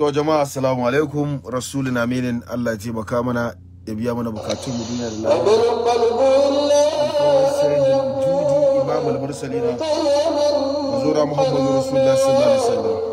to jama'a assalamu alaikum rasulun aminin Allah ya taimaka mana ya biya mana bukatun mu duniya da lafiya imamul mursalin zura muhammadu rasulullah sallallahu alaihi wasallam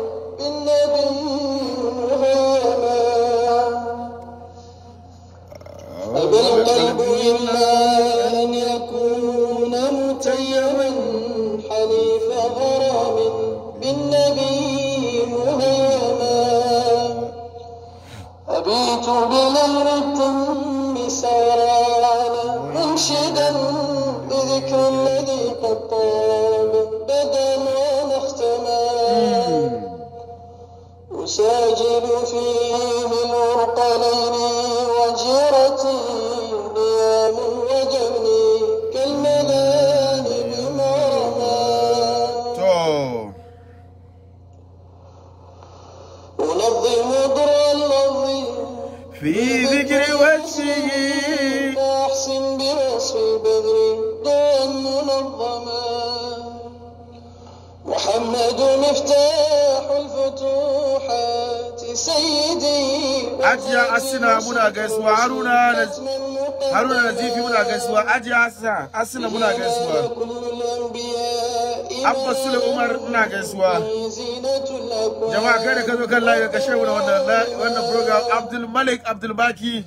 ajiya asina muna gaisuwa haruna da haruna da jifi muna gaisuwa ajiya asina asina muna gaisuwa abba sule umar muna gaisuwa jama'a kai da ka kan layi ka shehu da wanda wannan program abdul malik abdul baki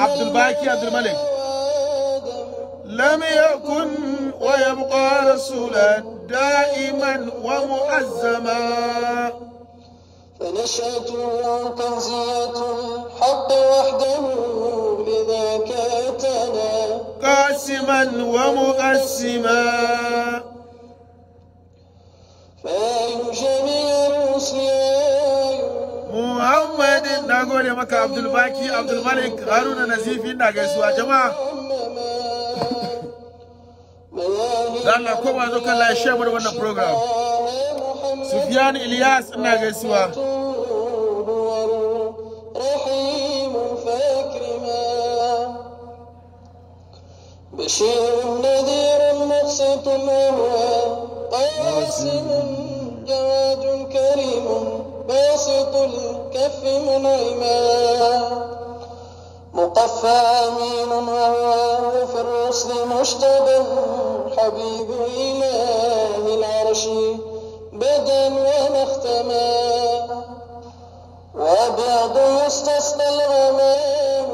abdul baki abdul malik لم يكن ويبقى رسولا دائما ومؤزما فنشأته تنزية الحق وحده لذاك أتنا قاسما ومقسما فأي جميع الرسل محمد نقول يا مكة عبد الباقي عبد الملك هارون نزيف ناقصوا جماعة الله كما ذكر الله الشيخ من wannan سفيان الياس رحيم gaisuwa بشير نذير مقسط وهو قاسم جواد كريم باسط الكف منعما مقفى امين وهو في الرسل مشتبه حبيب اله العرش بدا ومختما وبعض يستثنى الغمام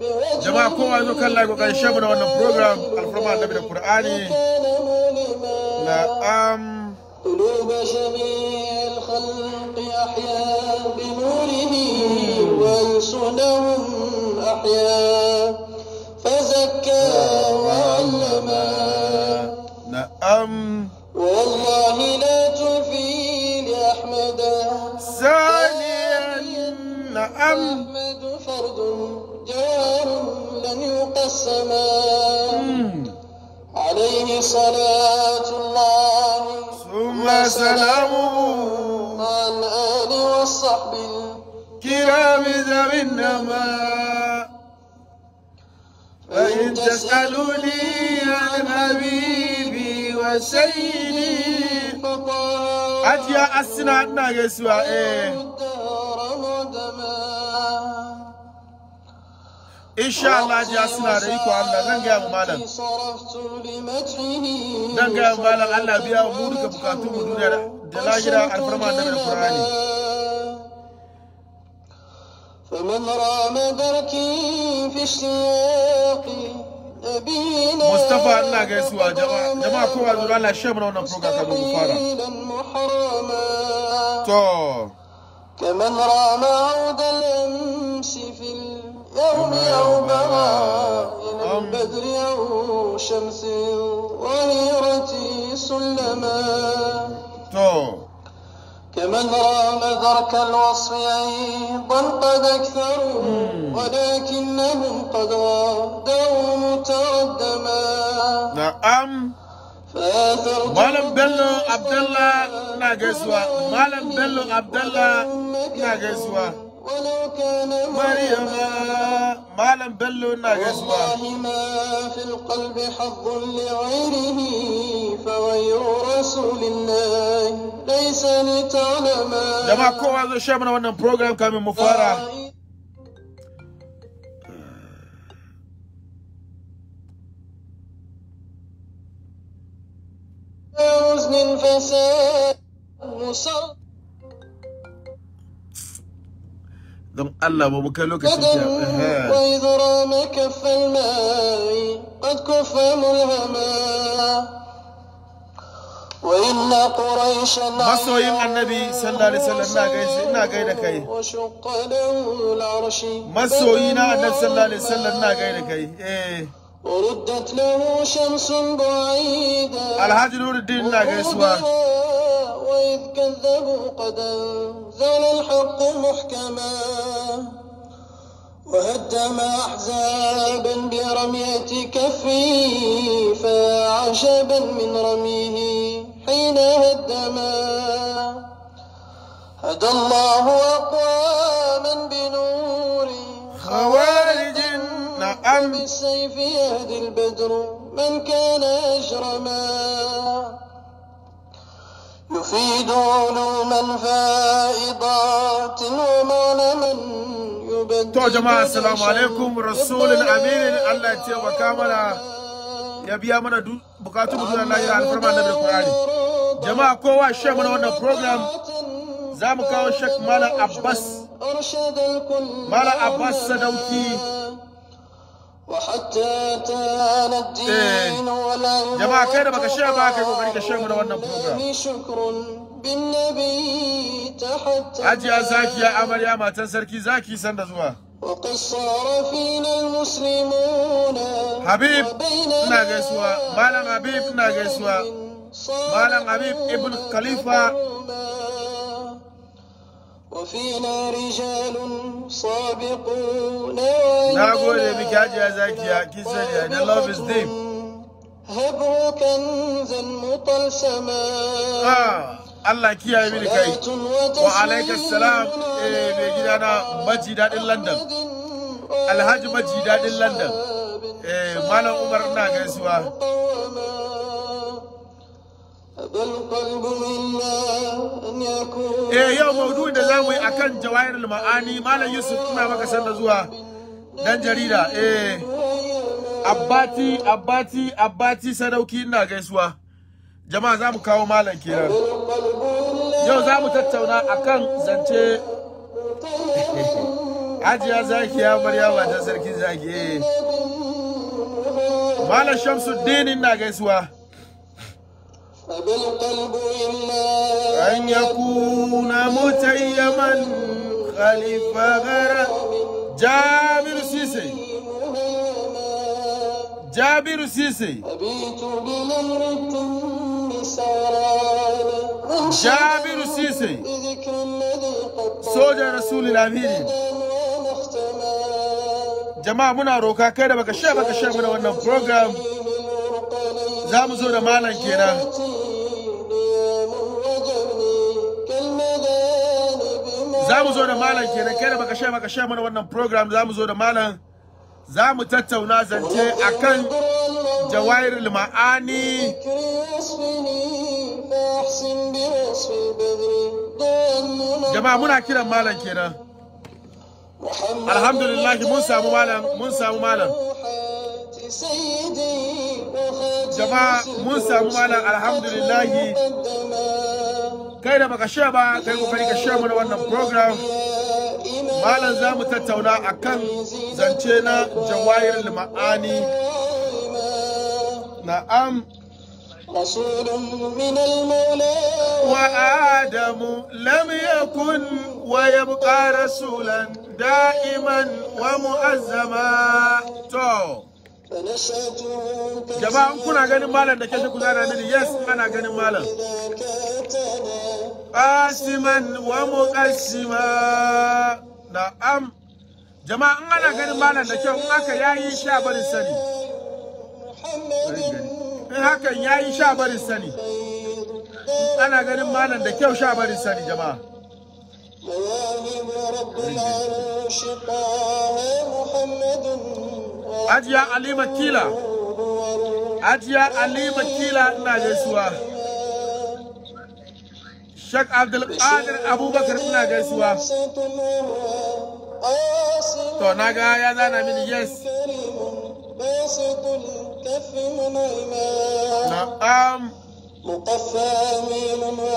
بوجه جماعة كوما ذوك الله يقول كان شابنا وانا بروغرام الفرماء النبي القرآني لا أم نعم. قلوب جميع الخلق أحيا بنوره وأنسنهم أحيا فزكى نعم. وعلما نعم والله لا تفيد أحمد ثانيا أم أحمد فرد جار لن يقسما عليه صلاة الله ثم سلامه مع الآل والصحب كرام ذوي النما فإن تسألوا لي عن حبيبي وسيدي أجيا أسنا أدنا يسوع إن شاء الله أجيا أسنا ريكو أمنا ننجا مالا ننجا مالا الله بيا أمورك بكاتو مدونة دلاجرة الفرمان من القرآن فمن رام دركي في اشتياقي مصطفى الله يسوع جماعة جماعة كوا دولا لا شيء من هذا كمن رام عود الامس في اليوم او بغى من بدر او شمس وهيرتي سلما كمن رام ذرك الوصف أيضا قد أكثروا ولكنهم قد غادوا متردما نعم مالم بلو عبد الله ناجسوا مالم بلو عبد الله ناجسوا مريم malam bello ina gaisuwa wallahi ma fil qalbi hadd li ghayrihi fa wayu rasulillah laysa li ta'lama jama'a kowa zo shi mana wannan program kamin mu fara حزن فساد مصر دم الله بابا كان لوكا كف الماء قد كف ملهما وإن قريشا بس النبي صلى الله عليه وسلم ما قايس كاي وشق له العرش النبي صلى الله عليه وسلم ما كاي وردت إيه. له شمس بعيدة الحاج نور الدين ناقص واحد وإذ كذبوا قد أنزل الحق محكما وهدم أحزابا برمية كفي فعجبا من رميه حين هدما هدى الله أقواما بنور خوارج نعم بالسيف يهدي البدر من كان أجرما يفيد علوما فائضات ومعنى من To jama'a assalamu alaikum rasulul aminin Allah ya taimaka mana ya biya mana bukatu mu duniya lahira alfarma na Qur'ani jama'a kowa share mana wannan program za mu kawo Sheikh Malam Abbas Malam Abbas Sadauki jama'a kai da baka share ba kai kokari ka share mu da wannan program Hajiya Zakiya amarya matan sarki zaki san da zuwa Habib, ina gaisuwa malam habib ina gaisuwa malam habib ibn khalifa وفينا رجال سابقون لا أقول لك يا زكية كسر يعني love is deep هبوا كنزا مطلسما آه ah, Allah kiyaye mini kai wa alaika salam eh mai gidana maji dadin London Alhaji maji dadin London eh Malam Umar gaisuwa eh yau maudu'in da zamu yi akan jawahirul ma'ani malam yusuf kuma maka sanda zuwa dan jarida eh abbati abbati abbati sadauki ina gaisuwa jama'a zamu kawo malam kenan yau zamu tattauna akan zance Hajiya zaki ya Maryama ta sarkin zaki eh Malam Shamsuddin ina gaisuwa فبالقلب إما أن يكون متيما خليفة غير جابر سيسي جابر سيسي أبيت بالأمر التم سهران جابر سيسي بذكر الذي قد سوجا رسول الأمين jama'a muna roka kai da baka sha baka sha mana wannan program za mu zo da malam kenan za mu zo da malam kenan kai da baka sha baka sha mana wannan program za mu zo da malam za mu tattauna zance akan jawairul ma'ani jama'a muna kiran malam kenan alhamdulillah mun samu malam mun samu malam jama'a mun samu malam alhamdulillah kai da baka share ba kai kokari ka share mana wannan program malam za mu tattauna akan zance na jawahir ma'ani na'am wa adamu المولى وآدم لم يكن ويبقى da'iman wa muazzama to. jama'an kuna ganin malam da ke duk kuzana mini yes ana ganin malam Asiman wa muqassima na'am jama'an ana ganin malam da kyau in haka yayi sha barin sani in hakan yayi sha barin sani ana ganin malam da kyau sha barin sani jama'a مواهب رب العرش طه محمد ajiya alima kila ajiya alima kila ina gaisuwa shak abdulkadir abubakar ina gaisuwa to naga ya zana mini yes na'am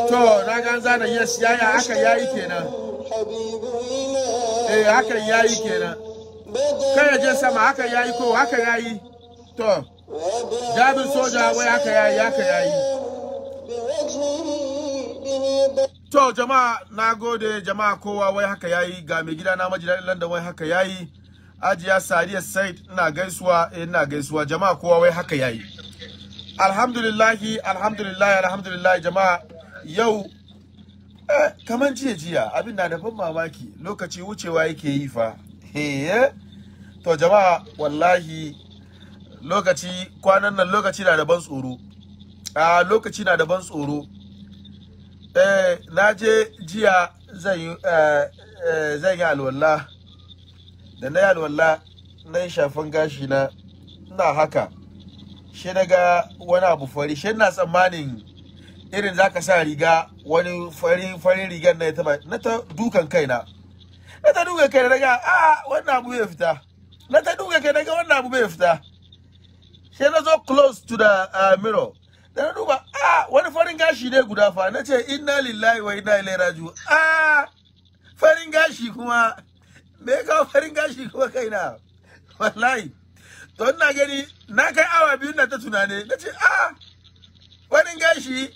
to naga zana yes yaya haka yayi kenan eh aka yayi kenan kai ya je sama haka yayi ko haka yayi to jabin soja wai haka yayi haka yayi to jama'a na gode jama'a kowa wai haka yayi ga mai gida na majira London wai haka yayi ajiya sariya said ina gaisuwa eh, ina gaisuwa jama'a kowa wai haka yayi alhamdulillahi alhamdulillahi alhamdulillahi jama'a yau eh, kaman jiya jiya abin na da ban mamaki lokaci wucewa yake yi fa heye eh, to jama'a wallahi lokaci kwanan nan lokaci na da ban tsoro a lokaci na da ban tsoro eh na je jiya zan yi eh, eh zan yi alwala da na yi alwala na yi shafan gashi na ina haka shi daga wani abu fari shi na tsammanin irin zaka sa riga wani farin farin rigar na ta dukan kaina na ta duga kai daga a wannan abu ya fita na ta duga kai daga wannan abu bai fita sai na zo close to the uh, mirror da na duba a wani farin gashi ne guda fa na ce inna lillahi wa inna ilaihi raji'un a farin gashi kuma me ka farin gashi kuma kaina wallahi to ina gani na kai awa biyu na ta tunane na ce a farin gashi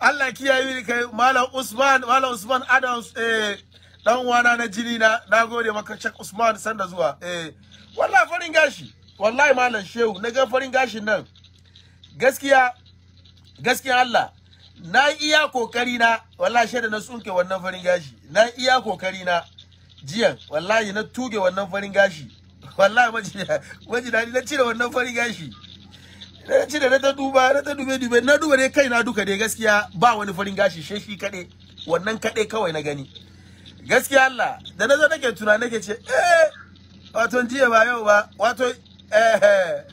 Allah kiyaye ni kai Malam Usman Malam Usman Adams eh dan wana na jini na nagode maka Sheikh Usman sanda zuwa eh wallahi farin gashi wallahi malam Shehu na ga farin gashin nan gaskiya gaskiya Allah na iya kokari na wallahi shede na tsunke wannan farin gashi na iya kokari na jiyan wallahi na tuge wannan farin gashi wallahi maji dadi na cire wannan farin gashi na cire na ta duba na ta dube dube na duba dai kai na duka dai gaskiya ba wani farin gashi sheshi kaɗai wannan kaɗai kawai na gani gaskiya Allah da nazo nake tuna nake ce eh wato jiya ba yau ba wato eh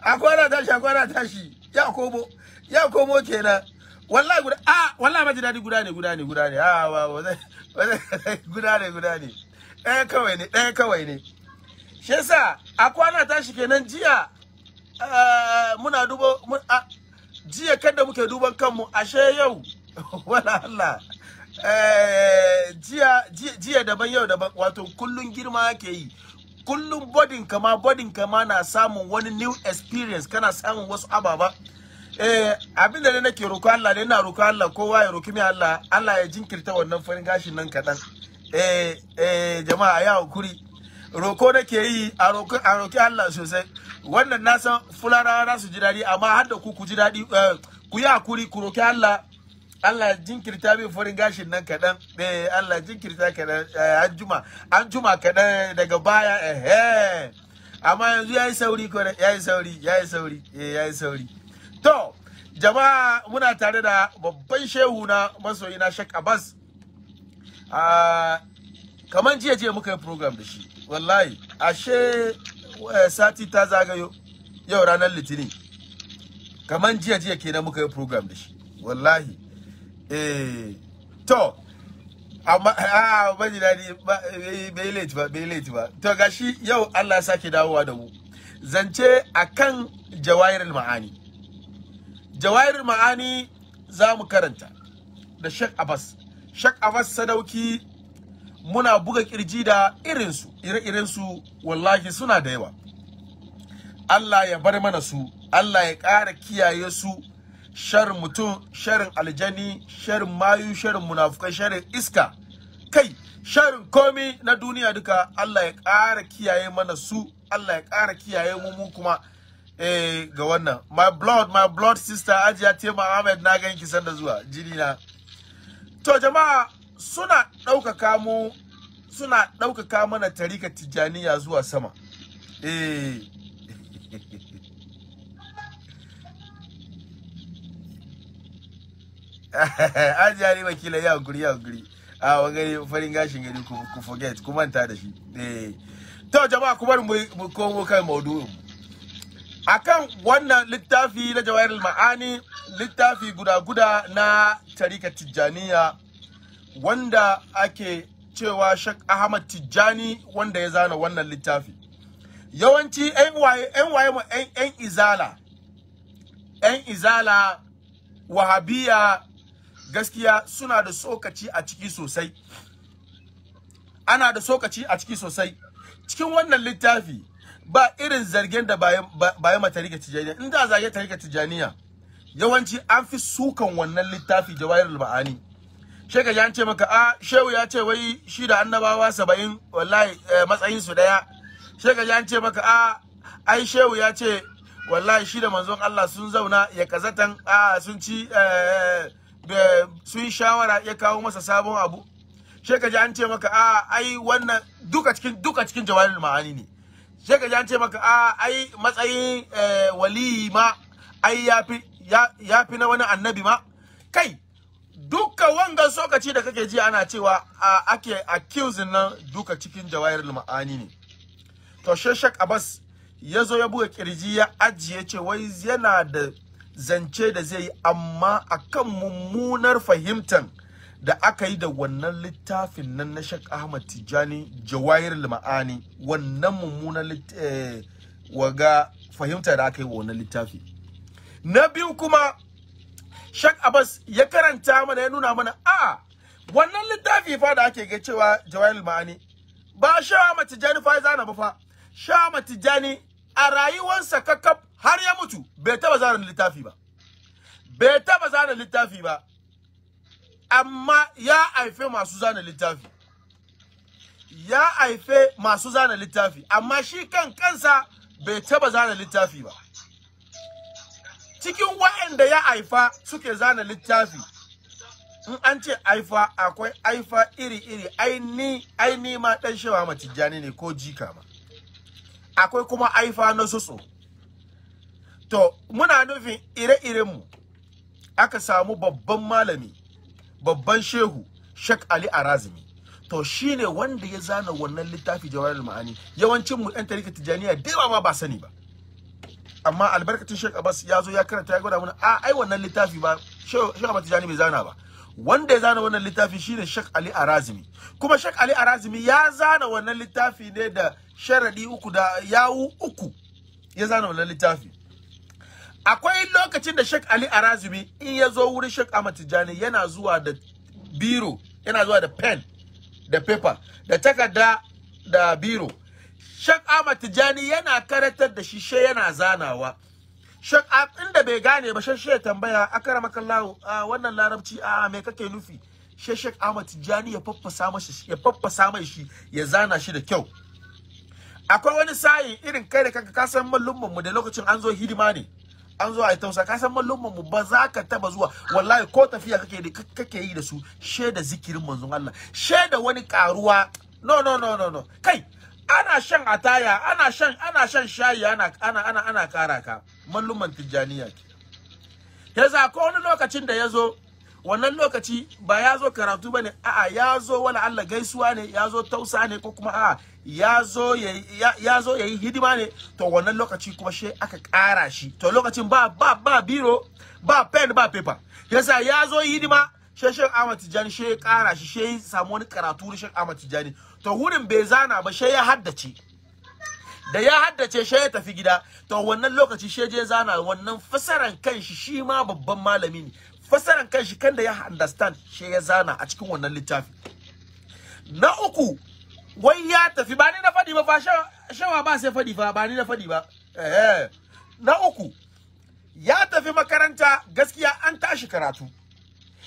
akwara tashi akwara tashi ya komo ya komo kenan wallahi guda ah wallahi maji dadi guda ne guda ne guda ne ah wa wa guda ne guda ne ɗaya kawai ne ɗaya kawai ne shi yasa akwara tashi kenan jiya muna dubo jiya kada muke duban kanmu ashe yau wala Allah Eh, jiya daban yau daban wato kullun girma yake yi kullun bodin kama bodin kama na samun wani new experience kana samun wasu ababa eh, abinda ne nake roko Allah ne na roko Allah kowa ya roki mai Allah Allah ya jinkirta wannan farin gashin nan kadan eh, eh jama'a ya hukuri roko nake yi a roki a roki Allah sosai wannan na san fularawa na su ji dadi amma har da ku ku ji dadi ku yi hakuri ku roki Allah Allah jinkirta bai farin gashin nan kaɗan eh Allah jinkirta kaɗan eh, an juma an juma kaɗan daga baya eh amma yanzu yayi sauri ko yayi sauri yayi sauri eh yayi sauri to jama'a muna tare da babban shehu na masoyi na Sheikh Abbas ah kaman jiya jiya muka yi program da shi wallahi ashe eh, sati ta zagayo yau ranar litinin kaman jiya jiya kenan muka yi program da shi wallahi E, to amma a ah, ba eh, bai late ba bai late ba to gashi yau Allah ya sake dawowa da mu zance akan jawairul ma'ani jawairul ma'ani za mu karanta da Sheikh Abbas Sheikh Abbas Sadauki muna buga kirji da irinsu ire-irensu wallahi suna da yawa Allah ya bar mana su Allah ya ƙara kiyaye su sharin mutum sharin aljani sharin mayu sharin munafukai sharin iska kai sharin komi na duniya duka Allah ya ƙara kiyaye mana su Allah ya ƙara kiyaye mu mu kuma eh ga wannan my blood my blood sister Ajiya Tema Ahmed na ganki sanda zuwa jini na to jama'a suna ɗaukaka mu suna ɗaukaka mana tarika tijaniya zuwa sama eh ajiya ne wakila ya guri ya guri. a wangare farin gashin gari ku forget ku manta da shi eh. to jama'a ku bari mu komo kan maudu'in akan wannan littafi na jawahirul ma'ani littafi guda-guda na tarika tijjaniya wanda ake cewa Shak Ahmad Tijjani wanda ya zana wannan littafi yawanci ƴan waye mu ƴan izala ƴan izala wahabiya gaskiya suna da tsokaci a ciki sosai ana da tsokaci a ciki sosai cikin wannan littafi ba irin zargen da baya mata rike tijaniya in da zage ta rike tijaniya yawanci an fi sukan wannan littafi jawahirul ma'ani shega ya ce maka a ah, shehu ya ce wai shi da annabawa 70 wallahi eh, matsayin su daya shega ya ce maka a ah, ai shehu ya ce wallahi shi da manzon Allah sun zauna ya kazatan a ah, sun ci eh, da sun shawara ya kawo masa sabon abu sai ka ji an ce maka a ai wannan duka cikin duka cikin jawabin ma'ani ne sai ka ji an ce maka a ai matsayin eh, waliyi ma ai yafi yafi na wani annabi ma kai duka wangan sokaci da kake ji ana cewa a ake accusing nan duka cikin jawahirul ma'ani ne to sheshak abbas ya zo ya buga kirji ya ajiye ce wai yana da zance da zai yi amma akan mummunar fahimtar. da aka yi da wannan littafin nan na shak Ahmad Tijani Jawahir Ma'ani wannan mummunar eh, waga fahimtar da aka yi wa wannan littafi na biyu kuma shak Abbas ya karanta mana ya nuna mana a wannan littafi fa da ake ga cewa Jawahir Ma'ani ba Sheikh Ahmad fa ya zana ba fa Sheikh Ahmad a rayuwarsa kakkaf har ya mutu bai taba zanen littafi ba bai taba zanen littafi ba amma ya haife masu zana littafi ya haife masu zana littafi amma shi kan kansa bai taba zana littafi ba cikin wa'anda ya haifa suke zana littafi in an ce haifa akwai aifa iri-iri aini aini ma ɗan shewa tijjani ne ko jika ma akwai kuma aifa na susu to muna nufin ire mu aka samu babban malami babban shehu Sheikh Ali Arazimi to shine wanda ya zana wannan littafi Jawahirul Ma'ani yawancin mu ɗan tarika Tijaniya da yawa ma ba sani ba amma albarkatun Sheikh Abbas ya zo ya karanta ya gwada mana a ai wannan littafi ba Sheikh Abbas Tijani bai zana ba wanda ya zana wannan littafi shine Sheikh Ali Arazimi kuma Sheikh Ali Arazimi ya zana wannan littafi ne da sharadi uku da yawu uku ya zana wannan littafi akwai lokacin da Sheikh Ali Arazimi in ya zo wurin Sheikh Ahmad Tijani yana zuwa da biro yana zuwa da pen da paper da takarda da biro Sheikh Ahmad Tijani yana karatar da shi she yana zanawa shek inda bai gane ba shek ya tambaya akramakallahu wannan larabci a me kake nufi shek shek Ahmad Tijani ya faffasa mashi ya faffasa mai shi ya zana shi da kyau akwai wani sayi irin kai da kanka ka san mallumman mu da lokacin an zo hidima ne an zo ai tausa ka san mallumman mu ba za ka taba zuwa wallahi ko tafiya kake da kake yi da su she da zikirin manzon Allah she da wani karuwa no no no no no kai ana shan ataya ana shan ana shan shayi ana ana ana ana kara ka malluman tijjaniya ke yaza ko wani lokacin da yazo wannan lokaci ba ya zo karatu ba ne a'a ya zo wala Allah gaisuwa ne ya zo tausa ne ko kuma a'a ya zo ya yi hidima ne to wannan lokaci kuma she aka kara shi to lokacin ba ba ba biro ba pen ba paper yasa ya zo hidima she Sheikh Ahmad Tijani she kara shi she samu wani karatu ne Sheikh Ahmad Tijani to wurin bai zana ba sai ya haddace da ya haddace shi ya tafi gida to wannan lokaci shi je zana wannan fasaran kanshi shi ma babban malami ne fasaran kanshi kan da ya understand shi ya zana a cikin wannan littafi na uku wai ya tafi ba ni na fadi ba shawa ba sai fadi fa ba ni na fadi ba eh, eh na uku ya tafi makaranta gaskiya an tashi karatu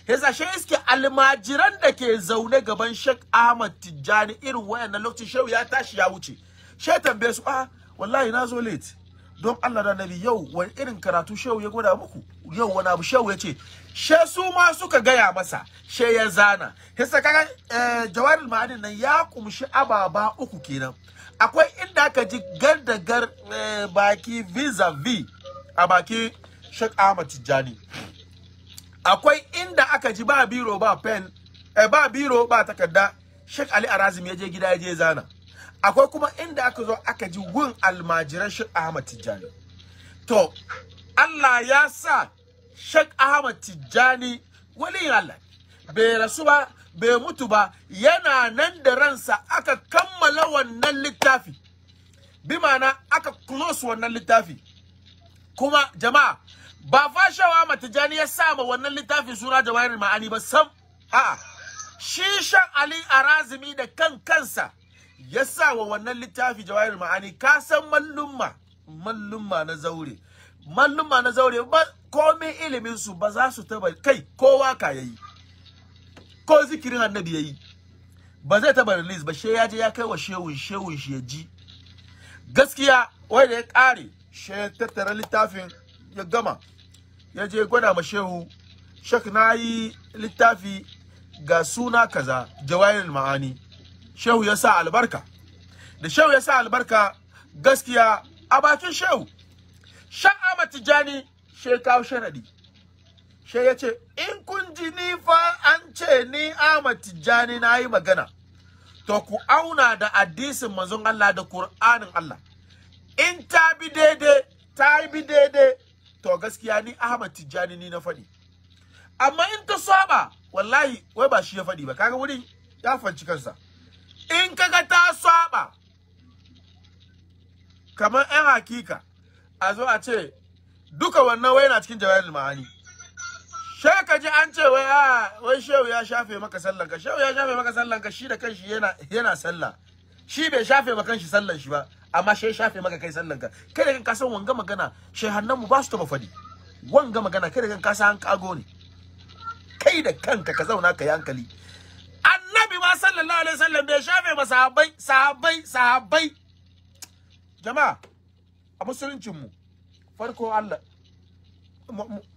Hezashe iske almajiran da ke zaune gaban Sheikh Ahmad Tijjani irin wayannan lokacin shehu ya tashi ya wuce she tambaye su ah wallahi na zo late don Allah da Nabi yau wani irin karatu shehu ya gwada muku yau wani abu shehu ya ce she su ma suka gaya masa she ya zana yasa kaga eh, ma'adin nan ya kumshi ababa uku kenan akwai inda aka ji gar da gar eh, baki vis a baki Sheikh Ahmad Tijjani akwai inda aka ji ba biro ba pen e ba biro ba takarda Sheikh Ali Arazim ya je gida ya je zana akwai kuma inda aka zo aka ji gun almajiran Sheikh Ahmad Tijjani to Allah ya sa Sheikh Ahmad Tijjani wali Allah bai rasu ba bai mutu ba yana nan da ransa aka kammala wannan littafi bi ma'ana aka close wannan littafi kuma jama'a ba fashawa matijani ya sa ma wannan littafin sura wayar ma'ani ba sam a'a shi shan ali arazimi da kan kansa ya sa wa wannan littafi jawahirul ma'ani ka san mallumma mallumma na zaure mallumma na zaure ba komai ilimin su ba za su taba kai kowa ka yayi ko zikirin annabi yayi ba zai taba release ba she ya je ya kai wa shehu shehu shi ya ji gaskiya wanda ya kare she tattara littafin ya gama ya je gwada ma shehu shek na yi littafi ga suna kaza jawahirul ma'ani shehu ya sa albarka da shehu ya sa albarka gaskiya a bakin shehu shan ahmad tijani shekau shanadi. she ya ce in kun ji ni fa an ce ni ahmad tijani na yi magana to ku auna da addisin manzon Allah da Qur'anin Allah in ta bi daidai ta bi daidai to gaskiya ni Ahmad Tijjani ni na faɗi amma in ta saba wallahi wai ba shi ya faɗi ba kaga wurin ya fanci kansa in kaga ta saba kamar ɗan hakika a zo a ce duka wannan wai na cikin jawabin ma'ani sai ka ji an ce wai a ah, wai shehu ya shafe maka sallan ka shehu ya shafe maka sallan ka shi da kanshi yana yana sallah shi bai shafe maka kanshi sallan shi ba amma shi shafe maka kai sallan ka kai da kan kasan wanga magana shehannan mu ba su taba fadi wanga magana kai da kan kasan an kago ne kai da kanka ka zauna ka yi hankali annabi ma sallallahu alaihi wasallam bai shafe ba sahabbai sahabbai sahabbai jama'a a musuluncin mu farko Allah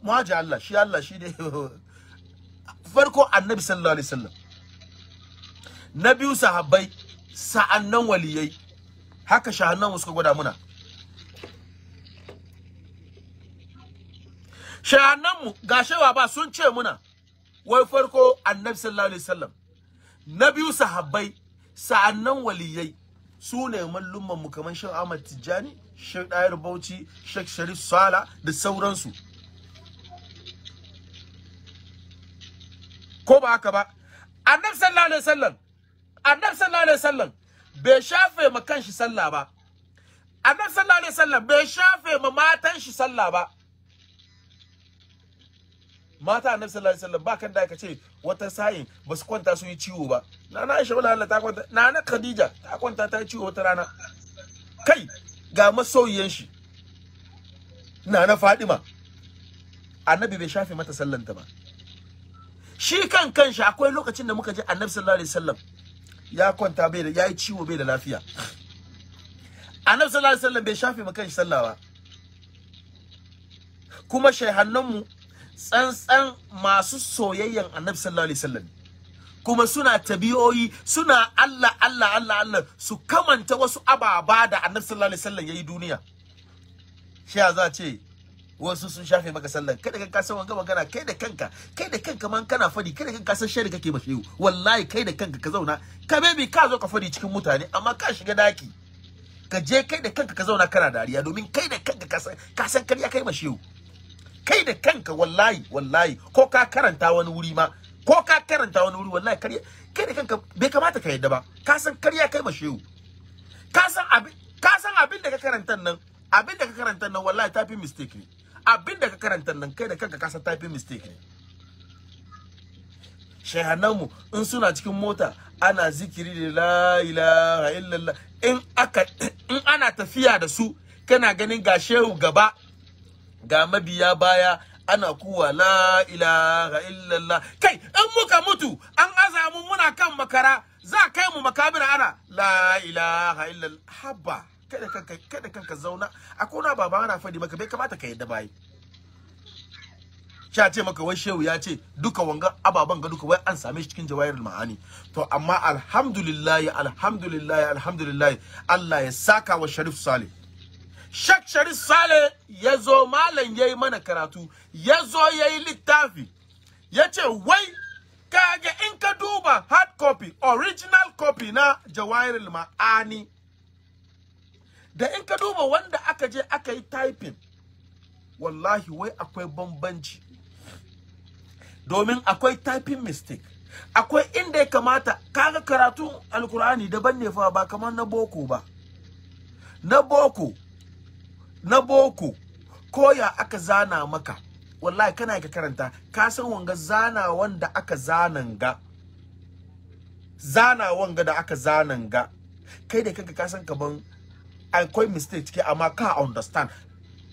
mu haji Allah shi Allah shi ne farko annabi sallallahu alaihi wasallam na biyu sahabbai sa'annan waliyai haka shahannan suka gwada muna shahannanmu ga shewa ba sun ce muna wai farko annabi sallallahu alaihi wasallam na biyu sahabbai sa'annan waliyai su ne mallumman mu kamar Sheikh Ahmad Tijjani Sheikh Dair Bauchi Sheikh Sharif Sala da sauransu ko ba haka ba annabi sallallahu alaihi wasallam annabi sallallahu alaihi wasallam bai shafe ma kanshi sallah ba annabi sallallahu alaihi wasallam bai shafe ma matan shi sallah ba mata annabi sallallahu alaihi wasallam ba kan da ce wata sayin ba su kwanta su yi ciwo ba nana Aisha wala Allah ta kwanta nana Khadija ta kwanta ta yi ciwo wata rana kai ga masoyiyan shi nana Fadima annabi bai shafe mata sallanta ba shi kan kanshi akwai lokacin da muka je annabi sallallahu alaihi wasallam ya kwanta bai da yayi ciwo bai da lafiya annabi sallallahu alaihi wasallam bai shafe maka shi sallah ba kuma shehannan mu tsantsan masu soyayyan annabi sallallahu alaihi wasallam kuma suna tabi'oyi suna Allah Allah Allah Allah su kamanta wasu ababa da annabi sallallahu alaihi wasallam yayi duniya shi za ce wasu sun shafe maka sallan kai da kanka san gaba gana kai da kanka kai da kanka man kana fadi kai da kanka san shari kake ba shehu wallahi kai da kanka ka zauna ka baby ka zo ka fadi cikin mutane amma ka shiga daki ka je kai da kanka ka zauna kana dariya domin kai da kanka ka san ka san kariya kai ba shehu kai da kanka wallahi wallahi ko ka karanta wani wuri ma ko ka karanta wani wuri wallahi kariya kai da kanka bai kamata ka yadda ba ka san kariya kai ba shehu ka san abin ka san abin da ka karanta nan abin da ka karanta nan wallahi tafi mistake ne abinda ka karanta nan kai da kanka ka san typing mistake ne shehananmu in suna cikin mota ana zikiri da la ilaha illallah in aka in ana tafiya da su kana ganin ga shehu gaba ga mabiya baya ana kuwa la ilaha illallah kai in muka mutu an azamu muna kan makara za kai mu makabira ana la ilaha illallah haba kada kanka kada kanka zauna akwai na baba ana fadi maka bai kamata ka yadda bai yi. ce maka wai shehu ya ce duka wanga ababan ga duka wai an same shi cikin jawairul ma'ani to amma alhamdulillah alhamdulillah alhamdulillah Allah ya saka wa Sharif Saleh shak Sharif Saleh ya zo malam yayi mana karatu ya zo yayi littafi ya ce wai kage in ka duba hard copy original copy na jawairul ma'ani da in ka duba wanda aka je aka yi typing wallahi wai akwai bambanci domin akwai typing mistake akwai inda ya kamata kaga karatun alkur'ani daban ne fa ba kamar na boko ba na boko na boko koya aka zana maka wallahi kana ka karanta ka san wanga zana wanda aka zanan ga zana wanga da aka zanan ga kai da kanka ka san ka ban. quite mistake ciki amma ka understand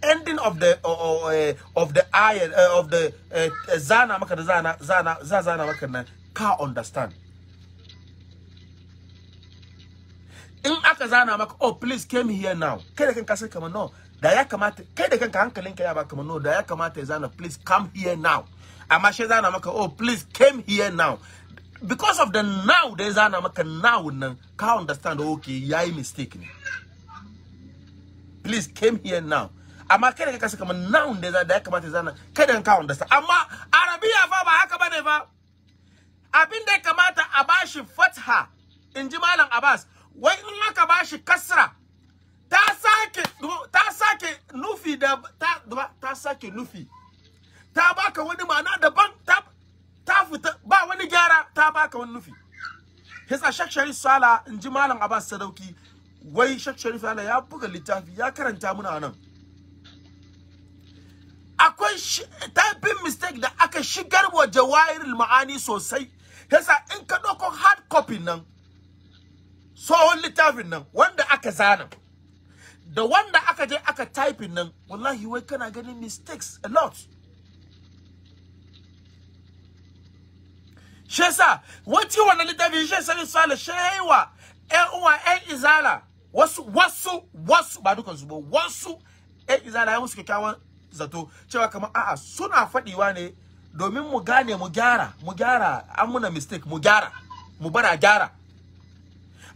ending of the uh, uh, of the iron uh, of the eh, zana maka da zana zana zana maka na ka understand in aka zana maka oh please came here now kai da kanka kama no daya kama kamata kai da kanka hankalinka ya ba kama no daya kama kamata zana please come here now amma shi zana maka oh please came here now because of the now there's an zana maka now nan ka understand okay yayi mistake mistaken. please came here now amma kada ka kasa kamar noun da ya kamata zana kada ka understand amma arabiya fa ba haka bane fa abin da ya kamata a bashi fatha in ji malam abbas wai in aka bashi kasra ta sake ta sake nufi da ta ta sake nufi ta baka wani ma'ana daban ta ta fita ba wani gyara ta baka wani nufi his ashakshari sala in ji malam abbas sadauki wai Sheikh Sharif ya buga littafi ya karanta muna nan akwai typing mistake da aka shigar wa jawairul ma'ani sosai yasa in ka dauko hard copy nan tsohon littafin nan wanda aka zana da wanda aka je aka typing nan wallahi wai kana ganin mistakes a lot Shesa yasa wani wannan littafin shi yasa misali shi wa ƴan uwa ƴan izala wasu wasu wasu ba dukan su ba wasu eh izala yi musu kyakkyawan zato cewa kamar a'a suna fadiwa ne domin mu gane mu gyara mu gyara an muna mistake mu gyara mu bara gyara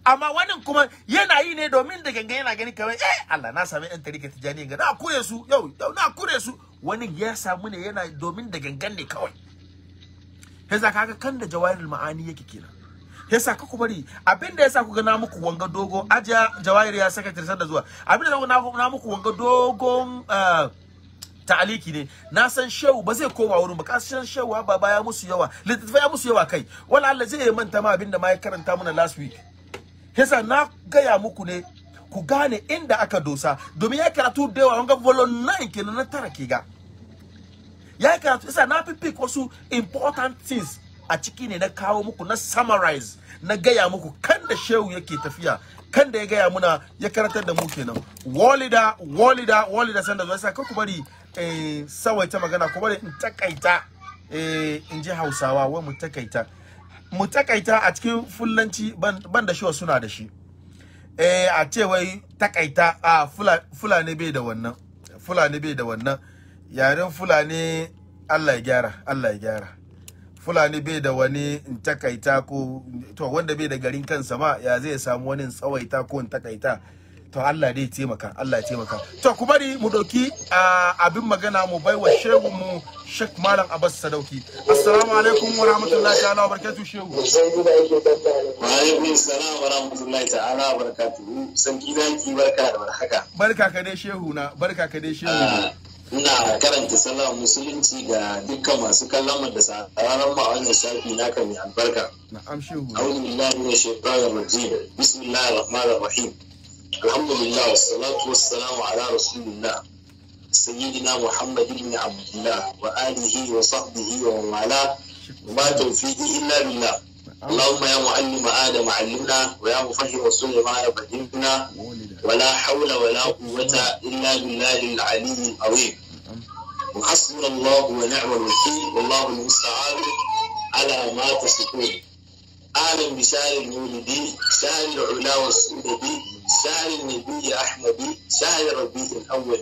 amma wannan kuma yana yi ne domin da gangan yana gani kamar eh Allah na sami ɗan tarika tijani ga na kure su yau yau na kure su wani ya samu ne yana domin da gangan ne kawai yanzu kaga kan da jawairul ma'ani yake kenan yasa kuku bari abinda yasa ku ga na muku wanga dogo aja jawahir ya secretary da zuwa abinda na muku wanga dogon eh, ta'aliki ne na san shehu ba zai koma wurin ba kasan shehu ba baya musu yawa littattafai ya musu yawa kai wala Allah zai manta ma abinda ma ya karanta mana last week yasa na gaya muku ne ku gane inda aka dosa domin ya karatu da yawa wanga volo 9 kenan na tara ke ga ya karatu yasa na pick wasu important things a ciki ne na kawo muku na summarize na gaya muku kan da shehu yake tafiya kan da ya gaya muna ya karatar da mu kenan walida walida walida sanda zuwa sa ku bari eh ta magana ku bari in takaita eh in ji Hausawa wai mu takaita mu takaita a cikin fullanci ban da shewa suna da shi eh a ce wai takaita a fulani bai da wannan fulani bai da wannan yaren fulani Allah ya gyara Allah ya gyara fulani bai da wani takaita ko to wanda bai da garin kansa ma ya zai samu wani tsawaita ko takaita to Allah dai taimaka Allah ya taimaka to ku bari mu doki abin magana mu bai wa shehu mu Sheikh Malam Abbas Sadauki assalamu alaikum wa rahmatullahi ta'ala wa barakatuh shehu wa alaikum assalam wa rahmatullahi ta'ala wa barakatuh da ki barka da barhaka barka ka dai shehu na barka ka dai shehu ina karanta sallah musulunci ga dukkan masu kallon da sauraron a wannan shafi na kan albarka na'am shehu a'udhu billahi minash shaitanir rajim bismillahir rahmanir rahim alhamdulillah wassalatu wassalamu ala rasulillah سيدنا محمد بن عبد الله وآله وصحبه ومن والاه وما توفيقي إلا بالله اللهم يا معلم آدم علمنا ويا مفهم السنة ما فهمنا ولا حول ولا قوة إلا بالله العلي العظيم وحسبنا الله ونعم الوكيل والله المستعان على ما تصفون أهلا بسال المولدي سال العلا والسندي سال النبي أحمدي سال ربي الأول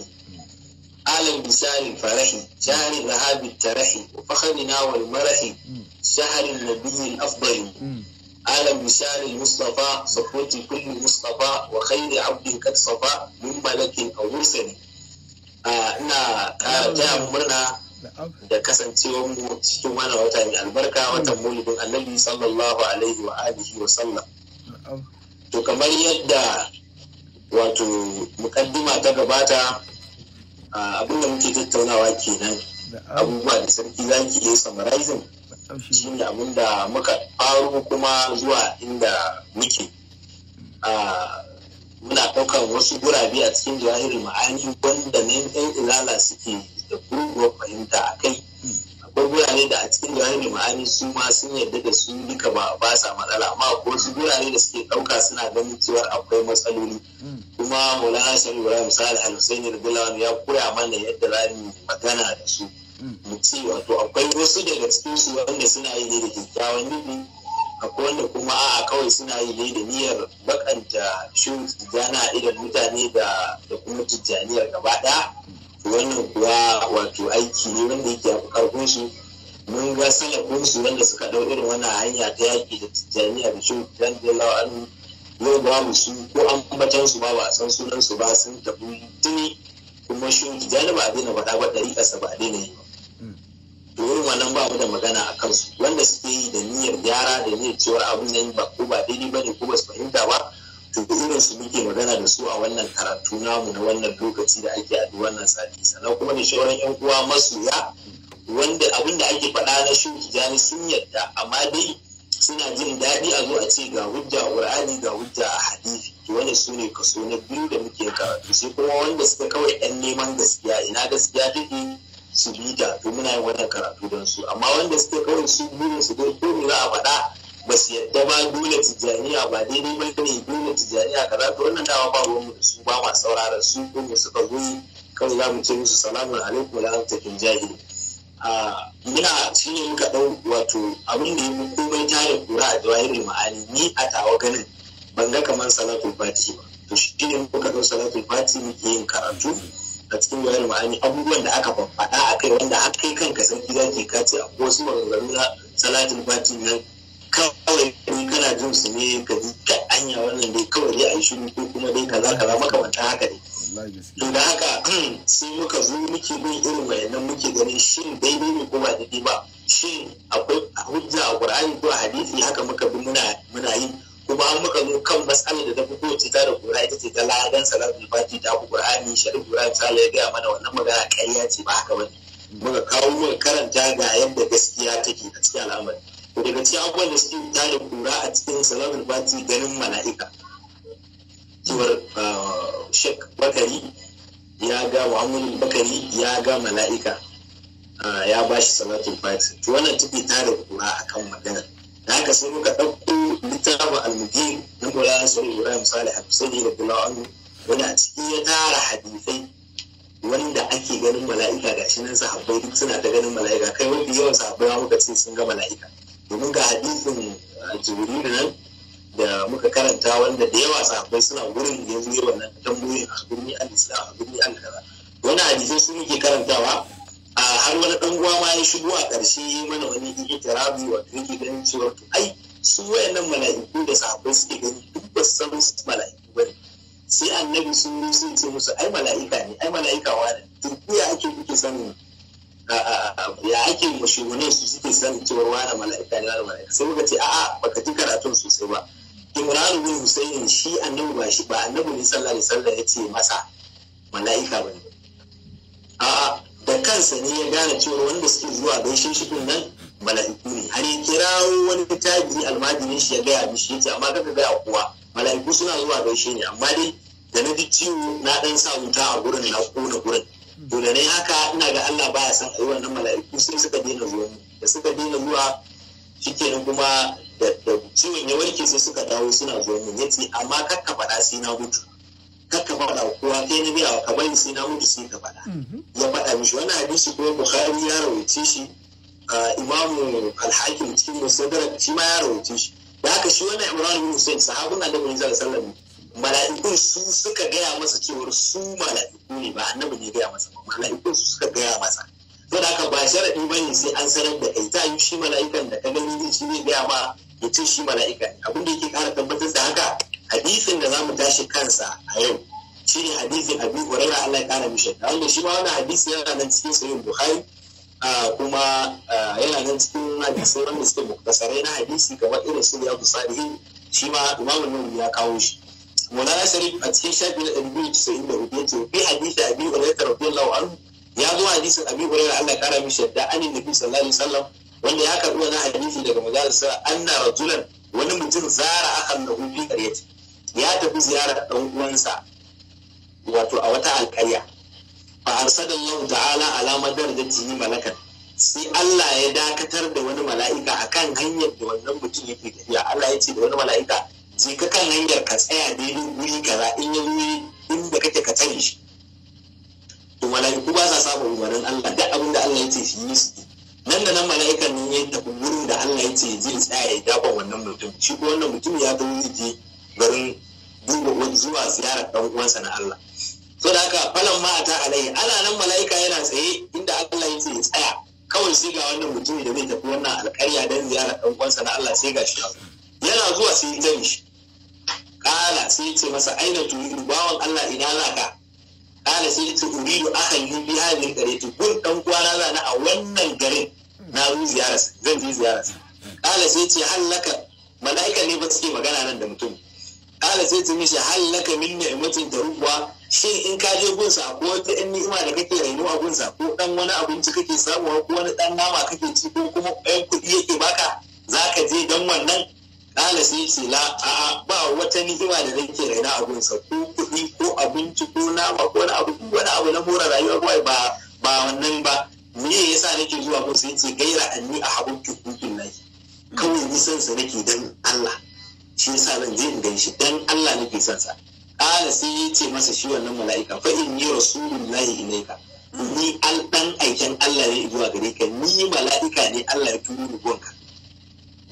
أهلا بسال الفرحي سال ذهاب الترحي وفخرنا والمرحي سهل النبي الأفضل على مثال المصطفى صفوت كل مصطفى وخير عبد قد صفى من ملك او مرسل ina جاء مرنا murna da kasancewar mu cikin wannan wata mai albarka watan mulkin annabi sallallahu alaihi wa alihi wa sallam to kamar yadda wato mukaddima ta gabata ah, abinda muke tattaunawa kenan abubuwa da sarki zaki yi summarizing shi da abin da muka faru kuma zuwa inda muke muna ɗaukar wasu gurabi a cikin jawahirin ma'ani wanda nan yan ilala suke da gurguwar fahimta a kai akwai gurare da a cikin jawahirin ma'ani su ma sun yarda da su duka ba ba sa matsala amma akwai wasu gurare da suke ɗauka suna ganin cewa akwai matsaloli hmm. kuma mulana sami ibrahim misali al-husaini ya koya mana yadda za mu magana da su mu ce wato akwai wasu daga cikin su wanda suna yi ne da kyakkyawan nufi akwai wanda kuma a'a kawai suna yi ne da niyyar bakanta shin tijjana idan mutane da da kuma tijjaniyar gaba ɗaya wannan kuwa wato aiki ne wanda yake a karfin su mun ga salafin su wanda suka ɗau irin wannan hanya ta yaƙi da tijjaniya da shin da lawan yau mu su ko an ambatan su ba ba a san sunan su ba sun tafi tuni kuma shin tijjani ba a daina faɗa ba ƙasa ba a daina yi ba domin wannan ba mu da magana a kansu wanda suke yi da niyyar gyara da niyyar cewa abin nan ba ko ba daidai ba ne ko ba su fahimta ba to irin su muke magana da su a wannan karatu namu na wannan lokaci da ake a wannan sati sannan kuma da shawaran yan uwa masoya wanda abin da ake faɗa na shi tijani sun yadda amma dai suna jin daɗi a zo a ce ga hujja a ƙur'ani ga hujja a hadisi to wanda su ne kaso na biyu da muke karatu sai kuma wanda suka kawai 'yan neman gaskiya ina gaskiya take su bi ta to muna yi wannan karatu don su amma wanda suke kawai su burin su dai ko za a faɗa ba su yadda ba dole tijjaniya ba daidai ba ne dole tijjaniya za to wannan dawa ba ruwanmu da su ba ma sauraron su ko mu suka zo kan za mu ce musu Salamu alaikum la antakin jahili muna shi ne muka ɗau wato abin da ya fi komai tare kura a jawahirin ma'ani ni a tawa ganin ban ga kamar salatul fati ba to shi ne muka ɗau salatul fati muke yin karatu a cikin bayan ma'ani abubuwan da aka faɗa a kai wanda har kai kanka sarki zaki ke kace a wasu maganganu na salatin fatin nan kawai kana jin su ne ka ji ka anya wannan dai kawai dai a yi shiru ko kuma dai kaza kaza makamantan haka ne. To da haka hmm, sai muka zo muke bin irin wayannan muke ganin shin daidai ne ko ba daidai ba shin akwai hujja a Qur'ani ko a hadisi haka muka bi muna yi kuma an muka zo kan matsalar da ta fito ce ta da kura ita ce ta ladan da fati ta ku qur'ani shari'a qur'ani ta ya gaya mana wannan magana ƙarya ce ba haka bane muka kawo mun karanta ga yadda gaskiya take a cikin al'amari to daga cikin abubuwan da suke ta da kura a cikin salatul fati ganin mala'ika cewar ah, shek bakari ya ga muhammadu bakari ya ga mala'ika ah, ya ba shi salatul fati to wannan take ta da kura akan maganar da haka sai muka ɗauko littafin almugi na Maulana Sani Ibrahim Salih Sai da Bulawanu wani a ciki ya tara hadisai wanda ake ganin mala'ika ga shi nan sahabbai duk suna ta ganin mala'ika kai wanda yawan sahabbai muka ce sun ga mala'ika domin ga hadisin ah, jibril nan da muka karanta wanda da yawa sahabbai suna gurin yanzu yawan nan tambayoyin a gurni al-islam a gurni al-kaza Wani hadisai sun yi karantawa a har wani dan uwa ma ya shigo a ƙarshe mana wani ihtirabi wa yake ganin cewa ai su wayannan mala'iku da sahabbai suke gani duk ba san mala'iku bane sai annabi sun yi sun ce musu ai mala'ika ne ai mala'ika to turku ya ake kuke sanin ya ake mashugunan su suke sanin cewa wani mala'ika ne wani mala'ika sai muka ce a'a baka ji karatun sosai ba imran bin husayn shi annabi ba shi ba annabi ne sallallahu alaihi wasallam ya ce masa mala'ika bane a'a kansa ne ya gane cewa wanda suke zuwa gaishe shi din nan mala'iku ne har ya kira wani tajiri almajirin shi ya gaya mishi ce amma kaka gaya kowa mala'iku suna zuwa gaishe ne amma dai da na ji ciwo na dan sa wuta a gurin na kona gurin to da haka ina ga Allah baya san a yi wannan mala'iku sai suka daina zuwa da suka daina zuwa shikenan kuma da ciwon ya warke sai suka dawo suna zuwa ya yace amma kakka faɗa sai na mutu kaka faɗa kowa sai na biya ka bani sai na mutu sai ka faɗa mhm. ya faɗa mishi wani hadisi ko bukari ya rawaice shi imamu alhakin cikin musadar shi ma ya rawaice shi da haka shi wannan imran bin hussein sahabun annabi ne sallallahu alaihi mala'ikun su suka gaya masa cewar su mala'iku ne ba annabi ne gaya masa ba mala'ikun su suka gaya masa to da haka ba sharadi ne sai an sanar da kai ta yi shi mala'ikan da ka gani shi ne gaya ma ya ce shi mala'ika abin da yake kara tabbatar da haka hadisin da zamu tashi kansa a yau shine hadisin Abi Hurairah Allah ya kara mishi wanda shi ma wani hadisi yana nan cikin sayin Bukhari kuma yana nan cikin hadisi wanda suke muktasarai na hadisi kamar irin su ya Bukhari shi ma Imam Nawawi ya kawo shi ya Sharif a cikin shafi na ɗari biyu casa'in da hudu yace bi hadisi Abi Hurairah radiyallahu lawan ya zo hadisin Abi Hurairah Allah ya ƙara mishi da anin Nabi sallallahu alaihi wasallam wanda ya karɓi wani hadisi daga sa an anna rajulan wani mutum zara akan nahu bi qaryati ya tafi ziyarar ɗan uwansa wato a wata alƙarya fa arsalallahu ta'ala ala madar da tihi malakan sai Allah ya dakatar da wani mala'ika akan hanyar da wannan mutum yake tafiya Allah ya ce da wani mala'ika je ka kan hanyar ka tsaya daidai wuri kaza in ya wuri inda kake ka tsaye shi to mala'iku ba sa samun umarnin Allah duk abin da Allah ya ce shi yi nan da nan mala'ikan nan ya tafi wurin da Allah ya ce je tsaya ya dakon wannan mutum shi ko wannan mutum ya zo zai je garin zuwa ziyarar ɗan uwansa na Allah so da haka falan ma ta alai ana nan mala'ika yana tsaye inda Allah ya tsaye tsaya kawai sai ga wannan mutumin da zai tafi wannan alƙarya don ziyarar ɗan uwansa na Allah sai ga shi yana zuwa sai ya jami shi kala sai ya ce masa aina turidu bawan Allah ina ka. kala sai ya ce uridu akan yi biya halin gare ta gun ɗan uwana za na a wannan garin na zo ziyararsa zan je ziyararsa kala sai ya ce hallaka mala'ika ne ba suke magana nan da mutum kala sai ta mishi hal laka min ni'matin tarubwa shin in ka je gunsa ko wata in ni'ima da kake raino a sa ko dan wani abinci kake samu ko wani dan nama kake ci ko kuma ɗan kuɗi yake baka za ka je dan wannan kala sai ce la a ba wata ni'ima da nake raina a sa ko kuɗi ko abinci ko nama ko wani abu wani abu na more rayuwa kawai ba ba wannan ba me yasa nake zuwa sai ce gaira anni a habbu kukin nahi kawai nisan sa nake dan Allah shi yasa zan je in gaishe dan Allah nake son sa kala sai ya ce masa shi wannan mala'ika fa in yi rasulullahi ilaika ni al dan aiken Allah ne zuwa gare ka ni mala'ika ne Allah ya turo ni gonka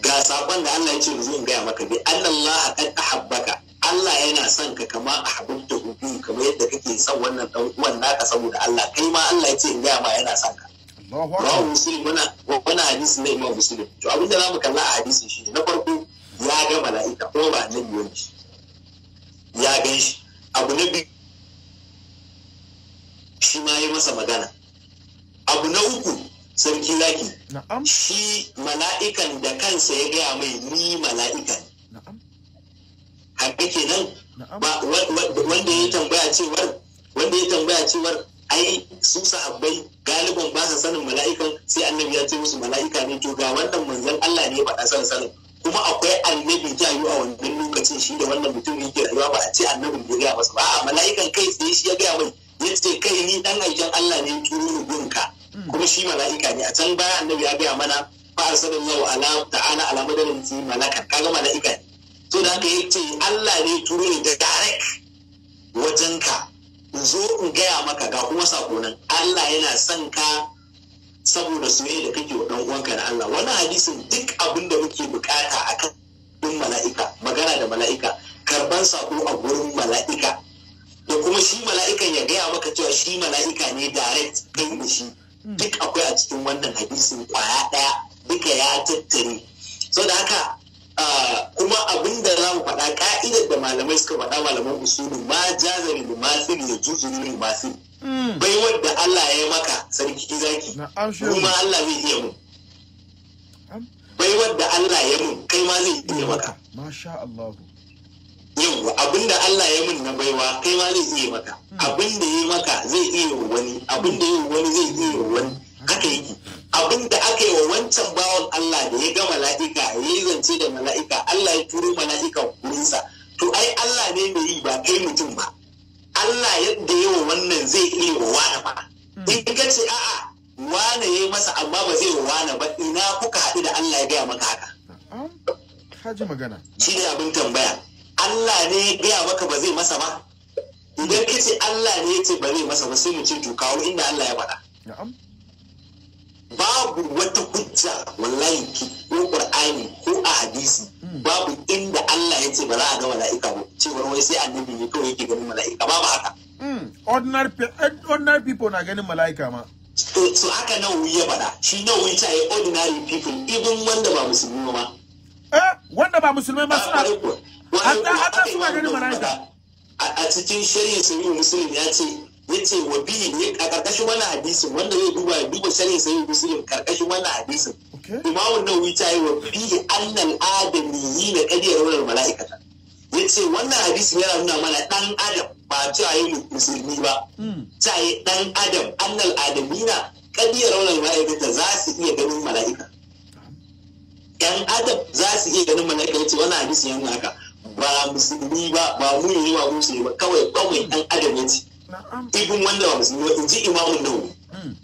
ga sakon da Allah ya ce zo in gaya maka bi Allah qad ahabbaka Allah yana son ka kama a ahabbta hudu kamar yadda kake son wannan dan uwan naka saboda Allah kai ma Allah ya ce in gaya ma yana son ka wa Muslim muna wani hadisi na Imam Muslim to abinda zamu kalla a hadisi shi na farko ya ga mala'ika ko ba annabi wani ya gan shi abu na biyu shi ma yi masa magana abu na uku sarki laki shi mala'ikan da kansa ya gaya mai ni mala'ikan haka nan wanda ya tambaya cewar wanda ya tambaya cewar ai su sahabbai galibin ba sa sanin mala'ikan sai annabi ya ce musu mala'ika ne to ga wannan manzon Allah ne ya faɗa san sanin kuma akwai annabi ya yi a wannan lokacin shi da wannan mutum yake rayuwa ba a ce annabin ya gaya masa ba a mala'ikan kai tsaye shi ya gaya mai ya ce kai ni dan aikin Allah ne ki ni gunka hmm. kuma shi mala'ika ne a can baya annabi ya gaya mana fa arsalan yau ala ta'ana ala madarin ti malaka kaga mala'ika ne to da haka yace Allah ne turu ni da direct wajenka zo in gaya maka ga kuma sako Allah yana son ka saboda soyayya da kake wa ɗan uwanka na Allah wani hadisin duk abin da muke bukata a kan mala'ika magana da mala'ika karban sako a gurin mala'ika da kuma shi mala'ikan ya gaya maka cewa shi mala'ika ne direct kai da shi hmm. duk akwai a cikin wannan hadisin kwaya ɗaya duka ya tattare so da haka kuma abin da za mu faɗa ka'idar da malamai suka faɗa malaman usulu ma jazari da masiri ya juzuri da masiri hmm. bai wadda Allah ya maka sarki zaki kuma Allah zai iya mu bai wadda Allah ya mun kai ma zai iya maka masha Allah abin da Allah ya mun na baiwa kai ma zai iya maka hmm. Abin da ya maka zai iya wani abin da ya wani zai iya wani haka yake abin da aka yi wa wancan bawan Allah da ya ga mala'ika ya yi zance da mala'ika Allah ya turo mala'ika wurinsa to ai Allah ne mai yi ba kai mutum ba Allah yadda yawa wannan zai iya wa wani ba hmm. in ka ce a'a wane ya yi masa amma ba zai wa wani ba ina kuka haɗu da Allah ya gaya maka haka ka ji magana shi ne abin tambaya Allah ne ya gaya maka ba zai masa ba idan ka ce Allah ne ya ce ba zai masa ba sai mu ce to kawo inda Allah ya faɗa babu wata hujja wallahi ko qur'ani ko a hadisi babu inda Allah ya ce ba za a ga mala'ika ba cewar wai sai annabi ne kawai yake ganin mala'ika babu haka hmm, eh, ordinary people na ganin mala'ika ma so haka nawawi ya bada shi wuya ta ordinary people even wanda ba musulmi ma eh wanda ba musulmai ma ah, suna hatta hatta suna ganin mala'ika a cikin shari'a sun yi musulmi ya ce yace wa biyu ne a karkashin wannan hadisin wanda zai duba ya duba sharhi sai muslim karkashin wannan hadisin imamun nawawi ta yi wa bihi annal adamiyina kadi yarawul malaikata yace wannan hadisin yana nuna mana dan adam ba cewa yi musulmi ba hmm. ta yi dan adam annal adamina kadi yarawul malaikata za su iya ganin malaika yan adam za su iya ganin malaika yace wannan hadisin yana haka ba musulmi ba ba mu ne ba musulmi ba kawai kawai dan adam yace ibin wanda ba musulmi in ji imamun nawawi to hmm.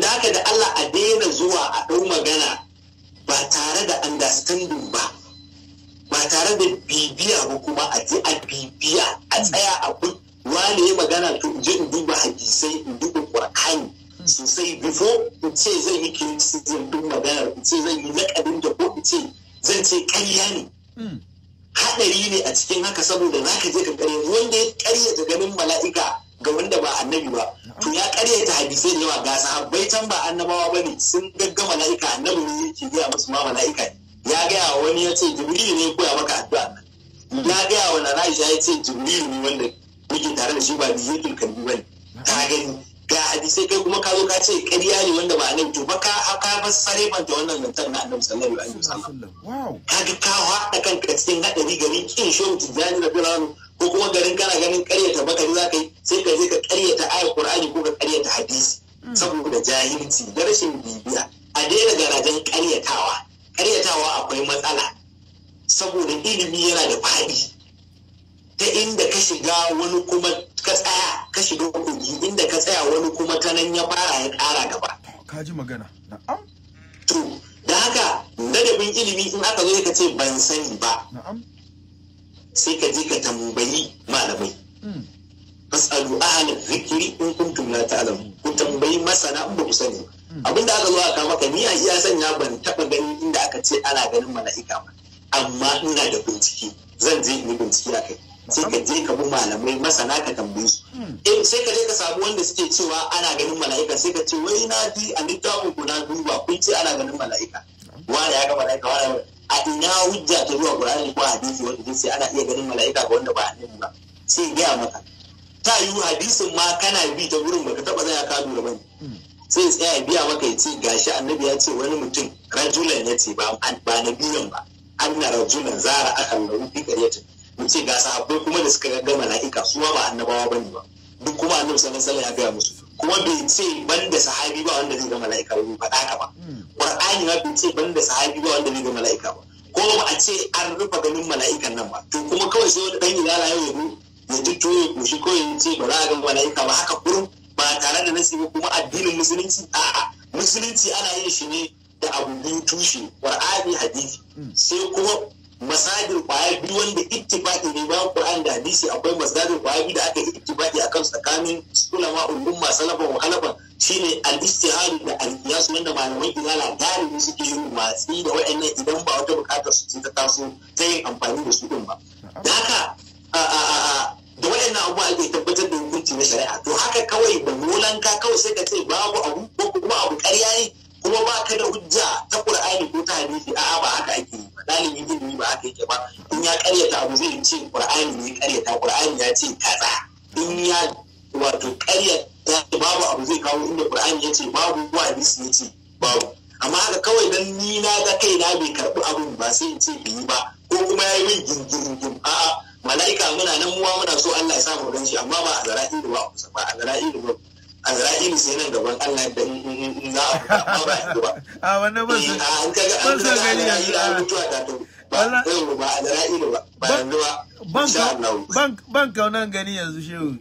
da haka da Allah a daina zuwa a ɗau magana ba tare da understanding ba ba tare da bibiya ba kuma a ji a bibiya a hmm. tsaya a kun wani ya magana to je in duba hadisai in duba qur'ani hmm. sosai before in ce zai yi criticism duk magana in ce zai yi lakabin da ko in ce zan ce ƙarya ne haɗari ne a cikin haka saboda za ka je ka ƙarya wanda ya ƙarya ta ganin mala'ika ga wanda ba annabi ba to ya karyata hadisai da yawa ga sahabbai can ba annabawa ba ne sun gagga mala'ika annabi ne yake gaya musu ma mala'ika ne ya gaya wa wani ya ce jibril ne koya maka addu'a ya gaya wa na Aisha ya ce jibril ne wanda muke tare da shi ba da yakin kalbi ba ne ta gani ga hadisai kai kuma ka zo ka ce ƙarya ne wanda ba annabi to ba ka ka ba sare ban wannan zantar na annabi sallallahu alaihi wasallam ka ga ka haɗa kanka cikin haɗari gari kin shehu tijjani da bilal ko kuma garin kana ganin karyata bakari za ka yi sai ka je ka karyata ayar qur'ani ko ka karyata hadisi mm. saboda jahilci da rashin bibiya a daina garajen karyatawa karyatawa akwai matsala saboda ilimi yana da faɗi ta inda ka shiga wani kuma ka tsaya ka shiga kogi inda ka tsaya wani kuma ta nan ya fara ya ƙara gaba ka ji magana na'am to da haka ladabin ilimi in aka zo ka ce ban sani ba na'am sai ka je ka tambayi malamai hmm. fasalu zikiri in kuntum la ta'lamu ku tambayi masana in ba ku sani hmm. abin da aka zo aka maka ni a iya sanya ban taba ganin inda aka ce ana ganin mala'ika ba amma ina da bincike zan je in bincike a kai sai ka je ka bi malamai masana ka tambayi su hmm. eh sai ka je ka samu wanda suke cewa ana ganin mala'ika sai ka ce wai na bi a littafin ku na duba kun ce ana ganin mala'ika Wane ya ga mala'ika wani a ina hujja ta zuwa qur'ani ko hadisi wanda zai sai ana iya ganin mala'ika ko wanda ba a ba sai gaya maka ta yi hadisin ma kana bi ta gurin ba ka taba zai ka lura bane sai ya tsaya biya maka ya ce gashi annabi ya ce wani mutum rajulan ya ce ba ba nabiyan ba anna rajulan zara akan lahu fi qaryatin mu ce ga sahabbai kuma da suka ga mala'ika su ba annabawa ba ne ba duk kuma annabi sallallahu alaihi ya gaya musu kuma bai ce ban da sahabi ba wanda zai ga mala'ika ba faɗa ka ba qur'ani ma bai ce banda sahabi ba wanda bai ga mala'ika ba ko ba a ce an rufa ganin mala'ikan nan ba to kuma kawai sai wani dan ilala ya yi ya ya shi ko yin ce ba za a ga mala'ika ba haka kurum ba tare da nasi ba kuma addinin musulunci a'a musulunci ana yin shi ne da abu biyu tushe qur'ani hadisi hmm. sai kuma masadin kwaya biyu wanda ittifaki ne bayan Qur'an da hadisi akwai masadin kwaya biyu da aka yi ittifaki akan tsakanin ulama ulumma salafan wa khalafan shine al-istihari da al-qiyas wanda malaman ilala galibi suke yin watsi da wayannan idan ba wata bukatar su ta taso ta yin amfani da su din ba da haka da wayannan abubuwa ake tabbatar da hukunci na shari'a to haka kawai ba molanka kawai sai ka ce babu abu ko kuma abu ƙarya ne kuma ba ka da hujja ta qur'ani ko ta hadisi a'a ba haka ake yi ba dalibin ilimi ba haka yake ba in ya karyata abu zai ce qur'ani ne karyata qur'ani ya ce kaza in ya wato karyata babu abu zai kawo inda qur'ani ya ce babu ko hadisi ya ce babu amma haka kawai dan ni na ga kai na bai karbi abun ba sai in ce bai ba ko kuma ya yi min gingirin a'a mala'ika muna nan muwa muna so Allah ya samu dan shi amma ba a zara'i da ba a kusa ba a zara'i da ba Azra'ilu sai nan gaban Allah da za a ba a ba. A wannan ban san. Eh, an kaga an kaga Azra'ilu an mutuwa ta to. Ba ba Azra'ilu ba ba yanzu ba. Ban ban ban kaunan gani yanzu shehu.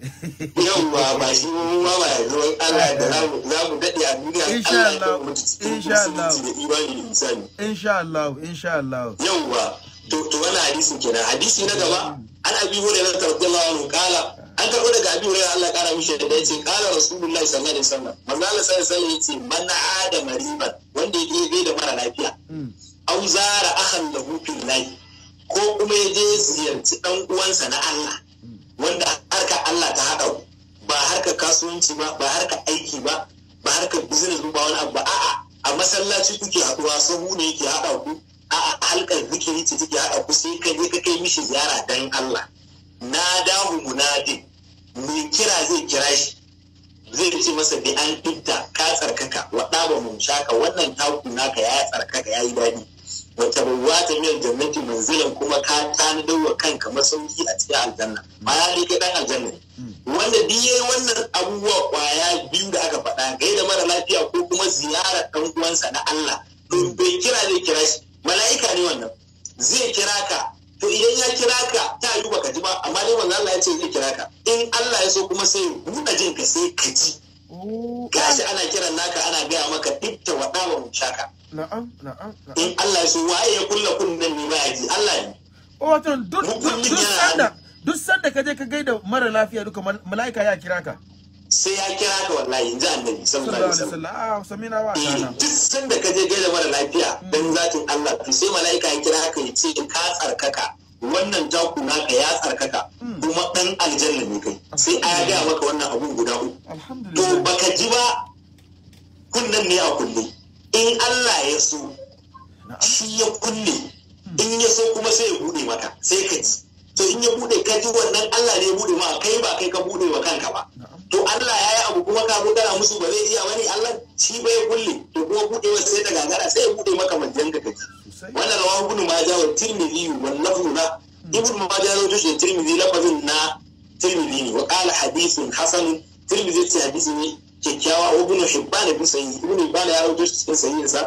Yawwa ba shi ma ba yanzu Allah da za mu daɗe mu dade a duniya. Insha Allah. Insha Allah. Insha Allah. Insha Allah. Yawwa. To to wannan hadisin kenan hadisi na gaba an abi hurairah radiyallahu anhu kala an karɓo daga abin wurin Allah ƙara mishi da ya ce ƙara rasulullah sallallahu alaihi wasallam manzo Allah sallallahu alaihi ya ce man ada mariban wanda ya bai da mara lafiya hmm. au zara ahan lahu fillahi ko kuma ya je ziyarci dan uwansa na Allah hmm. wanda harka Allah ta haɗa ba harka kasuwanci ba ba harka aiki ba ba harka business ba wani abu ba a'a a masallaci kuke haɗuwa sahu ne yake haɗa ku a halkar zikiri ce take haɗa ku sai ka je ka kai mishi ziyara dan Allah na dahu munadin mai kira zai kira shi zai ce masa bi an ka tsarkaka waɗa ba mun shaka wannan taku naka ya tsarkaka ya yi daɗi wata ruwa ta miyar jannati manzilan kuma ka tanadar wa kanka masauki a cikin aljanna ya ne ɗan aljanna hmm. wanda duk wannan abubuwa kwaya biyu da aka faɗa gai da mara lafiya ko kuma ziyara ɗan uwansa na Allah don bai kira zai kira shi mala'ika ne wannan zai kira ka to idan ya kira ka ta yi baka ji ba amma dai manzo Allah ya ce zai kira ka in Allah ya so kuma sai ya buɗe jin ka sai ka ji gashi ana kiran naka ana gaya maka duk da wada wa mushaka na'am in Allah ya so waye ya kulla kunnen ne ba ji Allah ne oh, wato duk duk sanda duk sanda ka je ka gaida mara lafiya duka mala'ika ya kira ka sai ya kira ka wallahi in ji annabi sallallahu sun wasallam ah, eh, duk sanda ka je gaida mara lafiya hmm. don zatin Allah to sai mala'ika ya kira ka ya ce ka tsarkaka wannan taku naka ya tsarkaka hmm. kuma dan aljanna ne kai sai a ya gaya maka wannan abun guda uku to baka ji ba kunnan ne a kulle in Allah ya so shi ya kulle hmm. in ya so kuma sai ya bude maka sai ka ji to in ya bude ka ji wannan Allah ne ya bude ma kai ba kai ka bude wa kanka ba to Allah ya yi abu kuma ka gudana musu ba zai iya wani Allah shi ba ya kulle to kuma budewar sai daga gagara sai ya bude maka manjan ka kaji wannan rawan gudu ma jawo tirmidhi wallahu na hmm. ibn majah ya rubuta tirmidhi lafazin na tirmidhi ne wa qala hadithun hasan tirmidhi ce hadisi ne kyakkyawa wa ibn hibban bi sahihi ibn hibban ya shi cikin sahihin sa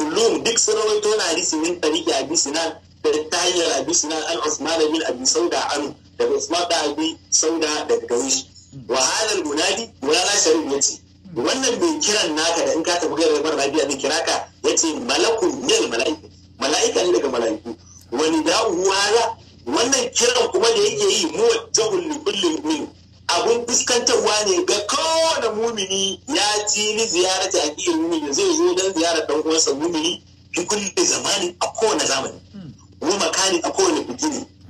kullum duk sun rawaito na hadisi min tariqi hadisi na da ta hanyar hadisi na al-usman bin abi sauda anu daga usman da abi sauda daga gare shi wahalar hadal munadi mulala ya ce wannan bai kiran naka da in ka tafi gare mara a zai kira ka ya malakun min mala'iku mala'ika ne daga mala'iku wani da'u hada wannan kiran kuma da yake yi muwajjahul li kulli mu'min abun fuskantarwa ne ga kowane mumini ya ci ni ziyara ta akiyar mumini zai zo don ziyarar dan uwansa mumini fi kulli zamani a kowane zamani hmm. kuma makani a kowane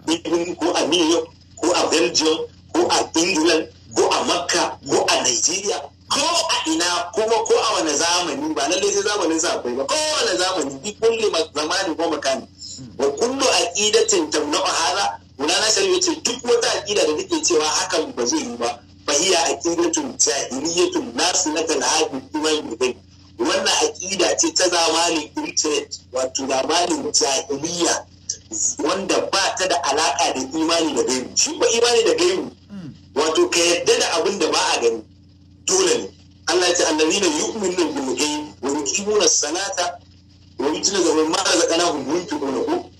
bikini ko a New York ko a Belgium ko a England ko a makka ko a nigeria ko a ina kuma ko a wani zamani ba lallai sai zamanin sa akwai ba ko wani zamani bi kulli zamani ko makani wa kullu aqidatin tamna'u wala na shari'a ce duk wata aqida da take cewa hakan ba zai yi ba fa hiya aqidatun jahiliyatun nasu na talhabi kuma bigai wannan aqida ce ta zamanin internet wato zamanin jahiliya wanda ba ta da alaka da imani da gaibu shi ba imani da gaibu wato ka yadda da abin da ba a gani dole ne Allah ya ce annabina yu'minu bil ghaib wa yuqimuna salata wa da zakata ma razaqnahum yunfiquna ku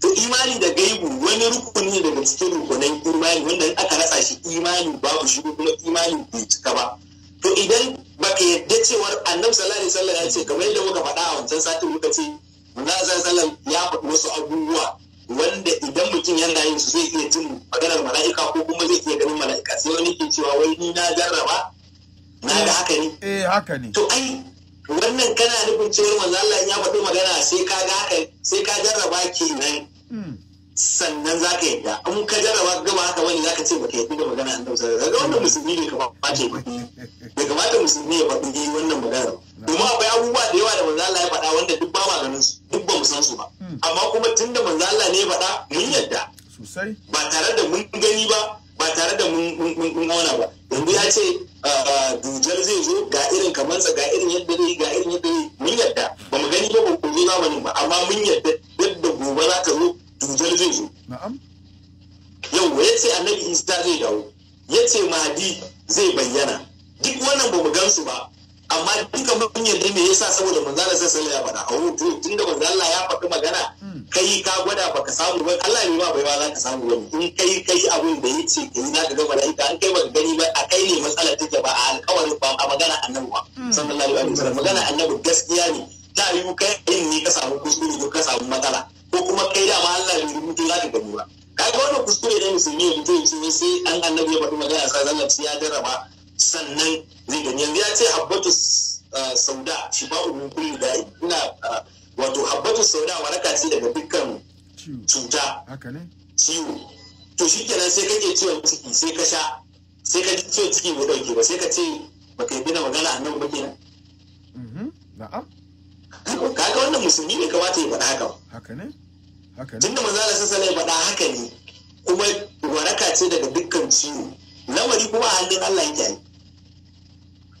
to imani da gaibu wani rukuni ne daga cikin rukunan imani wanda aka rasa shi imani babu shi kuma imani bai cika ba to idan baka yadda cewar annabi sallallahu alaihi wasallam ya ce kamar yadda muka faɗa a wancan satin muka ce zan sallallahu ya faɗi wasu abubuwa wanda idan mutum yana yin su zai iya jin maganar mala'ika ko kuma zai iya ganin mala'ika sai wani ke cewa wai ni na jarraba na ga haka ne eh haka ne to ai wannan kana nufin cewa manzo Allah ya faɗi magana sai ka ga haka sai ka jarraba kenan hmm. sannan za ka yadda in ka jarraba gaba haka wani za ka ce ba ka yadda da magana an dausa ga wannan musulmi ne ba ya ba. bai kamata musulmi ya faɗi wannan magana domin akwai abubuwa da yawa da manzo Allah ya faɗa wanda duk ba ma ganin su duk ba mu san su ba hmm. amma kuma tunda manzo Allah ne ya faɗa mun yadda sosai ba tare da mun gani ba ba tare da mun auna ba yanzu ya ce ah, dujar zai zo ga irin kamansa ga irin yadda zai ga irin yadda zai mun yadda ba mu gani ba ba ko zamanin ba amma mun yadda yadda gobe za ka zo dujar zai zo yau ya ce annabi isa zai dawo ya ce mahadi zai bayyana duk wannan ba mu su ba amma duka mun ne ya yasa saboda manzala sai sai ya faɗa a tun da manzala ya faɗi magana hmm. kai ka gwada baka samu ba Allah ne ba ba za ka samu ba in kai kai abin da yace kai za ka ga malaika an kai ba gani ba a kai ne matsala take ba a alƙawari ba a magana annabi ba hmm. sallallahu alaihi wasallam magana annabi gaskiya ne ta yi kai in ne ka samu kuskure ko ka samu matsala ko kuma kai da ma Allah ne mutu za ka gamu ba kaga wannan kuskure ne musulmi ya mutum sai an annabi ya faɗi magana sai zalla ya jarraba sannan zidan yanzu ya ce habbatu ah, sauda ba min kulli da ina ah, wato habbatu sauda waraka ce daga dukkan cuta ciwo to shi kenan sai kake ciwon ciki sai ka sha sai ka ji ciwon ciki bai dauke ba sai ka ce ba kai yi bina magana a nan ba kenan mm-hmm. na'am kaga wannan musulmi ne kamata ya faɗa haka haka ne haka ne tunda manzo Allah sallallahu alaihi faɗa haka ne kuma waraka ce daga dukkan ciwo lamari kuma a hannun Allah yake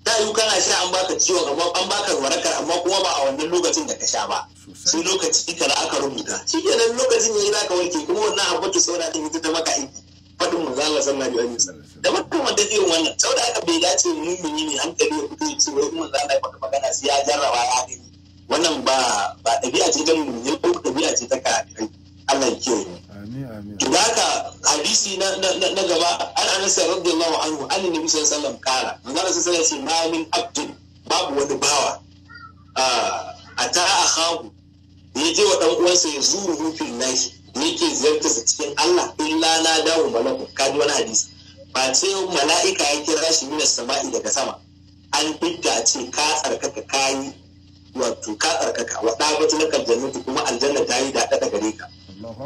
ta yi kana sha an baka ciwon amma an baka warakar amma kuma ba a wannan lokacin da ka sha ba sai lokaci da aka rubuta shi nan lokacin yayi zaka wanke kuma wannan abu ta saura ta ita ta maka aiki fadin mu san na alaihi wasallam da mutum wanda zai wannan Sau da aka bai dace mu mumini ne hankali ya fito ya ce wai kuma zalla ya fata magana sai ya jarraba ya gani wannan ba ba ɗabi'a ce ta mu ne ko ɗabi'a ce ta ka Allah ya kiyaye to hadisi na gaba an anas radiyallahu anhu annabi nabi sallallahu alaihi wasallam kala manzo sallallahu alaihi wasallam babu wani bawa a ah, ta akhahu ya je wa dan uwansa ya zuru rufin nashi yake ziyartar sa cikin Allah illa na dawo malaku ji wani hadisi ba ce mala'ika ya kira shi minas sama'i daga sama an fidda a ce ka tsarkaka kayi wato ka tsarkaka wa dabatu na kan kuma aljanna ta yi da gare ka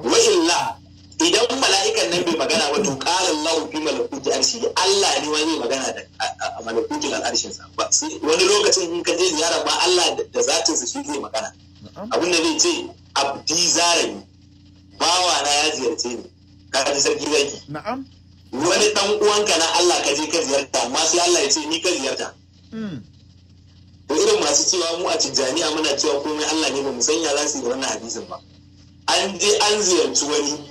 wa illa idan mala'ikan nan bai magana ba to qala Allahu fi malakuti arshi Allah ne wani magana da a malakuti al'arshin sa ba wani lokacin in ka je ziyara ba Allah da zatin sa shi zai magana abin da zai ce abdi zarani bawa na ya ziyarce ni ka ji sarki zaki na'am wani dan uwanka na Allah ka je ka ziyarta amma sai Allah ya ce ni ka ziyarta hmm. to irin masu cewa mu a tijjaniya muna cewa komai Allah ne ba mu sanya za su yi wannan hadisin ba an je an ziyarci wani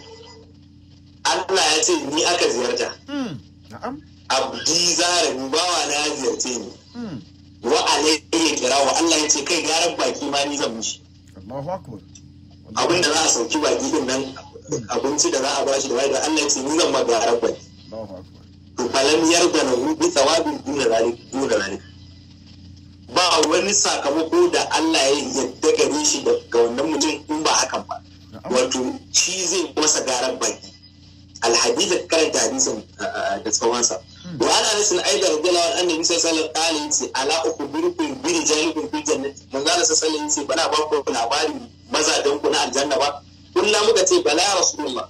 Allah ya ce ni aka ziyarta hmm. abdi zara bawa na ya ziyarce ni hmm. wa kira wa Allah ya ce kai garan baki ma ni zan mishi abin da za a sauki baki din nan abinci da za a bashi da wai da Allah ya ce ni zan ma garan baki Allahu akbar to falam yarda na hu tsawabin thawabin duna zalik ba wani sakamako da Allah ya yadda gare shi ga wannan mutum in ba hakan ba wato shi zai masa garan baki Alhadiza alhadith karanta hadisin da tsawonsa hmm. wa ana nasin aida radiyallahu anhu annabi sallallahu alaihi wasallam ala ukhbirukum bi rijalikum fi jannati manzo Allah sallallahu alaihi wasallam bana ba ku labari mazajen ku na aljanna ba kullum muka ce bala rasulullah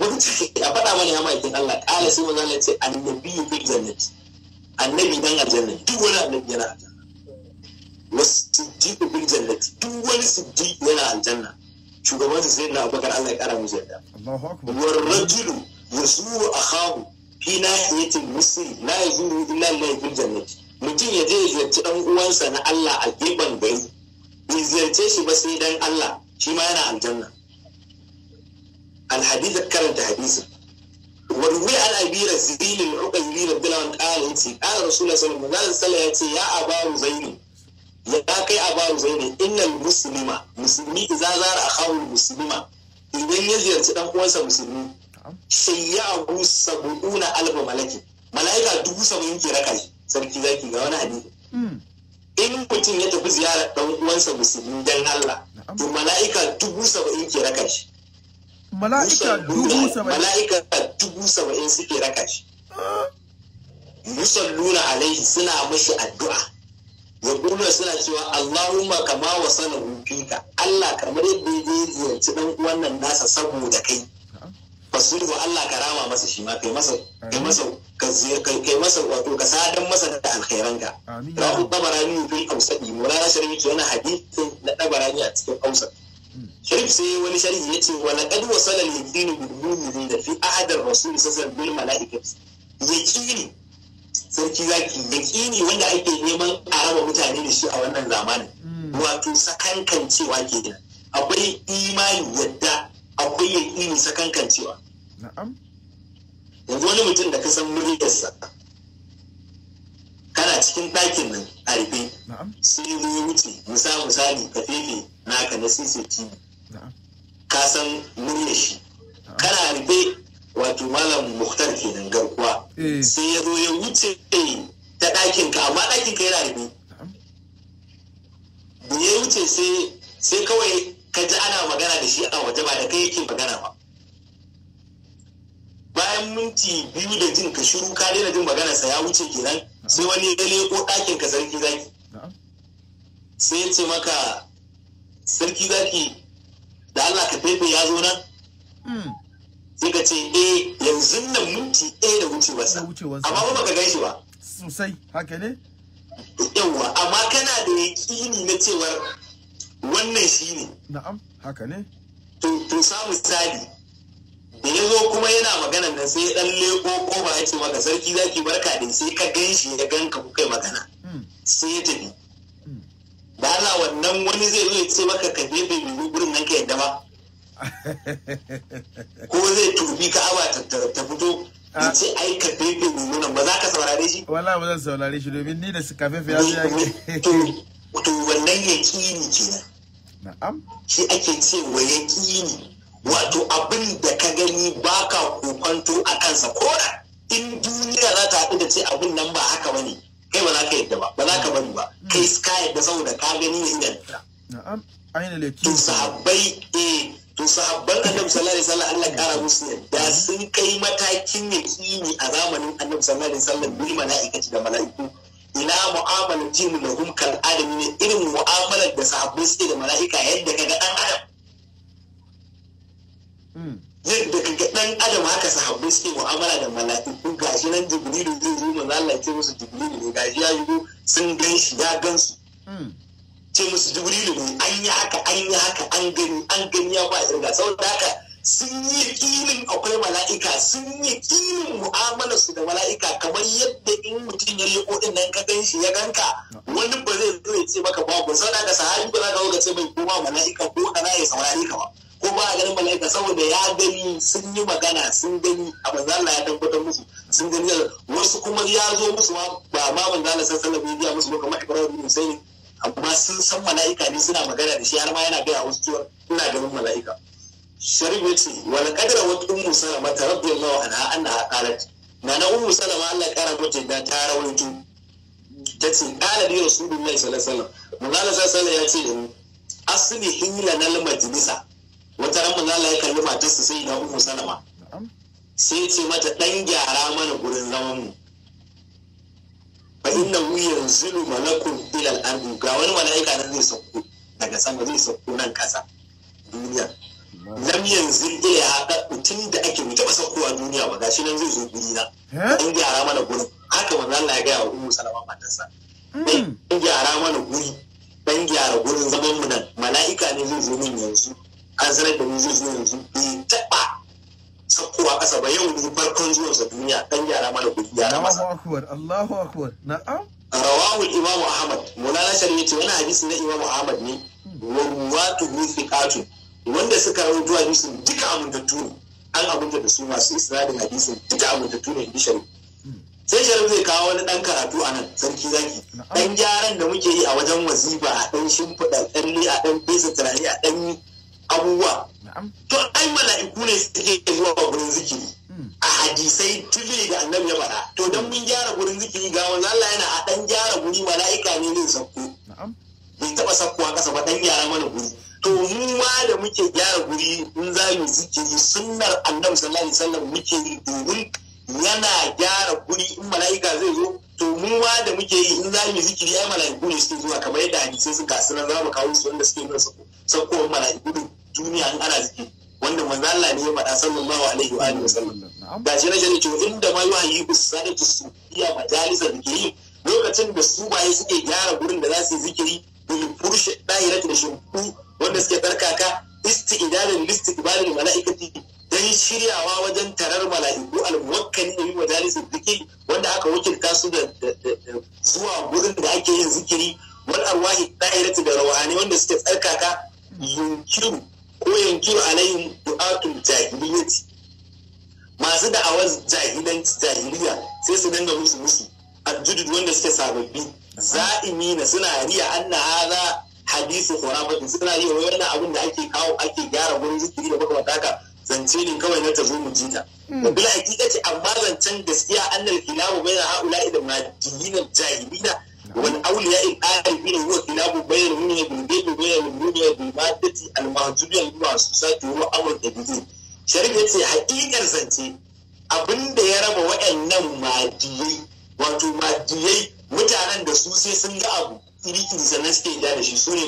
muka ce a faɗa mana ya ma'aikin Allah kala sai manzo Allah ce annabi fi jannati annabi dan aljanna duk wani annabi yana aljanna wasu siddiqu bil jannati duk wani siddiq yana aljanna shugaban sai na abubakar Allah ya kara musu yadda war rajulu yasuru akhahu fi nahiyatin misri la yazuru illa lillahi fil jannati mutum ya je ya ziyarci dan uwansa na Allah a gefen gari bai ziyarce shi ba sai dan Allah shi ma yana aljanna الحديث كانت حديثا وروي عن ابي رزيل العقيلي رضي الله عنه قال رسول الله صلى الله عليه وسلم يا ابا رزيل ya kai a baru zai ne innal musulma musulmi za a zara kawo musulma idan ya ziyarci dan uwansa musulmi sai ya abu sabuduna alba malaki malaika dubu saba'in ke raka sarki zaki ga wani hadisi hmm. in mutum ya tafi ziyara dan uwansa musulmi dan Allah to malaika dubu saba'in ke raka shi mala'ika dubu saba'in mala'ika dubu saba'in suke raka shi ah. musalluna alaihi suna mashi addu'a ya suna cewa Allahumma kama wa sanahu fika Allah kamar yadda ya je ziyarci dan uwan nan nasa saboda kai fasul wa Allah ka rama masa shi ma kai masa kai masa kai masa wato ka sadan masa da alkhairanka rahu tabarani fil awsadi mulana sharif yana hadisi na tabarani a cikin Hausa. sharif sai wani sharhi yace wa laqad wasala al-yaqinu bil mu'minin da fi ahad ar-rasul sallallahu alaihi wasallam bil mala'ikati yaqini sarki zaki kini wanda ake neman a raba mutane da shi a wannan zamanin hmm. wato sakankancewa ke kenan akwai imani yadda akwai kini sakankancewa yanzu wani mutum da ka san muryarsa kana cikin ɗakin nan a rufe sai zo wuce misali misali ka fefe naka na cctv ka san muryar shi kana rufe wato malam muhtar kenan garkuwa eh. sai ya zo ya wuce ta ɗakin ka amma ɗakin ka yana rubi da ya wuce sai kawai ka ji ana magana da shi a waje ba da kai yake magana ba bayan minti biyu da jin ka shiru ka daina jin magana sa ya wuce kenan sai wani ya leko ɗakin ka sarki zaki sai ya ce maka sarki zaki da Allah ka fefe ya zo nan hmm. sai ka ce eh yanzu nan minti ɗaya da wucewarsa amma ba ka gaishe ba sosai haka ne yawwa amma kana da yaƙini na cewar wannan shi ne na'am haka ne to sa misali da ya zo kuma yana maganan nan sai dan leko kofa ya ce maka sarki zaki barka da sai ka ganshi ya gan ka kai magana hmm. sai ya tafi hmm. da Allah wannan wani zai zo ya ce maka ka gefe mai gurin nan ka yadda ba ko zai tobi ka aba ta fito in ah. ce ai ka fefe ba za ka saurare shi wala ba zan saurare shi domin ni da su kafe fiya su yake to wannan yaƙini kenan na'am shi ake cewa ni wato abin da ka gani baka kokonto a kansa kora in duniya za ta haɗu da ce abin nan ba haka ne, kai ba za ka yadda ba ba za ka bari ba mm. kai ka yadda saboda ka gani ya inganta na'am ainihin to sahabbai eh to sahabban annabi sallallahu alaihi wasallam Allah kara musu yadda sun kai matakin yaqini a zamanin annabi sallallahu alaihi wasallam bil mala'ikati da mala'iku ila mu'amalar jin da hum kal ne irin mu'amalar da sahabbai suke da mala'ika yadda kaga dan adam hmm. yadda kaga dan adam haka sahabbai suke mu'amala da mala'iku gashi nan jibrilu zai zo manzo Allah ya ce musu jibrilu ne gashi ya yi sun gan shi ya gan su hmm. ce musu jibrilu ne an yi haka an yi haka an gani an gani ya ba irga saboda haka sun yi kilin akwai mala'ika sun yi kilin mu'amalar su da mala'ika kamar yadda in mutum ya leko din nan ka gan ya ganka wani ba zai zo ya ce maka babu saboda haka sahabi ba za ka zo ce mai koma mala'ika ko kana ya saurare ka ba ko ba a ganin mala'ika saboda ya gani sun yi magana sun gani a manzala ya tabbatar musu sun gani wasu kuma ya zo musu ba ma manzala sallallahu alaihi bai ya musu ba kamar ibrahim bin ne. amma sun san mala'ika ne suna magana da shi har ma yana gaya wasu cewa ina ganin mala'ika sharif ya ce wani kadara wata ummu salama ta rabbi allah anha annaha qalat na na ummu salama allah kara mace da ta rawaito ta ce qala yau su sallallahu mai salasala. manzo salasala ya ce da mu asli hila nal majlisa wata ran manzo ya kalli matarsa sai na ummu salama sai ce mata dan gyara mana gurin zaman mu fa inna hu yanzilu malakun ila al-ardi ga wani malaika nan zai sauko daga sama zai sauko nan kasa duniya lam yanzil ila haka tun da ake mu taba saukowa duniya ba gashi nan zai zo guri na in eh? gyara mana guri. haka manzo Allah ya ga wa ummu salama matarsa hmm. in gyara mana guri dan gyara gurin zaman mu nan mala'ika ne zai zo min yanzu an da zai zo yanzu bai taba sakkowa ƙasa ba yau ne farkon zuwansa duniya dan yara mana gudu yara masa Allahu akbar na'am rawahu imamu ahmad mulana sharri ce wani hadisi na imamu ahmad ne wa ruwatu thiqatu wanda suka rawaito hadisin duka amintattu ne an aminta da su masu isnadin hadisin duka amintattu ne bi sharri sai sharif zai kawo wani dan karatu a nan sarki zaki dan gyaran da muke yi a wajen waziba a dan shimfiɗa tsalle a dan fesa tunani a dan abubuwa to ai mala'iku ne suke zuwa gurin zikiri hmm. a hadisai tuli da annabi ya faɗa to dan mun gyara gurin zikiri ga wannan Allah yana a dan gyara guri mala'ika ne zai sakko bai taba sakkowa kasa ba dan gyara mana guri to mu ma da muke gyara guri in za mu zikiri sunnar annabi sallallahu alaihi wasallam muke yi domin yana gyara guri in mala'ika zai zo to mu ma da muke yi in za mu zikiri ai mala'iku ne suke zuwa kamar yadda hadisai suka sanar za mu kawo su wanda suke zuwa sakko saukowar mala'iku gudun duniya in ana ziki wanda manzo ne ya faɗa sallallahu alaihi wa alihi wasallam ga shi na shari to inda ma sani ki su iya majalisa zikiri lokacin da su baye suke gyara gurin da za su yi zikiri bil furshe dahiratu da shinku wanda suke tsarkaka isti'dadan listiqbalil mala'ikati dan shiryawa wajen tarar mala'iku al-muwakkali da majalisar zikiri wanda aka wakilta su da zuwa gurin da ake yin zikiri wal arwahi da'iratu da rawani wanda suke tsarkaka yunkiru ko yunkiru alayhim du'atul jahiliyyati masu da'awar jahilanci jahiliya sai su danga musu musu ajjudud wanda suke sababbi za'imina suna riya anna hadha hadisu khurafati suna riya wannan abin da ake kawo ake gyara gurin zikiri da kuka haka zance ne kawai na tazo mu jita a hmm. bil ce amma zancen gaskiya annal khilafu bayna haula'i da madinin jahilina wani auliya in arifi ne huwa kilabu bayan nuna bilbilu bayan nuna bilbadati almahajubiyar masu sati ruwa amur da bizi sharif ya ce haƙiƙar zance abinda ya raba waɗannan madiyai wato madiyai mutanen da su sai sun ga abu iri-iri da shi su ne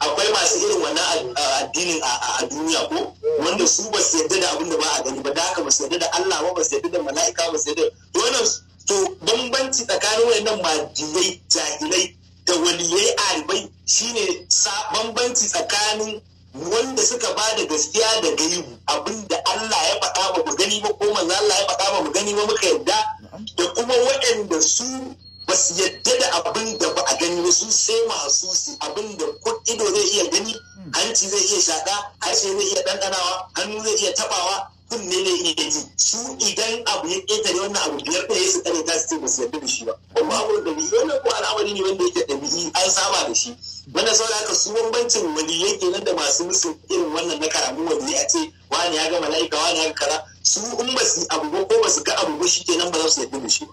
akwai masu irin wannan addinin a duniya ko wanda su ba su yadda da abin da ba a gani ba da haka ba su yadda da Allah ba ba su yadda da mala'ika ba su yadda da wannan to bambanci tsakanin wayannan madilai jahilai da waliyai alibai shine bambanci tsakanin wanda suka ba da gaskiya da gaibu abinda Allah ya faɗa ba mu gani ba ko manzo Allah ya faɗa ba mu gani ba muka yadda da kuma waɗanda su ba yadda da abin da ba a gani ba su sai masu su abin da ido zai iya gani hanci zai iya shaɗa harshe zai iya ɗanɗanawa hannu zai iya taɓawa kun ne ne ji su idan abu ya ƙetare wannan abu biyar da ya su kare ta su ce ba su yarda da shi ba kuma abu da biyu wannan ko al'amari ne wanda yake ɗabi'i an saba da shi wanda sau da su bambancin yake nan da masu musu irin wannan na karamin wani a ce wani ya ga mala'ika wani ya ga kaza su in ba su abu ba ko ba su ga abu ba shi nan ba za su yarda da shi ba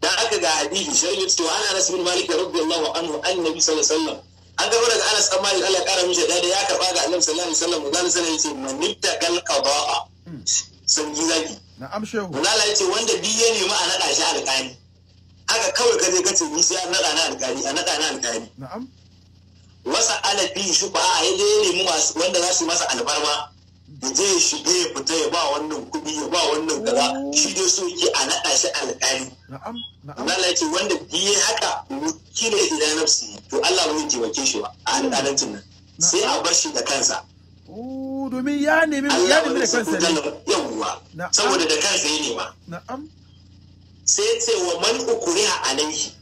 dan aka ga hadisi ne cewa ana nasu bin malik radiyallahu anhu annabi sallallahu alaihi wasallam an gaba daga anas dan malik Allah kara mishi da ya karba ga annabi sallallahu alaihi wasallam dan sallallahu yace manitta kal qada'a hmm. sun yi zaki na'am shehu Allah yace wanda bi ya nemi a nada shi alƙali haka kawai ka je ka ce ni sai an nada na alƙali a nada na alƙali na'am wasa ala bi a yaje ya nemi wanda za su masa albarma da je ya shiga ya fita ya ba wannan kuɗi ya ba wannan gaba shi dai so yake a naɗa shi alƙali Allah ce wanda biye haka wakila ila nafsi to Allah ba zai taimake shi ba a alƙalancin nan sai a bar shi da kansa domin ya nemi ya nemi da kansa ne yawwa saboda da kansa ya nema na'am sai ya ce wa man a alaihi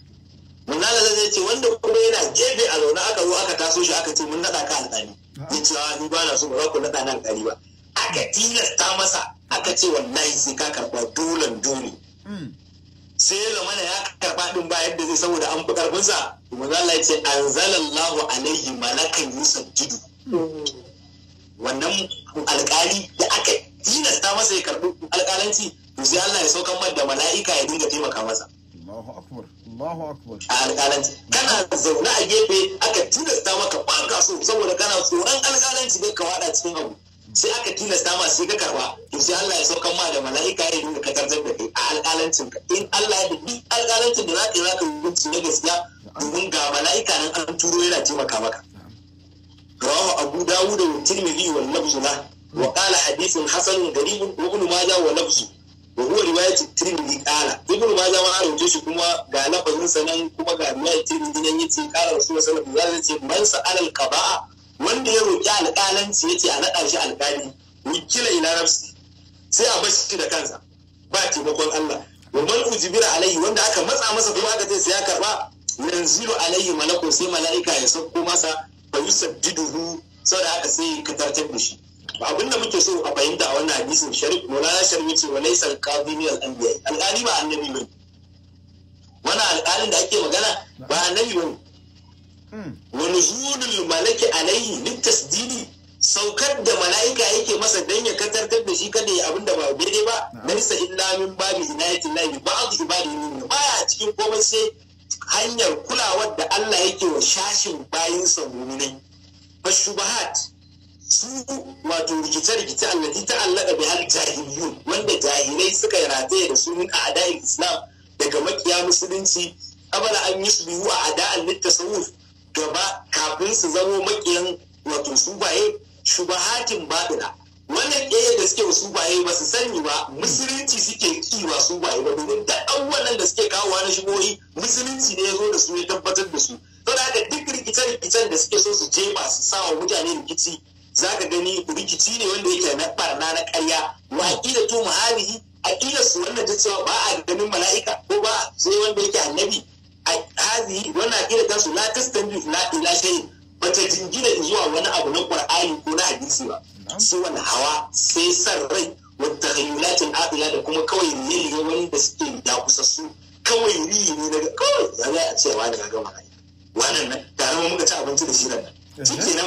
mun zai ce wanda kuma yana gefe a zaune aka zo aka taso shi aka ce mun naɗa ka alƙali ya cewa ni ba na so ba za ku naɗa nan gari ba aka tilasta masa aka ce wallahi sai ka karɓa dolan dole sai ya zamana ya karɓa ɗin ba yadda zai saboda an fi karfinsa manzala ya ce anzalallahu alaihi malakan yusabbidu wannan alƙali da aka tilasta masa ya karɓi alƙalanci to sai Allah ya saukan da mala'ika ya dinga taimaka masa Allahu akbar Allahu akbar. Alƙalanci. Kana zaune a gefe aka tilasta maka ba so saboda kana tsoron alƙalanci ne ka waɗa cikin abu. Sai aka tilasta ma sai ka karba. To sai Allah ya saukan ma da mala'ika ya yi ka tarzar da kai a alƙalancin ka. In Allah ya da duk alƙalancin da za ka yi za ka yi na gaskiya domin ga mala'ika nan an turo yana taimaka maka. Rawa Abu Dawud da Tirmidhi wa Nabzuna wa qala hadithun hasanun garibun wa ibn Majah wa wa huwa riwayat tirmidhi qala ibnu majah ma rawaito shi kuma ga lafazin sa nan kuma ga riwayat tirmidhi nan yace su rasulullahi sallallahu alaihi wasallam yace man sa'ala al-qaba'a wanda ya roki alƙalanci yace a naɗa shi alƙali wukila ila nafsi sai a bashi da kansa ba taimakon Allah wa man ujibira alaihi wanda aka matsa masa kuma aka ce sai ya karba yanzilu alaihi malaku sai mala'ika ya sauko masa fa yusaddiduhu saboda haka sai ka tartar da shi abinda abinda muke so a fahimta a wannan hadisin sharif maulana sharif ce wa laisa alqadi al-anbiya alqadi ba annabi ne wannan da ake magana ba annabi ne. Hmm. wa nuzulul malaki alaihi litasdidi saukar da mala'ika yake masa dan ya katartar da shi kada ya abinda ba daidai ba laisa illa min babi inayatin lahi ba'd ibadi Ba baya cikin komai sai hanyar kulawar da Allah yake wa shashin bayinsa mu'minai fashubahat su wato rikice-rikice allati ta allaka bi har jahiliyun wanda jahilai suka rataye da su a adain islam daga makiya musulunci abala an yi su biyu a ada'an littasawuf gaba kafin su zamo makiyan wato su baye shubahatin babila wannan ɗaya da suke su baye ba su sani ba musulunci suke kiwa su baye ba domin da abubuwan da suke kawo na shigohi musulunci ne ya zo da su ya tabbatar da su saboda haka duk rikice-rikicen da suke so su jefa su sa wa mutane rikici za ka gani rikici ne wanda yake na barna na karya wa aƙila to muharihi aƙila su wannan ta cewa ba a ganin mala'ika ko ba sai wanda yake annabi a hazihi wannan aƙila ta su la tastanbi la ila shay'in bata jingina zuwa wani abu na qur'ani ko na hadisi ba su wani hawa sai san rai wadda khayulatin afila da kuma kawai riye wanda suke da kusa su kawai riye ne daga kawai ya a cewa da ga magana wannan nan tare muka ci abinci da shi nan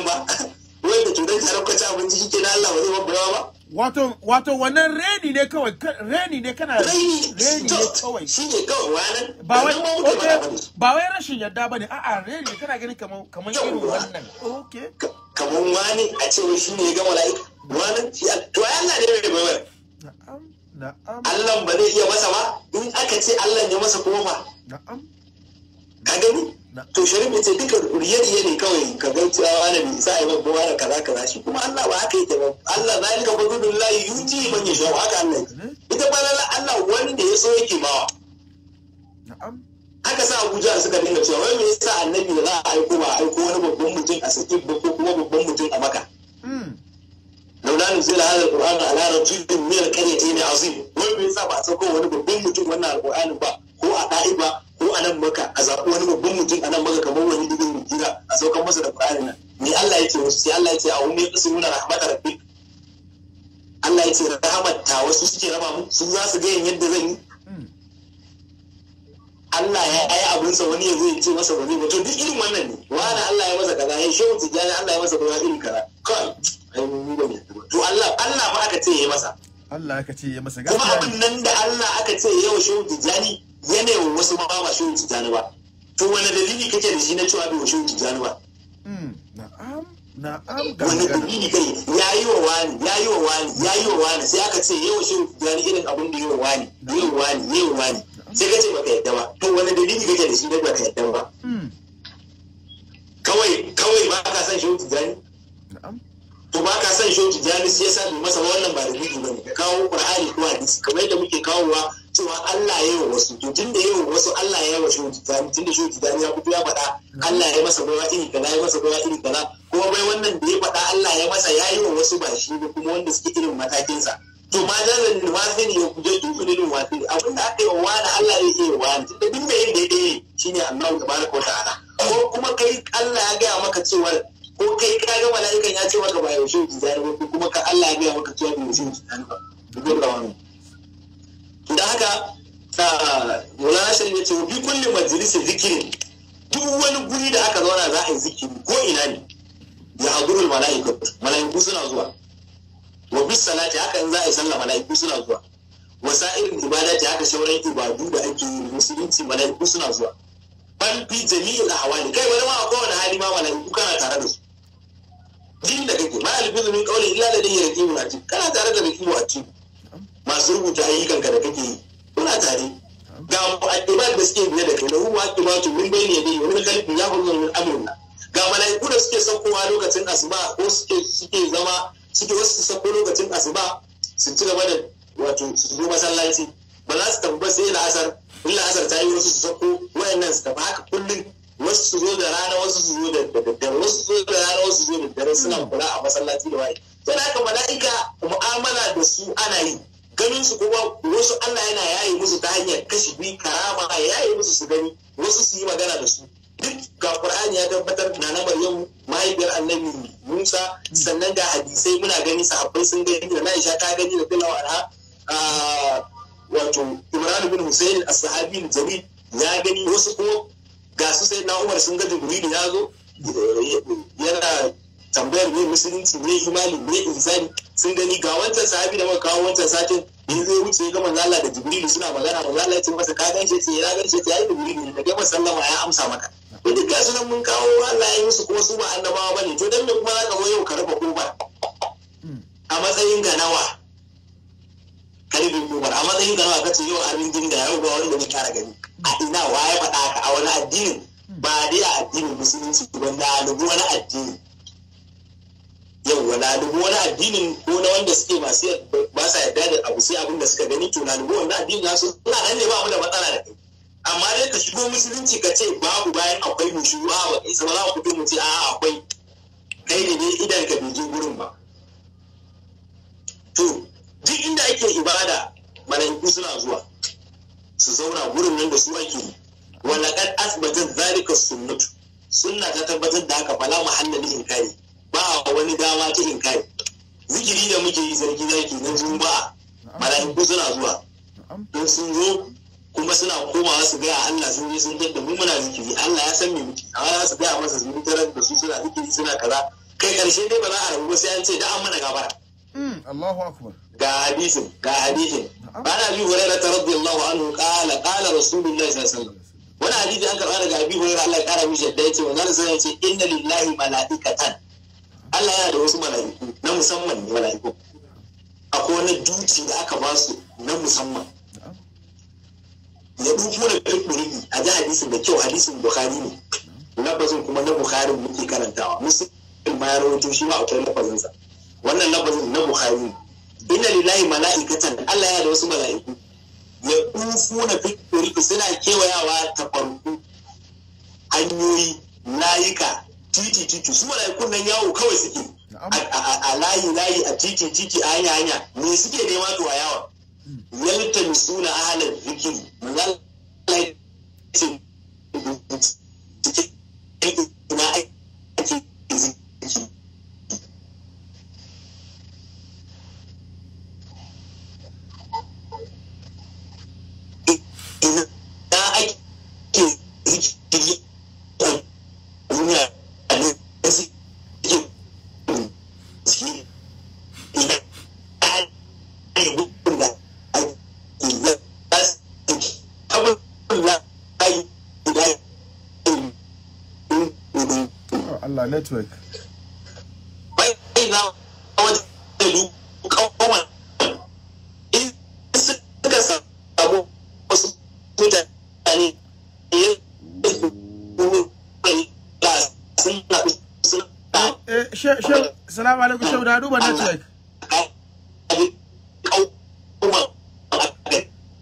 nan eh. ba wai da turai taron kwace abinci shi ke na Allah ba zai babbawa ba wato wato wannan reni ne kawai reni ne kana reni ne kawai shi ne kawai wannan ba wai ba wai rashin yadda bane a reni ne kana gani kaman kaman irin wannan okay kaman wani a ce wai shi ne ya ga mala'ika wannan to Allah ne mai bayar na'am na'am Allah ba zai iya masa ba in aka ce Allah ya masa kuma fa na'am ka gani to shari'a ce duka riye-riye ne kawai ka ga cewa wani bai isa ya babba wani kaza kaza shi kuma Allah ba haka yake ba Allah na zalika fadlul lahi yuti man yasha haka Allah eh? ita ba lalla Allah wani da ya so yake bawa Haka sa Abuja suka dinga cewa wai me yasa annabi da za a aiko ba aiko wani babban mutum a saki ba ko kuma babban mutum a Makka hmm. laula nuzila hadha alquran ala rajulin min alqaryatayn azim wai me yasa ba a sauko wani babban mutum wannan alquranin ba ko a ɗa'i ba ko a nan maka a zaɓi wani babban mutum a nan maka kamar wani dubin mutira a saukan masa da ƙwarin nan ni Allah ya ce wasu sai Allah ya ce a wani ummi rahama da rabbi. Allah ya ce rahamar ta wasu suke raba mu su za su gayan yadda zan yi Allah ya yi abinsa wani ya zai ce masa ba zai to duk irin wannan ne wani Allah ya masa kaza ya shehu tijjani Allah ya masa kaza irin kaza kawai to Allah Allah ba aka ce ya yi masa Allah aka ce ya masa gaskiya kuma abin nan da Allah aka ce yau shehu tijjani yana yi wasu ma ba shehu tijjani ba to wani dalili kake da shi na cewa bai shehu tijjani ba hmm, na'am na'am ga wani dalili kai yayi wa wani yayi wa wani yayi wa wani sai aka ce yau shehu tijjani irin abin da yau wa wani yau wa wani yau wa wani sai ka ce baka yadda ba to wani dalili kake da shi na baka yadda ba hmm. kawai kawai ba ka san shehu tijjani na'am to ba ka san shi tijani sai sa bai masa wannan ba da gudu ba ne ka kawo qur'ani ko hadisi kamar yadda muke kawowa cewa Allah ya yi wasu to tun ya yi wasu Allah ya yi wa shi tun da shi tijani ya fito ya faɗa Allah ya masa baiwa iri kaza ya masa baiwa iri kaza ko bai wannan da ya faɗa Allah ya masa ya yi wa wasu ba shi ne, kuma wanda suke irin matakinsa to ma da da wasu ne ya kuje tun ne wasu ne abin da aka yi wa wani Allah ya yi wa ne duk da yin da ya shine Allah tabaraka wa ta'ala ko kuma kai Allah ya ga maka cewa ko kai ka ga mala'ikan ya ce maka ba yaushe ki zai ba ko kuma ka Allah ya biya maka cewa ba yaushe ki zai ba duk da wannan da haka Mulana Sharif ya ce bi kulli majalisi zikiri duk wani guri da aka zauna za a yi zikiri ko ina ne ya hadurul mala'iku mala'iku suna zuwa wa bis salati haka in za a yi sallah mala'iku suna zuwa wasa'ir ibadati haka shauran ibadu da ake yi musulunci mala'iku suna zuwa ban fi jami'il ahwali kai wani ma a kowane hali ma mala'iku kana tare da su Din da kake ma alfizu min qawli illa ladayhi raqibun atid kana tare da raqibu atid masu rubuta ayyukan ka da kake yi kuna tare ga mu'addiban da suke biye da kai lahu mu'addibatu min bayni yadayhi wa min khalfihi yahfazuna min amrina ga malaiku da suke saukowa lokacin asuba ko suke suke zama suke wasu su sako lokacin asuba su ci gaba da wato su zo masallaci ba za su tafi ba sai la'asar in la'asar ta yi wasu su sauko wayannan su tafi haka kullum wasu su zo da rana wasu su zo da daddare wasu su zo da rana wasu su zo da daddare suna hmm. kula a masallaci da waye sai aka mala'ika mu'amala da su ana yi ganin su kuma wasu Allah yana ya'yi musu ta hanyar bi karama ya yaye musu su gani wasu su yi magana da su duk ga Qur'ani ya tabbatar na na Maryam mahaifiyar Annabi Musa hmm. sannan ga hadisai muna gani sahabbai sun gani da Aisha ta gani da Bilal wa wato Imran bin Hussein as-sahabi jamil ya gani wasu kuma ga su sai na umar sun ga jibril ya zo yana tambayar ne musulunci ne imani ne insani sun gani ga wancan sahabi da muka kawo wancan satin ne zai wuce ga manzo da jibrilu suna magana manzo Allah ya ce masa ka ganshi ce ya ganshi ce ai ne da gaba sallama ya amsa maka to duk gasu nan mun kawo Allah ya yi musu kuma su ba annabawa bane to dan me kuma za ka yau ka rufe kofa a matsayin ganawa harbin umar a matsayin garawa ka ce yau harbin jinga yau ba wanda na kyara gani a ina wa ya faɗa ka a wani addini ba dai a addinin musulunci ba lalubu wani addini yauwa lalubu wani addinin ko na wanda suke masu ba sa yarda da abu sai abin da suka gani to lalubu wani addinin nasu suna nan ne ba abin da matsala da kai amma dai ka shigo musulunci ka ce babu bayan akwai mu shigo ba kai ba za ku fito mu ce a akwai kai ne idan ka bai je gurin ba to duk inda ake ibada mala'iku suna zuwa su zauna gurin nan da su ake kad asibitin zalika sunnatu sunna ta tabbatar da haka fala muhallali inkari ba wani dama ta inkari zikiri da muke yi zargi zaki na juma'a mala'iku suna zuwa in sun zo kuma suna komawa su gaya Allah sun je sun da mu muna zikiri Allah ya san me muke amma za su gaya masa sun tarar da su suna zikiri suna kaza kai karshe dai ba za a rabu ba sai an ce da an mana gabara hmm. Allahu akbar ga hadisin ga hadisin ana abi hurairah ta radiyallahu anhu qala qala rasulullahi sallallahu alaihi wasallam wani hadisi an karɓa daga abi hurairah Allah ya kara mishi yadda yace wannan sai yace inna lillahi malaikatan Allah yana da wasu mala'iku na musamman ne mala'iku akwai wani dutse da aka ba su na musamman ya duku da kirkuri a ji hadisin da kyau hadisin bukhari ne lafazin kuma na bukhari muke karantawa musu ma ya rawaito shi ma akwai lafazinsa wannan lafazin na bukhari ne inna lillahi mala'ikatan Allah ya da wasu mala'iku ya na fi suna kewayawa ta farko. hanyoyi layuka titi titi su mala'ikun nan yawo kawai suke a layi layi a titi titi a hanya hanya me suke nema to a yawa hmm. yalta misuna ahalar zikiri na ake network eh, Salamu alaikum shehu na duba network.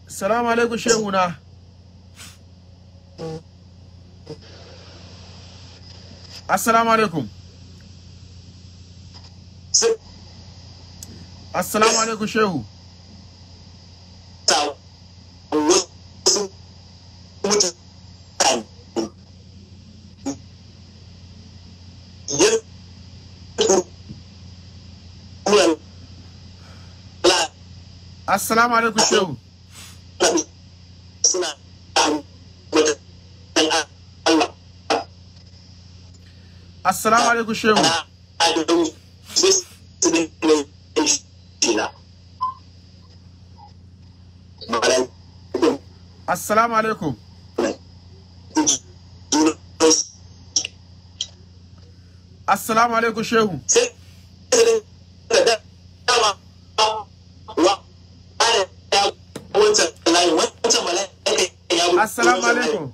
Salamu alaikum shehu na. assalamu alaikum assalamu alaikum shehu Assalamu alaikum shehu. assalamu alaikum shehu assalamu alaikum assalamu alaikum shehu assalamu alaikum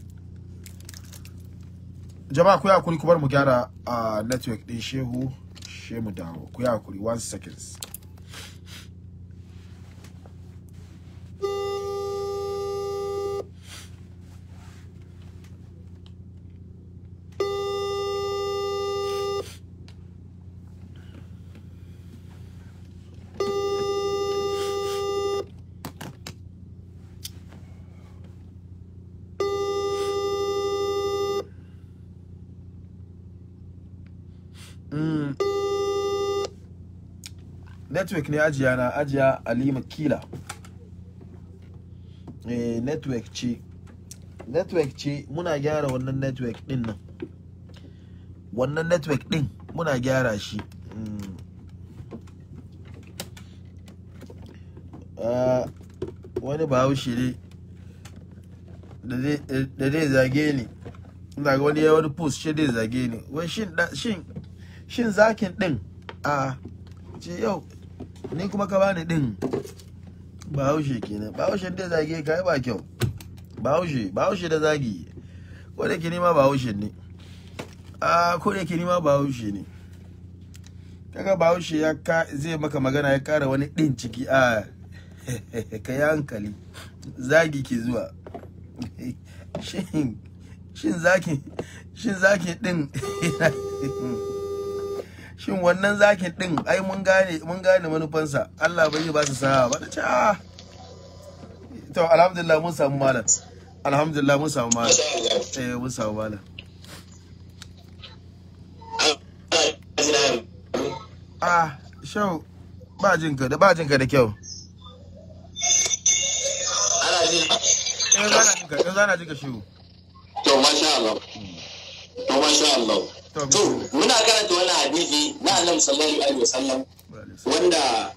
jama'a ku yi hakuri ku bar mu gyara a ah, network din shehu shemu dawo ku yi hakuri one seconds network ne ajiya na ajiya alima kila eh network ce network ce muna gyara wannan network din nan wannan network din muna gyara shi mm. uh, wani bahaushe ne da zai zage ni ina ga wani wani post shi zai zage ni wai shin zakin din a ah, ce yau ni kuma ka bani din bahaushe kenan bahaushe da zage ka yi ba kyau bahaushe bahaushe da zagi ko da ke nima bahaushe ne a ko da ke nima bahaushe ne kaga bahaushe ya ka zai maka magana ya kara wani din ciki a ka yi hankali zagi ke zuwa shin zaki shin zaki din shin wannan zakin din ai mun gane mun gane manufansa Allah bai ba su sa'a ba ta ah. to alhamdulillah mun samu malam alhamdulillah mun samu malam eh mun samu malam ah shau ba jin ka da ba jin ka da kyau eh, ana jinka in zana jinka in zana jinka shiwu to masha Allah to masha Allah to muna karanta wani hadisi na Allah sallallahu alaihi wasallam wanda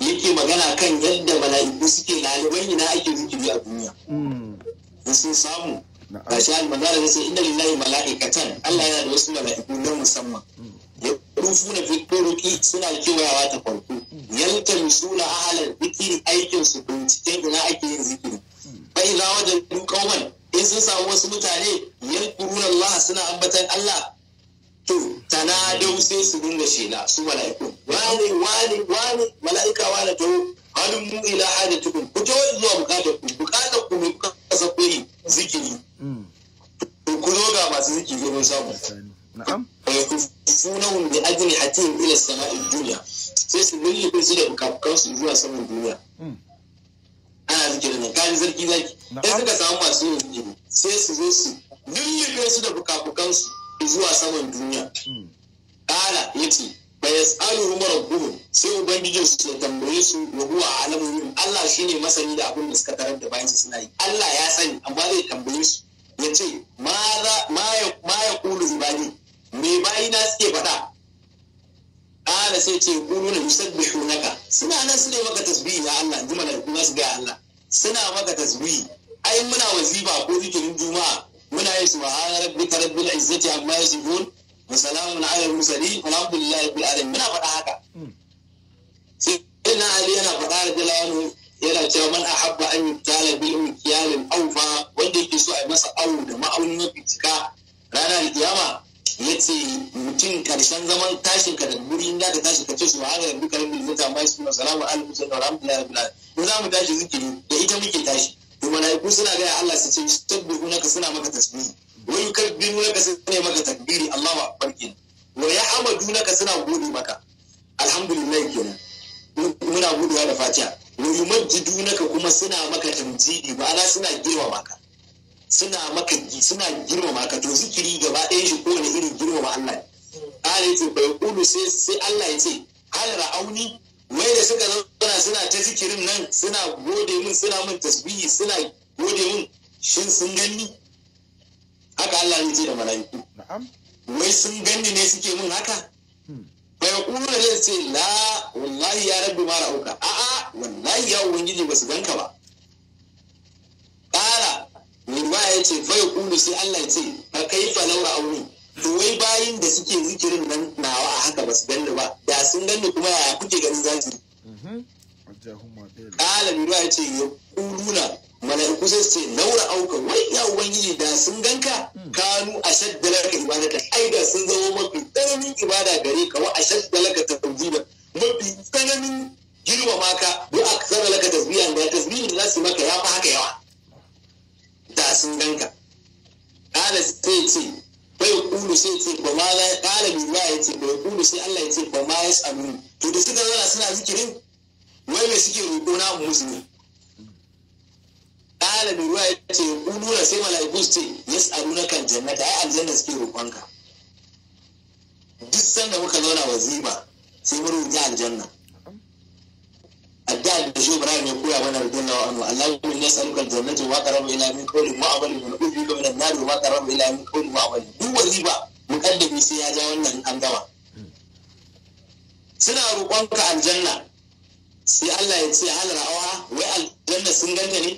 yake magana kan yadda mala'iku suke lalibai ina ake zikiri a duniya hmm. sun samu ga shi almazara ne sai inda lillahi mala'ikatan Allah yana da wasu mala'iku na musamman hmm. ya rufuna na fitoroki suna kewayawa ta farko hmm. yalta suna ahalar zikiri aikinsu su binciken ina ake yin zikiri bai za wajen wani. in sun samu wasu mutane yan yankurun Allah suna ambatan Allah to tanadau sai su dinga shela su mala'iku wani wani wani mala'ika wani to halin mu ila tukun. ku to zuwa bukatar ku bukatar ku ne kasa koyi zikiri to ku zo ga masu zikiri mun samu na'am sunahum eh, bi ajli hatim ila sama'i dunya sai su lulluɓe su da bukakan su zuwa saman duniya hmm. ana da nan kaji sarki zaki in suka samu masu yin sai su zo su lullube su da fukafukansu zuwa saman duniya hmm. kala ya ce bai yasalu mara gudu sai ubangijin su ya tambaye su ya huwa alamun Allah shine masani da abin da suka tarar da bayansa suna yi Allah ya sani amma zai tambaye su ya ce ma ya kulu ni. me na suke faɗa ƙara sai ce kulu na yusabbihu naka suna nan su ne maka tasbihi ya Allah jumala da kuma su ga Allah suna maka tasbihi ai muna wazifa ko zikirin juma'a muna yin subhana rabbika rabbil izzati amma yasifun wa salamun ala mursalin alhamdulillahi rabbil alamin muna faɗa haka hmm. sai na ali yana faɗa da jalanu yana cewa man ahabba an yutala bil umkiyalin awfa wanda yake so a masa awu da ma'aunin fitika ranar kiyama ya ce mutum karshen zaman tashin ka da guri in ka tashi ka ce su ma'ana da duka rabbi zai tambayi su salamu alaikum sallallahu alhamdulillah rabbil alamin in za mu tashi zikiri da ita muke tashi to malaiku suna gaya Allah su ce tabbihu naka suna maka tasbihi wa yukabbiru naka suna maka takbiri Allahu akbar kenan wa ya'amadu naka suna gode maka alhamdulillah kenan muna godewa da fatiha wa yumajjidu naka kuma suna maka tamjidi ma'ana suna girma maka suna maka suna girmama ka to zikiri gaba ɗaya shi kowane irin girmama Allah Allah ya ce bai kulu sai Allah ya ce hal ra'auni wai da suka zauna suna ta zikirin nan suna gode min suna min tasbihi suna gode min shin sun ganni haka Allah ya ce da mala'iku wai sun ganni ne suke min haka bai kulu da ce la wallahi ya rabbi ma ra'auka a'a wallahi ya ubangiji ba su ganka ba Ruwa ya ce bai kulu sai Allah ya ce fa laura auni. To wai bayin da suke zikirin nan nawa a haka ba su ganni ba. Da sun ganni kuma ya kuke ganin za su. Mhm. Kala ruwa ya ce ya kuluna mala'iku sai su ce laura auka wai ya ubangiji da sun ganka hmm. kanu a shaddalaka ibadata ai da sun zama mafi tsananin ibada gare ka wa a shaddalaka tawjiba mafi tsananin girma maka ka a aksara laka tasbiyan da tasbiyan da za su maka ya fi haka yawa da sun ganka ƙala sai ce bai kulu sai ce ba ma za ƙala biyuwa ya ce bai kulu sai Allah ya ce ba ma ya tsamu to da suka zauna suna zikirin wai me suke roƙo na musulmi ƙala biyuwa ya ce na sai mala'iku su ce ya tsamu na kan jannata ai aljanna suke roƙonka duk sanda muka zauna wa ziba sai mu roƙi aljanna addu'a da shi Ibrahim ya koya mana radiyallahu anhu Allahumma inni as'aluka al-jannata wa qarabu ila min qawli ma abali wa na'udhu bika min an-nar wa qarabu ila min qawli ma abali duk waziba mukaddami sai ya ja wannan an gama suna roƙonka aljanna sai Allah ya ce hal ra'awa wai aljanna sun ganta ne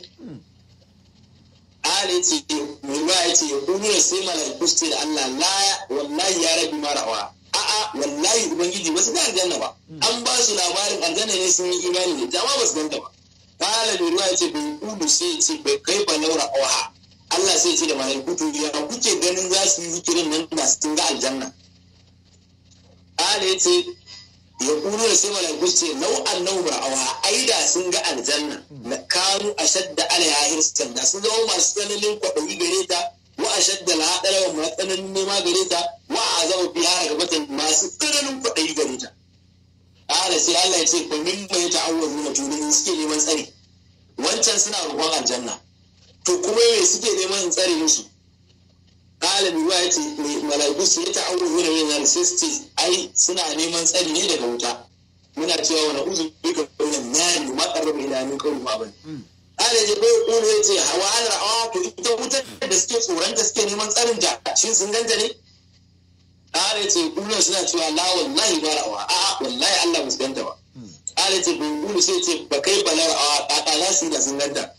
Ali ce ruwa ya ce duniya sai ce da Allah wallahi ya rabi ma a'a wallahi ubangiji ba su ga aljanna ba hmm. an ba su labarin aljanna ne sun yi imani ne jama ba su ganta ba kala da ruwa ce bai kudu sai ce bai kai ba laura auha Allah sai ce da malaiku ya kuke ganin za su yi zikirin nan da su ga aljanna kala ya ce ya kudu da sai malaiku ce lau annahu ba auha ai da sun ga aljanna hmm. na kanu ashadda ala yahir da sun zama masu tsananin kwaɗo gare ta wa a shadda la'adara wa tsananin nema gare ta wa a zama fi hara gabatar masu tsananin kwaɗayi gare ta ƙara sai Allah ya ce ko min mai ta'awwaz min tunin suke neman tsari wancan suna roƙon aljanna to kuma me suke neman tsari musu ƙala bi ya ce mala'iku su ya ta'awar nuna min sai ai suna neman tsari ne daga wuta muna cewa wani uzu bika na nari ma qarraba ila min qawli ba ne. je bai kulu ya ce hawa an ra'awa ah, to ita wutar da suke tsoron da suke neman tsarin da shi sun ganta ne ana ce kulu suna cewa la wallahi ba rawa a wallahi Allah ba su ganta ba ana ce kulu sai ce ba kai ba a a ta za su da sun ganta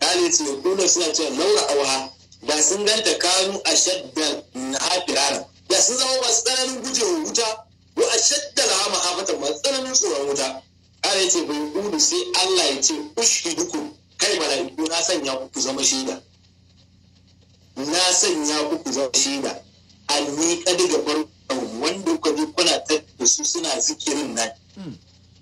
ana ce kulu suna cewa laura awa da sun ganta kanu a shaddan na hafirara da sun zama masu tsananin gujewa wuta ko a shaddan hama hafatan masu tsananin tsoron wuta kare ya ce bai hudu sai Allah ya ce ushi duku kai mala'iku na sanya kuku zama shaida na sanya kuku ku zama shaida alni kadi ga farkon wanda kuka ji kuna da su suna zikirin nan hmm.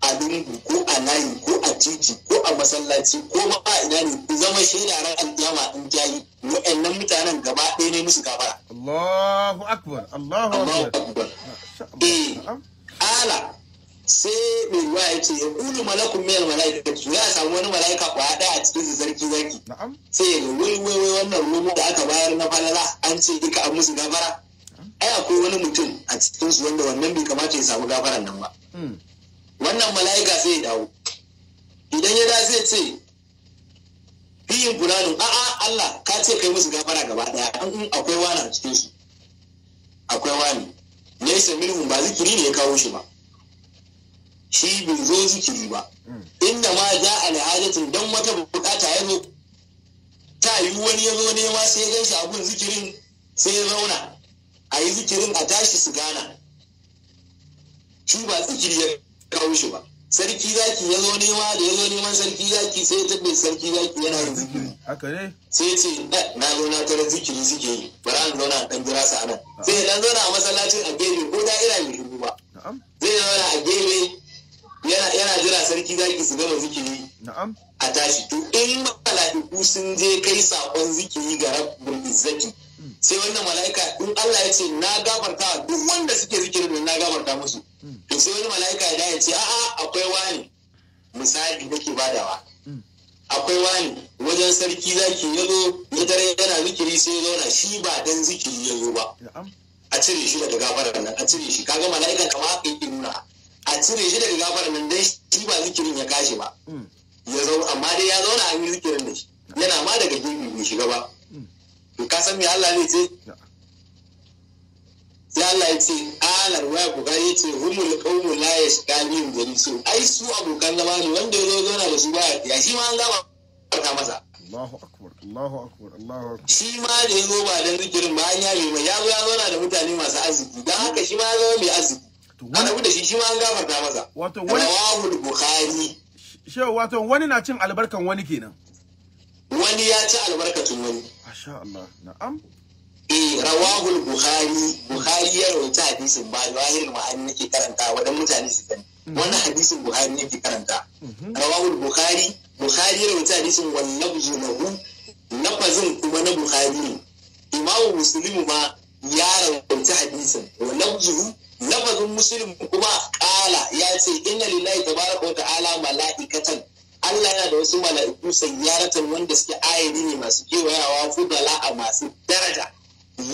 a dungu ko a layi ko a titi ko a masallaci ko ma a ina ne ku zama shaida ran aljama in jayi wa'annan mutanen gaba ɗaya ne musu gaba Allahu akbar Allahu akbar eh ala sai mai ruwa ya ce ya kulu malakun miyar mala'ika su ya samu wani mala'ika kwaya ɗaya a cikin zarki zarki sai ya wai wai wai wannan rumu da aka bayar na falala an ce duka an musu gafara ai akwai wani mutum a cikin su wanda wannan bai kamata ya samu gafaran nan ba hmm. wannan mala'ika sai ya dawo idan ya dawo sai ce fiyin fulanin a'a Allah ka ce kai musu gafara gaba daya an akwai wani a cikin su akwai wani sai minhum ba zikiri ne ya kawo shi ba shi bai zo zikiri ba inda ma ja alhajatin don wata bukata ya zo ta yi wani ya zo nema sai ya ganshi abun zikirin sai ya zauna a yi zikirin a tashi su gana shi ba zikiri ya kawo shi ba sarki zaki ya zo nema da ya zo neman sarki zaki sai ya tabbe sarki zaki yana yin zikiri sai ce eh, na zo na tara zikiri suke yi bari an zauna a ɗan jira sa anan sai ya dan zauna a masallacin a gefe ko da ira bai shigo ba zai zauna a gefe yana jira sarki zaki su gama zikiri a tashi to in mala'iku sun je kai sakon zikiri ga rabbul izzati sai wannan mala'ika in Allah ya ce na gafarta duk wanda suke zikirin na gafarta musu to sai wani mala'ika ya ce a'a akwai wani misali nake badawa akwai wani wajen sarki zaki ya zo ya tare yana zikiri sai ya zauna shi ba dan zikiri ya zo ba a cire shi daga gafarar nan a cire shi kaga mala'ikan kama haka yake nuna a cire shi daga gafarar nan dai shi ba zikirin ya kashi ba mm. ya zo amma dai ya zauna an yi zikirin da shi yana ma daga gini bai shiga ba mm. to ka san me Allah ne ce ya Allah ya ce alar waya ku ya ce humul qawmu la yashqalin jalisu ai su abokan zama ne wanda ya zo zauna da su ba ya shi ma an gama ta masa Allahu akbar Allahu akbar Allahu akbar shi ma da ya zo ba dan zikirin ba an yaye mai ya zo ya zauna da mutane masu arziki dan haka shi ma ya zama mai arziki wani da shi shi ma an gafarta masa wato wani wahul bukhari wato wani na cin albarkan wani kenan wani ya ci albarkatun wani masha Allah na'am eh rawahul bukhari bukhari ya rawaita hadisin ba zahirul ma'ani nake karanta wadan mutane su gani mm-hmm. wannan hadisin bukhari nake karanta mm-hmm. rawahul bukhari bukhari ya rawaita hadisin wal nabzu lahu lafazin kuma na bukhari ne imamu muslimu ma ya rawaita hadisin wal nabzu lafazin musulun kuma kala ya ce inna lillahi tabaraka wa ta'ala mala'ikatan Allah yana da wasu mala'iku sayyaratan wanda suke ayyani ne masu kewayawa fudala a masu daraja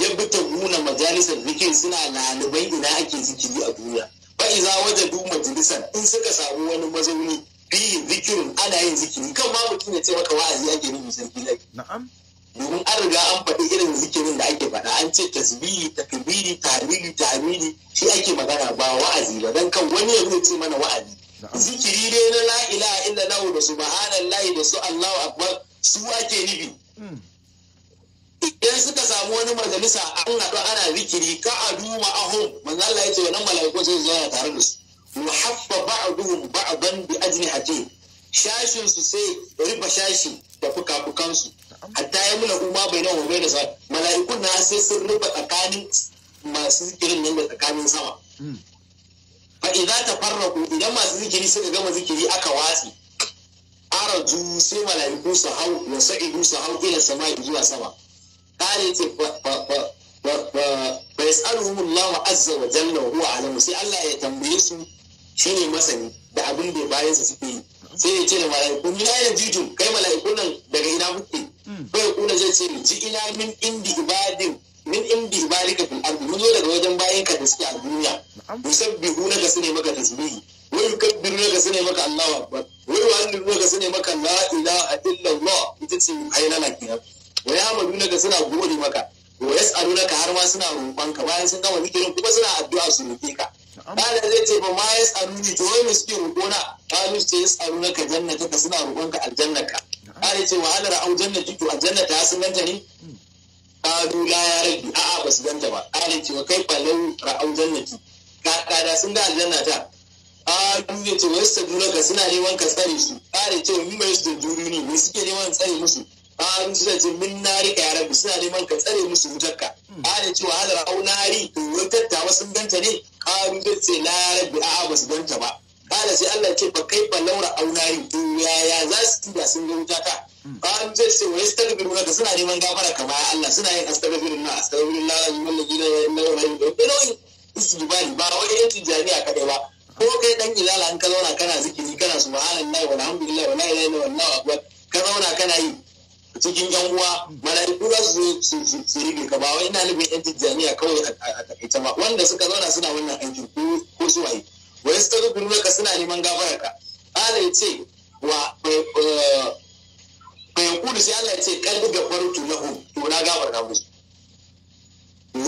ya bi ta nuna majalisar zikin suna lalibai ina ake zikiri a duniya fa iza wajadu majalisar, in suka samu wani mazauni bihi zikirin ana yin zikiri kan ma mutum ya ce maka wa'azi ake nufin sarki na'am domin an riga an faɗi irin zikirin da ake faɗa an ce tasbihi takbiri tahmidi tahmidi shi ake magana ba wa'azi ba dan kan wani ya ce mana wa'azi zikiri ne na la ilaha illallah da subhanallahi da su Allahu akbar su ake nibi. Hmm. idan suka samu wani majalisa an haɗu ana zikiri ka a duma ahum manzo Allah ya ce wannan mala'iku sai zuwa tare da su yuhaffa ba'duhum ba'dan bi ajnihati shashin su sai rufe shashi da fuka-fukansu hatta ya mula kuma bai nan wabe da sai mala'ikun na sai sun rufe tsakanin masu zikirin nan da tsakanin sama hmm. fa idza ku idan masu zikiri suka gama zikiri aka watsi araju sai mala'iku su hau wa sa'idu su hau ila sama zuwa sama kare ce fa yas'aluhum Allah azza wa jalla wa huwa alamu sai Allah ya tambaye su shine masani da abin da bayan suke yi zai ce da mala'ikun. ni yi jitu kai mala'ikun nan daga ina kuke hmm. bai kuna zai ce ji ina min indi ibadin min indi ibadika fil ardi mun zo daga wajen bayan ka da suke a duniya musabbihu na ka sune maka tasbihi wa yukabbiru ka sune maka Allahu akbar wa yuhallilu ka sune maka la ilaha illallah ita ce ayyana kenan wa ya'maluna ka suna gode maka wa ka har ma suna roƙon ka bayan sun gama zikirin kuma suna addu'a su roƙe ka da zai ce ba ma yas'aluni to wai mu suke roƙona qalu ka jannata ka suna roƙon ka aljannaka Bala ce wahalar au ra'au jannati to ta sun ganta ne qalu hmm. la ya rage a'a ba su ganta ba Bala ce wa kai law ra'au jannati kada sun ga aljannata qalu ya ce wa ka suna neman ka tsare su Bala ce wa mimma yas'aluni ne suke neman tsare musu an suna ce min nari ka ya rabbi suna neman ka tsare musu wutarka ana hmm. cewa hadar au nari to wutar sun ganta ne qalu ta ce la rabbi a'a ba su ganta ba kala sai Allah ce ba kai ba laura au nari to yaya za su tiya sun ga ka qalu hmm. ta ce wa yastaghfiruna ka suna neman gafara ka ya Allah suna yin na astaghfirullah alladhina la ilaha illa huwa istijbari ba wani yanki jami'a kadai ba ko kai dan ilala an ka zauna kana zikiri kana subhanallahi walhamdulillahi wala ilaha illallah wallahu akbar ka zauna kana yi cikin yan uwa mala'iku za su su rige ka ba wai ina nufin yan tijjaniya kawai a takaice ba wanda suka zauna suna wannan aikin ko su waye wai su tafi kuma ka suna neman gafara ka ala ya ce wa bai kudu sai Allah ya ce kan daga farutu lahu to na musu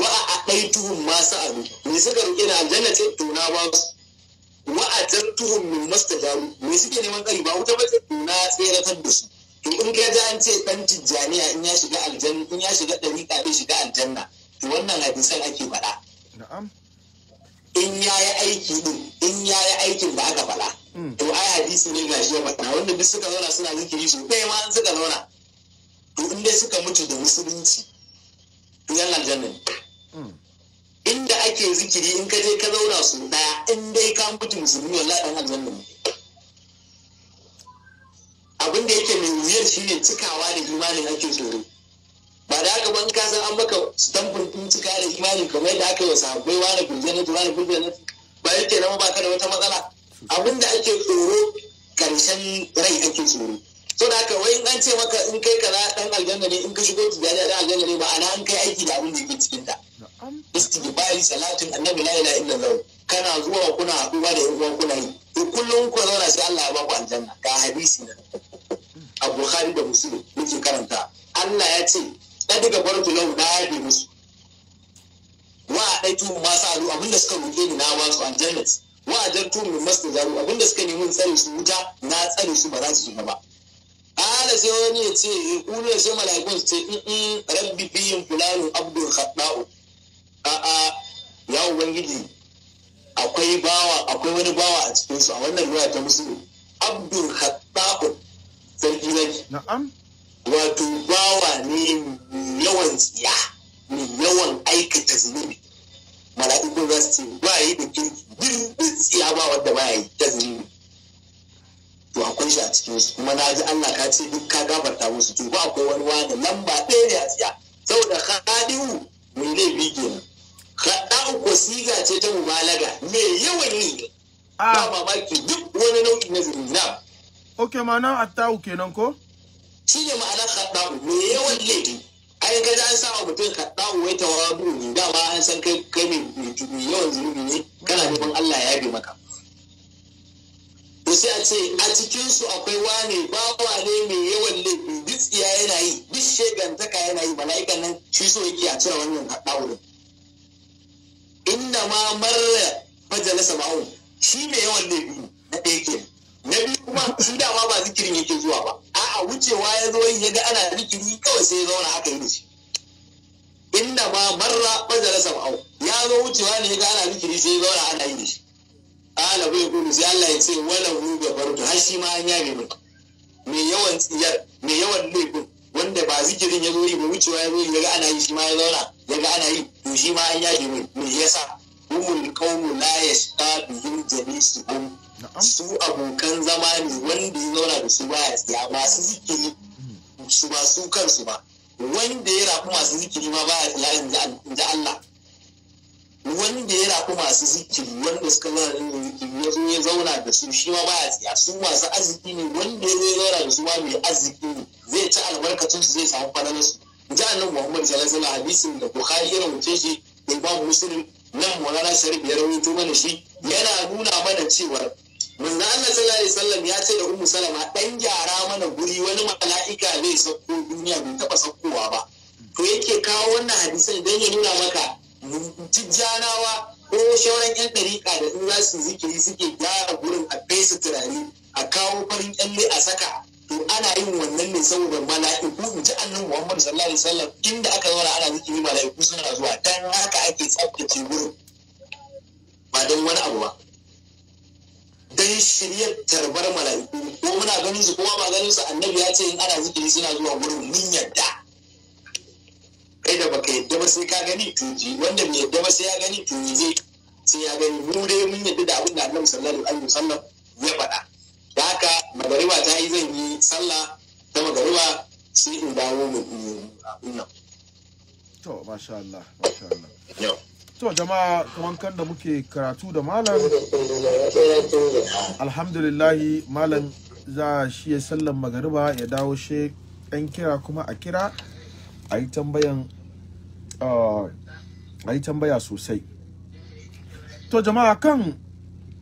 wa a tuhun ma sa'adu me suka roƙe na aljanna ce to na ba su wa a tartuhun min jaru. me suke neman kari ba wuta ba ce to na tseratar da su to in ka ji an ce dan tijjaniya in ya shiga aljanna in ya shiga ka zai shiga aljanna to wannan hadisan ake faɗa na'am in ya yi aiki din in ya yi aikin da aka faɗa hmm. to ai hadisi ne gashi ya faɗa wanda duk suka zauna suna zikiri su ɗaya ma suka zauna to in dai suka mutu da musulunci to yan aljanna hmm. inda ake zikiri in ka je ka zauna su ɗaya in dai ka mutu musulmi wallahi dan aljanna ne abin da yake mai wuyar shi ne cikawa da imanin ake tsoro ba da aka ban kasan an maka stamfin tun cika da imani kamar yadda aka yi wa sahabbai wani bulgana da wani na ba yake nan ba ka da wata matsala abin da ake tsoro karshen rai ake tsoro so da aka wai an ce maka in kai kaza dan aljanna ne in ka shigo tijjani dan aljanna ne ba ana an kai aiki da abin da yake cikin ta istighfari salatin annabi la ilaha illallah kana zuwa kuna haɗuwa da yan kuna yi to kullum ku zauna sai Allah ya ba ku aljanna ga hadisi na a Bukhari da Muslim muke karanta Allah ya ce da daga barku lau na yabe musu wa a ɗai tumu ma sa alu abinda suka roke ni na ba su wa a jar mu masu zaru abinda suka nemi tsare su wuta na tsare su ba za su shiga ba ala sai wani ya ce eh, kuni sai mala'ikun su ce rabbi fiyin fulanu abdul khadda'u a'a ya ubangiji akwai bawa akwai wani bawa a cikin su a wannan ruwa ta musu abdul hattab sarki zaki na'am wato bawa ne yawan tsiya ne yawan aikata zunubi mala'iku za su ce ba yi da kirki birnin tsiya ba wanda ba yi ta zunubi to akwai shi a cikin su kuma na ji Allah ka ce duk ka gabata musu to ba akwai wani wani lamba ɗaya ne a tsiya saboda khadiu mai laifi kenan haɗa'u uku siga ce ta mubalaga me yawan yi ah. ba mamaki duk wani nau'i na na ok ma'ana uku kenan ko shi ne ma'ana uku, me yawan laifi ai kaji an sa mutum uku wai tawadu ne dama an san kai kai mai yawan zunubi ne kana neman Allah ya yabe maka to sai a ce a cikinsu akwai wane ba wane mai yawan laifi duk tsiya yana yi duk shegantaka yana yi mala'ikan nan shi so yake a cire wannan uku inda ma marra majalisa Sama'un shi mai yawan laifi na ɗaya ke na biyu kuma shi dama ba zikirin yake zuwa ba a'a wucewa ya zo ya ga ana zikiri kawai sai ya zauna haka yi da shi inda ma marra majalisa Sama'un ya zo wucewa ne ya ga ana zikiri sai ya zauna ana yi da shi ala bai kudu sai Allah ya ce wala hu ga barku har shi ma an yabe mai yawan tsiyar mai yawan laifin wanda ba zikirin ya zori ba wucewa ya zori yaga ana yi shi ma ya zauna yaga ana yi to shi ma an yaje mai mai yasa umul qawmu la yashtadu jalisuhum su abokan zama ne wanda ya zauna da su ba ya tsaya masu zikiri su ba su kansu ba wanda ya rafi masu zikiri ma ba ya tsaya in ji Allah wanda ya rafi masu zikiri wanda suka zana ɗin zikiri ya zo ya zauna da su shi ma baya tsiya su masu arziki ne wanda ya zai ya zauna da su ma mai arziki ne zai ci albarkacin su zai samu fara su ja nan muhammad sallallahu alaihi hadisin da bukhari ya rubuce shi imam muslim nan maulana sharif ya rawaito mana shi yana nuna mana cewa manzo Allah sallallahu alaihi wasallam ya ce da ummu salama dan gyara mana guri wani mala'ika zai sauko duniya bai taba saukowa ba to yake kawo wannan hadisan dan ya nuna maka tijjanawa ko shauran yan ɗariƙa da in za su zikiri suke gyara gurin a fesa turare a kawo farin kyalle a saka to ana yin wannan ne saboda mala'iku in ji annan muhammadu sallallahu alaihi wasallam inda aka zauna ana zikiri mala'iku suna zuwa dan haka ake tsaftace gurin ba don wani abu ba dan shiryar tarbar mala'iku ko muna ganin su kowa ba ganin su annabi ya ce in ana zikiri suna zuwa gurin mun yadda kai da baka yadda ba sai ka gani to ji wanda mai yadda ba sai ya gani to sai ya gani mu dai mun yadda da abin da Annabi sallallahu alaihi wasallam ya faɗa da haka magariba ta yi zan yi sallah ta magariba sai in dawo mu abin nan to masha Allah masha Allah to jama'a kaman kan da muke karatu da malam alhamdulillahi malam za shi ya sallan magariba ya dawo shi ɗan kira kuma a kira a yi tambayan a tambaya sosai to jama'a kan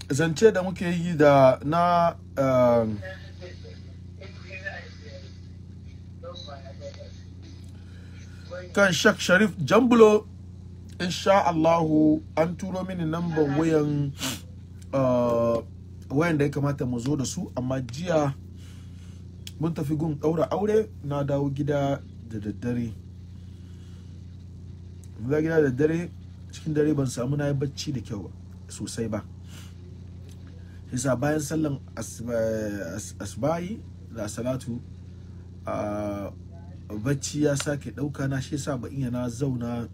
zance da muke yi da na kan shak sharif jambulo insha Allahu an turo mini namban wayan wayan da ya kamata mu zo da su amma jiya mun tafi gun daura aure na dawo gida da daddare za gida da daddare cikin dare ban samu na yi bacci da kyau sosai ba isa bayan sallan asbayi da salatu bacci ya sake dauka na shi yasa ba iya na zauna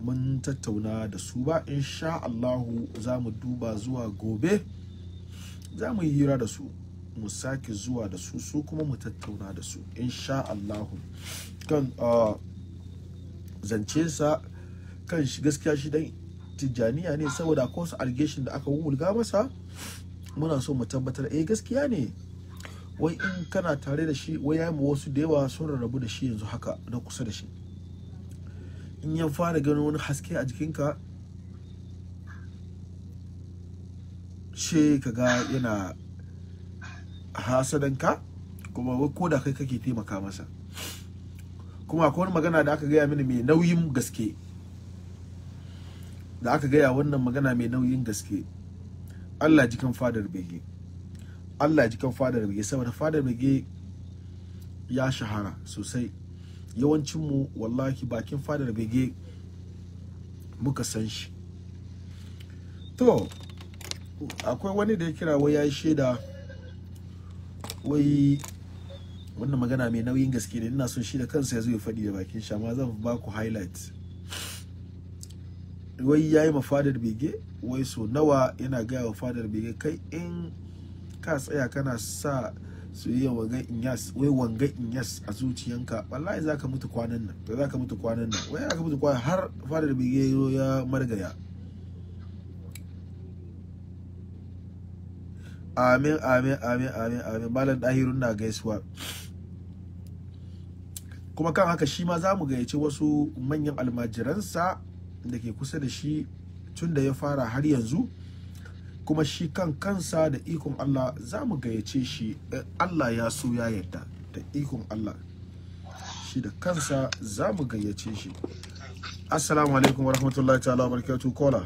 mun tattauna da su ba insha Allahu za mu duba zuwa gobe za mu yi hira da su mu sake zuwa da su su kuma mu tattauna da su insha Allahu kan zance sa kan shi gaskiya shi dan tijjaniya ne saboda ko su allegation da aka wulga masa muna so mu tabbatar eh gaskiya ne wai in kana tare da shi wai ya wasu da yawa sun rarrabu da shi yanzu haka na kusa da shi in ya fara ganin wani haske a jikinka she kaga yana hasadanka kuma ko da kai kake taimaka masa kuma akwai wani magana da aka gaya mini mai nauyin gaske da aka gaya wannan magana mai nauyin gaske Allah jikan fadar bege Allah jikan fadar bege saboda fadar bege ya shahara sosai yawancinmu wallahi bakin fadar bege muka san shi to akwai wani da ya kira wai ya yi shaida wai wannan magana mai nauyin gaske ne ina so shi da kansa ya zo ya faɗi da bakin shi amma zan ba ku highlight wai ya yi fadar bege wai so nawa yana gaya wa fadar bege kai in ka tsaya kana sa soyayya wanga inyas wai wanga inyas a zuciyanka wallahi zaka mutu kwanan nan zaka mutu kwanan nan wai zaka mutu kwanan har fadar bege ya margaya amin amin amin amin amin malam dahirun na gaisuwa kuma kan haka shi ma za mu gayyaci wasu manyan almajiransa da ke kusa da shi tun da ya fara har yanzu kuma shi kan kansa da ikon Allah za mu gayyace shi eh, Allah ya so ya yarda da ikon Allah shi da kansa za mu gayyace shi assalamu alaikum wa rahmatullahi ta'ala wa barakatuh kola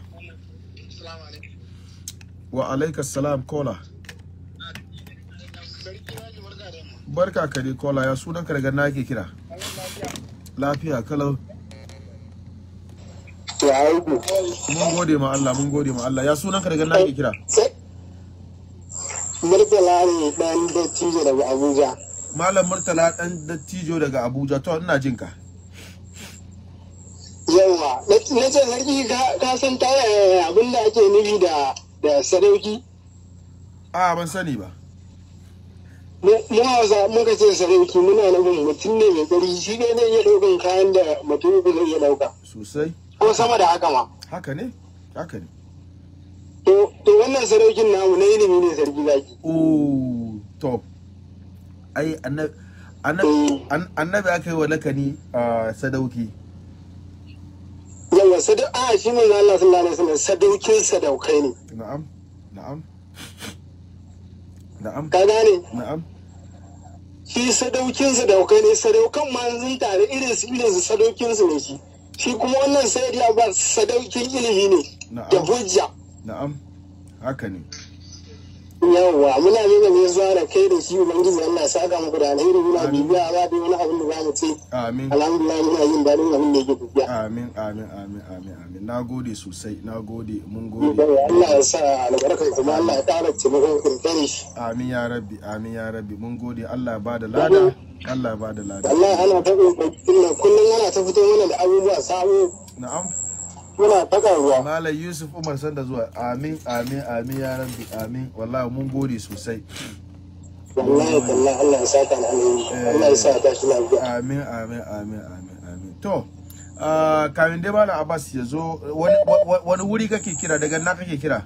wa alaikassalam kola barka ka dai kola ya sunanka daga na ke kira lafiya kalau mun gode ma Allah mun gode ma Allah ya sunanka daga na ke kira murtala ne dan dattijo daga abuja malam murtala dan dattijo daga abuja to ina jin ka yawa na ce sarki ka san ta abin da ake nufi da sarauki a ban sani ba muna za mun ka ce sarauki muna nufin mutum ne mai gari shi ne ne ya dogon kayan da mutum ne ya iya ɗauka sosai ko sama da haka ma haka ne haka ne to wannan saraukin namu na ilimi ne sarki zaki oh to ai eh. annabi aka yi wa lakani sadauki yawa sadau a shi ne Allah sallallahu alaihi wasallam sadaukin sadaukai ne na'am na'am na'am ka gane na'am shi sadaukin su kai ne sadaukan ma sun tare irin su irin su sadaukin su ne shi shi kuma wannan sayyid ya ba sadaukin ilimi ne da hujja na'am haka ne yawwa muna nuna ne zuwa da kai da shi ubangi ubangiji Allah saka muku da alheri muna bibiya ba dai wani abin da za mu ce amin alhamdulillah muna yin dadin abin da yake bibiya amin amin amin amin na gode sosai na gode mun gode Allah ya sa albarka kuma Allah ya ƙara taimakon kirkiri amin ya rabbi amin ya rabbi mun gode Allah ya bada lada Allah ya bada lada Allah ana ta kokarin kullum yana ta fito mana da abubuwa sabo na'am muna ta karuwa Malam Yusuf Umar san da zuwa amin amin amin ya rabbi amin wallahi mun gode sosai wallahi wallahi Allah ya saka alheri eh. Allah ya sa ta shi lafiya amin amin amin amin amin to Uh, ah, kawin dai malam abbas ya zo wani wuri kake kira daga na kake kira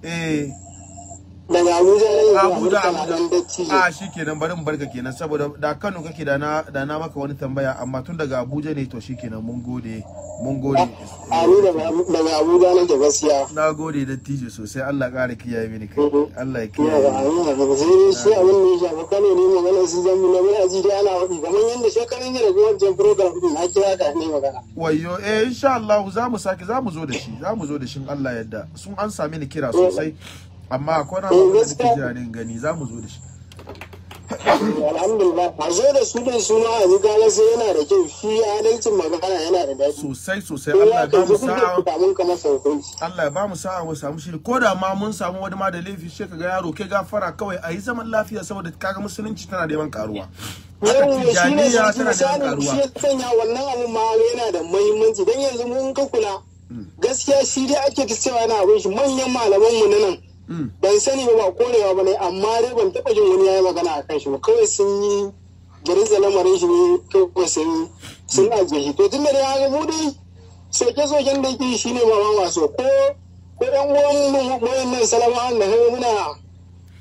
eh. ne daga abuja ne abuja abuja a ah, shi kenan bari mu barka kenan saboda da kano kake da na maka wani tambaya amma tun daga abuja ne to shi kenan mun gode mun gode ani daga abuja na da gaskiya na gode da tijo sosai allah ƙara kiyaye mini kai mm-hmm. allah ya kiyaye mini Amin, sai abin da ya shafi kano ne magana su zan muna mun aji dai ana faɗi kamar yadda shekarun jira ga wancan program din na kira ka ne magana wayo eh insha allah za mu sake za mu zo da shi za mu zo da shi allah yadda sun an sami ni kira mm-hmm. sosai amma akwai na magana eh, da gani za mu zo da shi alhamdulillah a zo da sunan suna a ji gane sai yana da kyau shi adalcin magana yana da daɗi sosai sosai Allah ba mu sa'a Allah ba mu sa'a mu samu shi ko da ma mun samu wani ma da laifi shi kaga yaro ke gafara kawai a yi zaman lafiya saboda kaga musulunci tana da yawan karuwa tijaniya tana da yawan karuwa wannan abu ma yana da muhimmanci dan yanzu mun ka kula hmm. gaskiya shi dai ake ta cewa yana abin shi manyan malaman mu na nan ban sani ba ba korewa ba ne amma dai ban taɓa jin wani yayi magana a kan shi ba kawai sun yi garin lamarin shi ne kawai sun sun ajiye shi to tunda da ya mu dai soke-soken da ke shi ne ma wasu ko ko ɗan uwan wayan nan salama da kai muna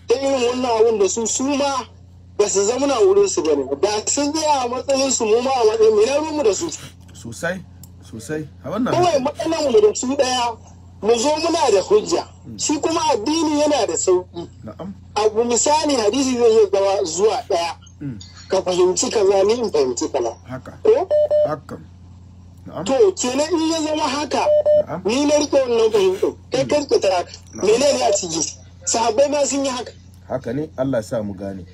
ta irin wannan abun da su su ma ba su zama na wurin su ne da sun je a matsayin su mu ma a matsayin mu da su sosai sosai a wannan kawai matsalan mu da su ɗaya. mu zo muna da hujja shi kuma addini yana da sauƙi abu misali hadisi zai yi gawa zuwa ɗaya hmm. ka fahimci ka ni in fahimci kala ko eh? to kenan in ya zama haka ni na riƙe wannan fahimto kai karka ta ne a ciki sahabbai ma sun yi haka haka ne Allah sa mu gane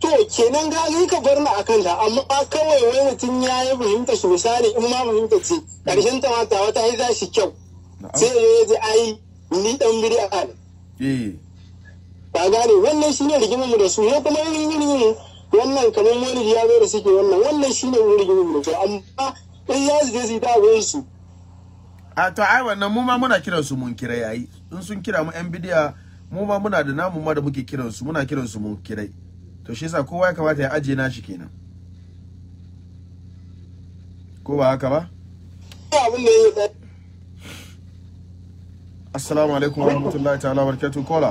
to kenan ga zai ka bar na akan ta amma kawai wai mutum ya yi fahimta su misali in ma fahimta ce ƙarshen ta mata wata yi za shi kyau sai da ya ji ai ni dan biri bid'a ne ba eh. gane wannan shine rigimar mu da su ne kuma yin yin wannan kamar wani ya zo da suke wannan wannan shine rigimar mu da su amma in ya zuje zai da wani su a to ai wannan mu ma muna kiran su mun kira yayi in sun kira mu yan bidiya mu ma muna da namu ma da muke kiran su muna kiran su mun kirai to shi yasa kowa ya kamata ya ajiye nashi kenan ko ba haka ba abin da ya assalamu alaikum wa rahmatullahi ta'ala wa barakatuh kola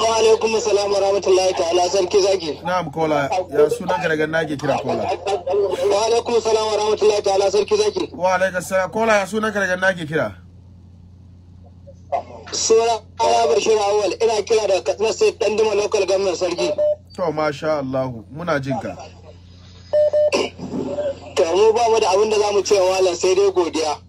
wa alaikum assalam wa rahmatullahi ta'ala sarki zaki na'am kola ya suna gare gan nake kira kola wa alaikum assalam wa rahmatullahi ta'ala sarki zaki wa alaikum assalam kola ya suna gare gan nake kira sura ala bashir awal ina kira da katsina sai dan duma local government sarki to masha Allah muna jin ka Ta mu ba mu da abin da zamu ce wa sai dai godiya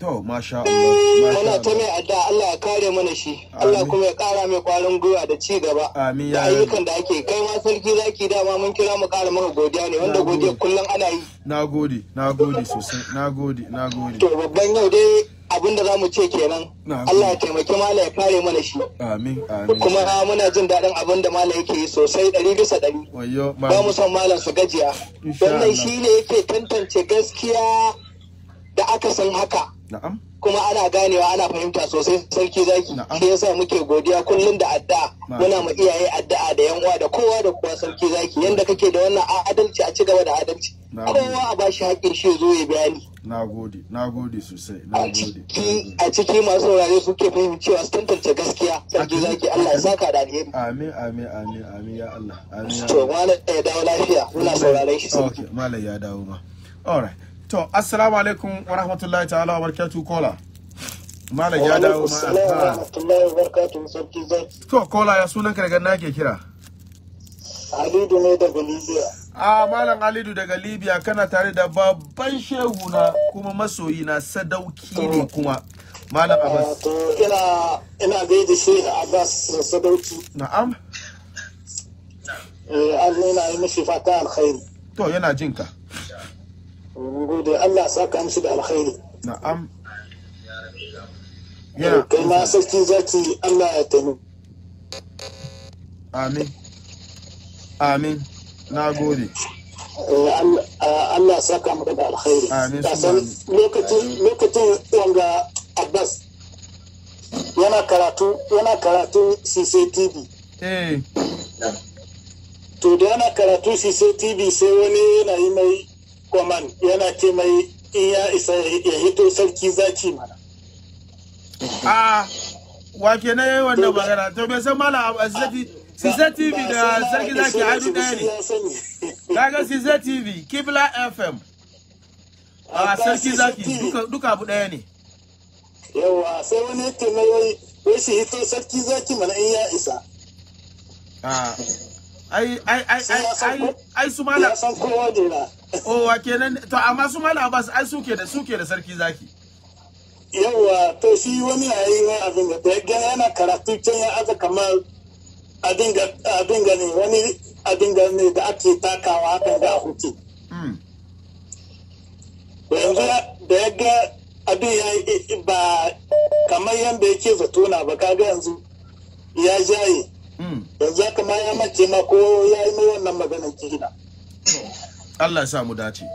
To, masha Allah. Muna ta mai adda Allah ya kare mana shi. Allah kuma ya kara mai kwarin gwiwa da ci gaba. Amin ya ayyukan da ake kai ma sarki zaki dama mun kira mu kara maka godiya ne wanda godiya kullum ana yi. Nagode, gode sosai. na gode. To, babban yau dai abin da zamu ce kenan. Allah ya taimaki mala ya kare mana shi. Amin, amin. Kuma muna jin daɗin abin da mala yake yi sosai ɗari bisa ɗari. Malam. ba mu son malam su gajiya. Wannan shi ne yake tantance gaskiya da aka san haka. Na'am. Kuma ana ganewa ana fahimta sosai sarki zaki. Na'am. Shi yasa muke godiya kullum da addu'a. Muna ma iyaye addu'a da yan uwa da kowa da kowa sarki zaki yanda kake da wannan adalci a ci gaba da adalci. Kowa a bashi haƙƙin shi zo ya bayani. Na gode, na gode sosai, na gode. A ciki masu saurare suke fahimcewa su tantance gaskiya sarki zaki Allah ya saka da alheri. Amin, amin, amin, amin ya Allah. Amin. To malam ya dawo lafiya, muna sauraren shi sarki. Okay, malam ya dawo ma. All right. to assalamu alaikum wa rahmatullahi ta'ala wa barkatu kola malam ya dawo ma alfara ah. to kola ya sunan ka daga nake kira Alidu ne daga Libya a ah, malam Alidu daga Libya kana tare da babban shehu na kuma masoyi na sadauki ne kuma malam ah, Abbas to ina ina gaida Sheikh Abbas sadauki na'am eh Allah yana yi mishi fata alkhairi to yana jinka mun gode Allah sa ka musu da alkhairi na'am ya. kai ma sarki zaki Allah ya taimu amin amin na gode eh, Allah eh, sa ka muku da alkhairi amin lokacin lokacin wanga Abbas yana karatu yana karatu CCTV eh to da yana karatu CCTV sai wani yana yi mai kwaman yana ce mai in ya isa ya hito sarki zaki mana a ah, wa ke na yi wannan magana to bai san mala azzati sisa tv da sarki zaki hadu ɗaya ne Daga sisa tv kibla fm a ah, sarki zaki duka abu ɗaya ne yawa sai wani yake mai wai shi hito sarki zaki mana in ya isa ah, ai ai ai ai ai su mala ya san kowa o oh, wa kenan to amma su mala abbas ai suke da suke da sarki zaki yawa to shi wani yayi ne abin da ya ga yana karatu can ya aza kamar abin ga abin ga ne wani abin ga ne da ake takawa hakan da hutu hmm. yanzu da ya ga abin ya ba kamar yadda yake zato na ba kaga yanzu ya jaye hmm. yanzu kamar ya mace ma ko ya yi wannan maganar kina Allah ya sa mu dace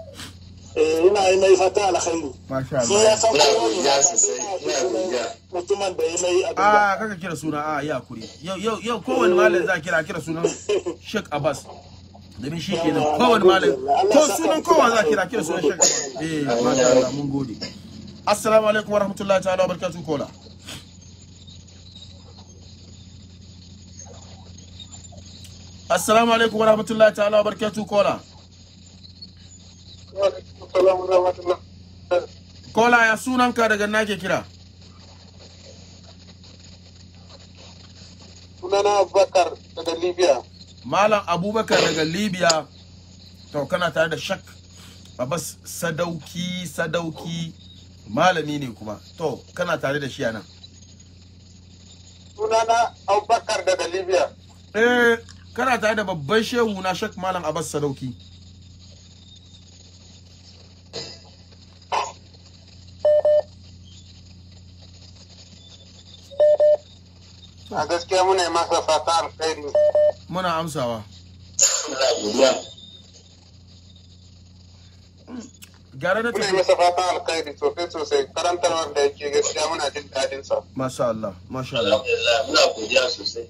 eh ina yi mai fata alkhairu masha Allah sai ya san kowa ya sai mutumin da ya mai abin ah kaka kira suna ah ya kure yau yau yau kowanne malam za kira kira sunan Sheikh Abbas domin shi ke nan kowane malam ko sunan kowa za kira kira sunan Sheikh Abbas eh masha Allah mun gode assalamu alaikum wa rahmatullahi ta'ala wa barakatuh kola assalamu alaikum wa rahmatullahi ta'ala wa barakatuh kola Kola ya sunanka daga nake kira. Sunana Abubakar daga Libya. Malam Abubakar daga Libya. To kana tare da shak. Abbas sadauki sadauki malami ne kuma. To kana tare da shi a nan. Sunana Abubakar daga Libya. Eh kana tare da babban shehu na shak Malam Abbas sadauki. a gaskiya muna masa fata alkhairi muna amsawa gyara na tafi muna masa fata alkhairi sosai sosai karantar wanda yake gaskiya muna jin dadin sa masha Allah masha Allah muna godiya sosai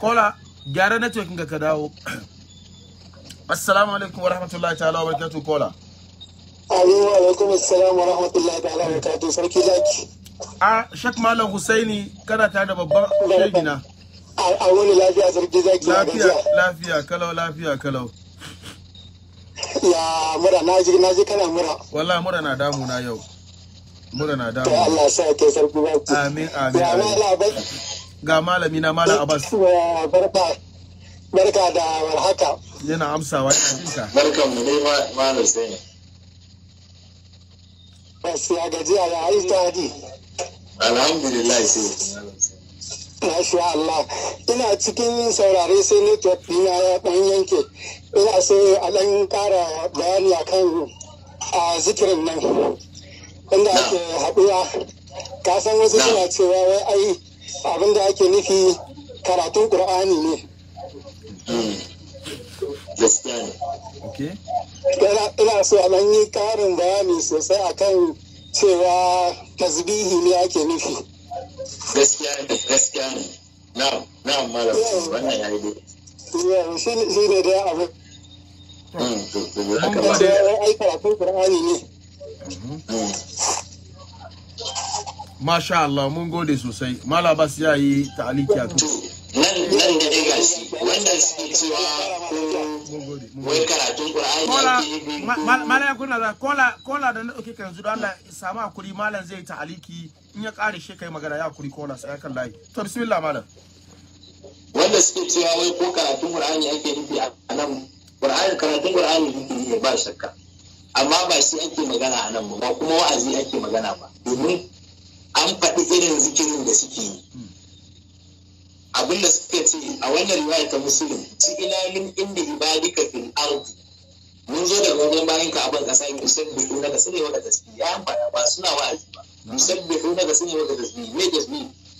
kola gyara network ka dawo assalamu alaikum wa rahmatullahi ta'ala wa barakatuh kola Ayyuwa alaikum assalamu rahmatullahi ta'ala wa ta'ala sarki zaki. A Shek Malam Husaini kana tare da babban shegina. A wani lafiya sarki zaki. Lafiya lafiya kalau lafiya kalau. Ya mura na ji na ji kana mura. Wallahi mura na damu na yau. Mura na damu. Allah sa ke sarki zaki. Amin amin. Ya malam Ga malami na Malam Abbas. Barka barka da warhaka. Yana amsawa yana jinka. Barkan mu ne Malam Husaini. Gaskiya gajiya ya yi tawadi. Alhamdulillah sai. Masha Allah. Ina cikin saurare sai network dina ya ɗan yanke. Ina so a ɗan ƙara bayani akan a zikirin nan. Inda ake haɗuwa. Ka san wasu suna cewa wai ai abinda ake nufi karatun Ƙur'ani ne. Hmm. gaskiya ne ina so a yi karin bayani sosai akan cewa tasbihi ne ake nufi gaskiya ne gaskiya mun gode sosai. Malabas ya yi ta'aliki a kan. Nan da dai shi, wanda suke cewa wai karatun kola malam kuna da kola kola da dauke kan zuwa Allah samu akuri malam zai ta aliki in ya kare shi kai magana ya akuri kola sai kan layi to bismillah malam wanda suke cewa wai ko karatun qur'ani ake nufi a nan qur'ani karatun qur'ani ne ba shakka amma ba shi ake magana a nan ba kuma wa'azi ake magana ba domin an faɗi irin zikirin da suke yi hmm. abin da suka ce a wannan riwaya ta musulun ci ila min inda ibadika fil ardi mun zo daga wajen bayan ka abin kasa yin musabbihu na ga ne wanda tasbi ya amfana ba suna wa'azi ba musabbihu na kasa ne wanda tasbi me tasbi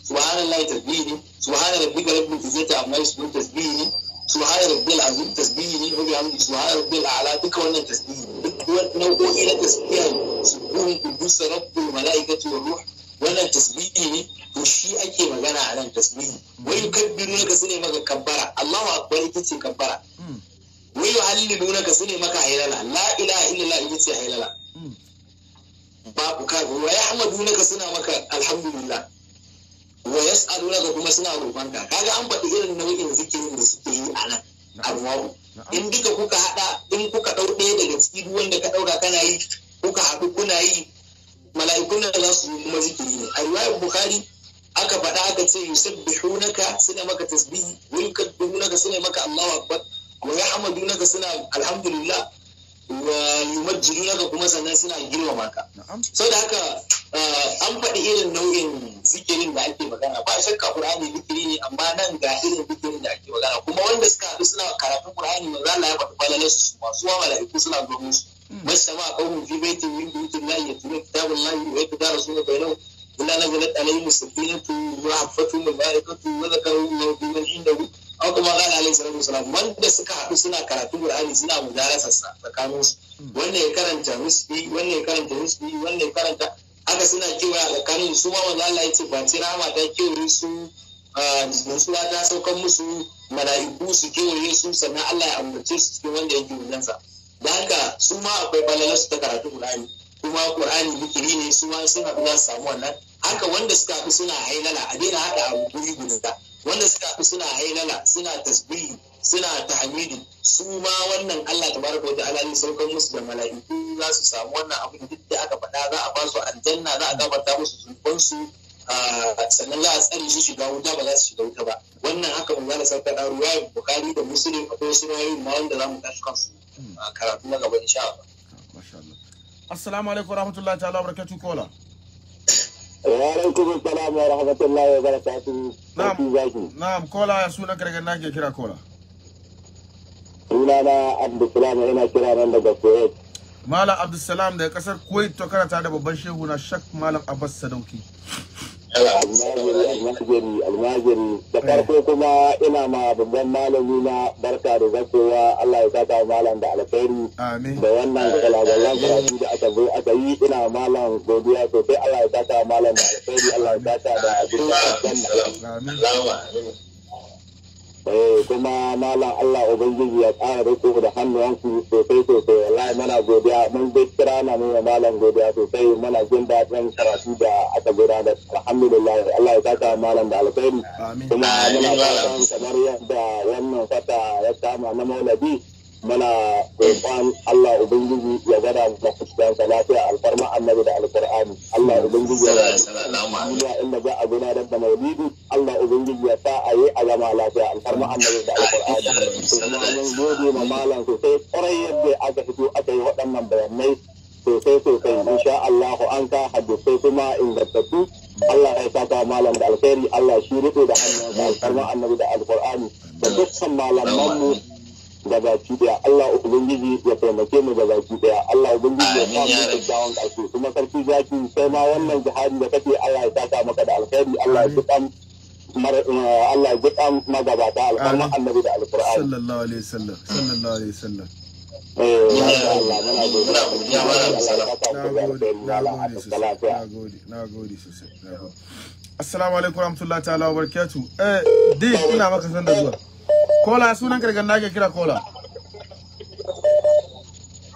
subhanallahi tasbi ne subhana rabbika rabbil izzati amma yasbun tasbi ne subhana rabbil azim tasbi ne wa bihamdi subhana rabbil a'la duka wannan tasbi ne duk nau'o'i na tasbiya subhanahu quddus rabbul mala'ikatu wa ruhu wannan tasbihi ne to shi ake magana a nan tasbihi wai yukabbiru naka su ne maka kabbara Allahu akbar ita ce kabbara hmm. wai yuhallilu naka su ne maka hailala la ilaha illallah ita ce hailala hmm. babu ka wa yahmadu naka suna maka alhamdulillah wa yas'alu naka kuma suna ka kaga an faɗi irin nau'in zikirin da suke yi a nan alwawu in duka kuka hada in kuka ɗau ɗaya daga ciki wanda ka ɗauka kana yi kuka haɗu kuna yi mala'ikun da za su yi kuma zikiri ne a riwayar bukhari aka faɗa aka ce Yusuf yusabbihunaka suna maka tasbihi wa yukabbirunaka suna maka Allahu akbar wa naka suna alhamdulillah wa naka kuma sannan suna girmama ka so da haka ah, an faɗi irin nau'in zikirin da ake magana ba shakka qur'ani zikiri ne amma nan ga irin zikirin da ake magana kuma wanda suka haɗu suna karatun qur'ani maza Allah ya faɗi falalar su masu wa mala'iku suna gomin su والسماء قوم في بيت من بيوت الله يتلون كتاب الله ويتدارى رسوله بينهم إلا نزلت عليهم السكينة وعفتهم الملائكة وذكروا الله في من عنده أو كما قال عليه الصلاة والسلام من da suka haɗu suna karatun Qur'ani suna mudarasa su ya karanta nisbi wanda ya karanta nisbi wanda ya karanta haka suna tsakanin su ma wanda Allah ya ce ba ci rahama ta kewaye su nutsuwa ta saukan musu mala'iku su kewaye su sannan Allah ya ambace su cikin wanda yake wajensa. sa da haka su ma akwai su ta karatu Qur'ani kuma Qur'ani zikiri ne su ma sun haɗu samu wannan haka wanda suka fi suna hailala a daina haɗa abu guri guda wanda suka fi suna hailala suna tasbihi suna tahmidi su ma wannan Allah tabaraka wa ta'ala ne saukar musu da mala'iku za su samu wannan da duk da aka faɗa za a ba su aljanna za a gabata musu zunubansu Ah, sannan za a tsare su shiga wuta ba za su shiga wuta ba wannan haka mun zala sauka da ruwa bukari da musulun akwai wasu rayu ma wanda za mu tashi kansu hmm. karatu na gaba insha Allah assalamu alaikum warahmatullahi ta'ala barakatuh kola wa alaikum assalam wa rahmatullahi wa barakatuh na'am na'am kola ya suna kargan nake kira kola sunana abdulsalam yana kira nan daga kuwait malam abdulsalam daga kasar kuwait to karata da babban shehu na shak malam abbas sadauki almajiri almajiri da farko kuma ina ma babban malami na barka da zakowa Allah ya saka malam da alkhairi da wannan kalabalan karatu da aka zo aka yi ina malam godiya sosai Allah ya saka malam da alkhairi Allah ya saka da dukkan eh kuma malam Allah ubangiji ya ƙara riko da hannuwanku sosai sosai wallahi mana godiya mun zai kira na nuna malam godiya sosai mana jin daɗin karatu da aka gudanar alhamdulillah Allah ya saka malam da alkhairi kuma muna fatan kamar yadda wannan fata ya kama na maulidi mana roƙon Allah Ubangiji ya gada da fuskansa lafiya alfarma annabi da alƙur'ani Allah Ubangiji ya duniya inda za a gudanar da da maulidi Allah Ubangiji ya sa a yi a zama lafiya alfarma annabi da alƙur'ani to kuma mun gode ma malam sosai ƙwarai yadda aka fito aka yi waɗannan bayanai sosai sosai insha Allah an ka hadisai kuma ingantattu Allah ya sa saka malam da alkhairi Allah shi rufe da hannun alfarma annabi da alƙur'ani da dukkan malamanmu ga baki daya Allah ubangiji ya taimake mu ga baki daya Allah ubangiji ya da dawon ƙarshe kuma sarki zaki sai ma wannan jihadi da kake Allah ya saka maka da alkhairi Allah ya eh, Allah ya magabata alƙawarin annabi da alƙur'ani sallallahu alaihi wasallam sallallahu alaihi wasallam Assalamu alaikum warahmatullahi ta'ala wa barakatuh. Eh, ina maka san da zuwa. kola sunan ka daga nake kira kola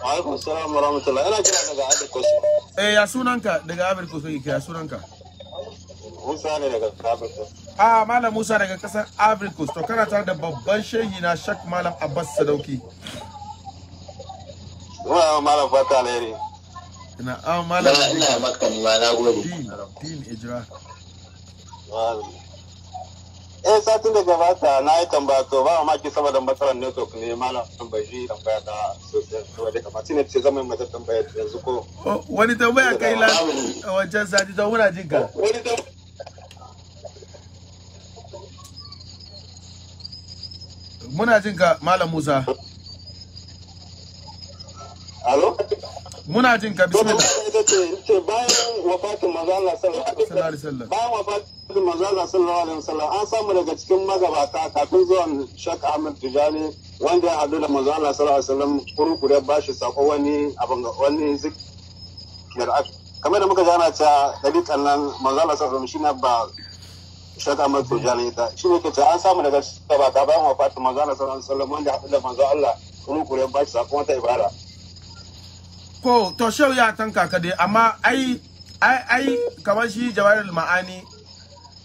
alaikum salam wa rahmatullah ina kira daga abirkos eh ya sunan ka daga abirkos kake kira sunan ka musa ne daga abirkos a malam musa daga kasar abirkos to kana tare da babban shehi na shak malam abbas sadauki wa malam fata alheri ina malam ina maka ma na gode din ijra eh satin da gabata na yi tambaya to ba mamaki saboda matsalar network ne malam tambayi shi tambaya ta saboda kamar tine ce zama mata tambaya yanzu ko oh, wani tambaya kai la wajen sati don wuna jin muna jin malam Musa Alo? muna jin ka bismillah to ce bayan wafatin manzo sallallahu alaihi wasallam bayan wafatin manzo sallallahu alaihi wasallam an samu daga cikin magabata kafin zuwan Sheikh Ahmad Tijani wanda ya hadu da manzo sallallahu alaihi wasallam kurkure ba shi sako wani abin wani zikir kamar da muka gana ta dalikan nan manzo sallallahu alaihi wasallam shine ba shaka mai tujani ta shi ne ke an samu daga ta bayan wafatin manzo sallallahu alaihi wasallam wanda hadu da manzo Allah kuma kure ba shi sakon wata ibada ko to shau ya tanka ka dai amma ai ai ai kamar shi jawarul ma'ani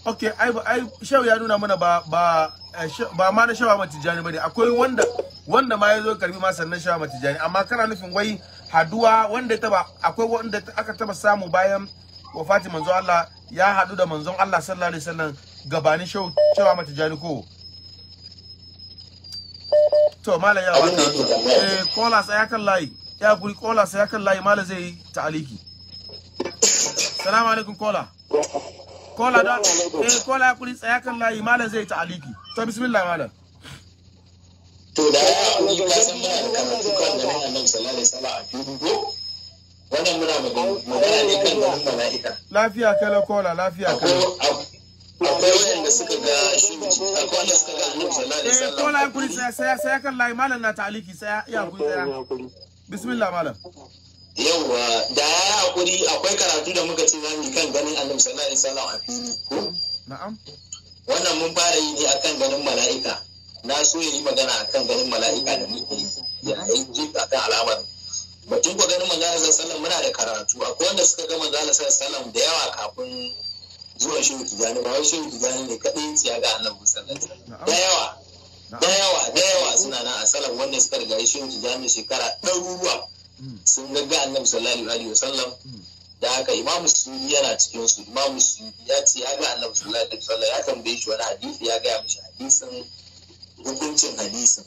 okay ai ai shau ya nuna mana ba ba eh, ba ma na shawa matijani bane akwai wanda wanda ma yazo karbi ma sannan shawa matijani amma kana nufin wai haduwa wanda ba akwai wanda aka taba samu bayan wafatin manzo Allah ya hadu da manzon Allah sallallahu alaihi wasallam gabani shau shawa matijani ko to malam ya wata eh kola sai kan layi ya guri kola sai akan layi mala zai yi ta aliki salamu alaikum kola kola da eh kola ya guri tsaya kan layi mala zai yi aliki to bismillah mala to da ya Allah ya san ba kan tukan da Annabi sallallahu alaihi wasallam wannan muna magana ne kan mala'ika lafiya kala kola lafiya kala akwai wanda suka ga shi akwai wanda suka ga Annabi sallallahu alaihi wasallam eh kola ya kuri tsaya sai kan layi malam na ta'aliki sai ya kuri tsaya bismillah malam yawwa da ya hakuri akwai karatu da muka ce zamu kan ganin annabi sallallahu alaihi wasallam a fili ko na'am wannan mun fara yi ne akan ganin mala'ika na so yi magana akan ganin mala'ika da ni? ya yi akan alamar batun ko ganin manzo alaihi wasallam muna da karatu akwai wanda suka ga manzo alaihi wasallam da yawa kafin zuwa shehu tijani ba wai shehu tijani ne kadai ya ga annabi sallallahu da yawa da yawa da yawa suna nan a salaf wanda suka riga shi wuce jami'in shekara ɗaruruwa hmm. sun gagga annabi sallallahu alaihi wasallam hmm. da haka imamu suyuti yana cikin su imamu ya ce ya ga annabi sallallahu alaihi wasallam ya tambaye shi wani hadisi ya ga ya mishi hadisin hukuncin hadisin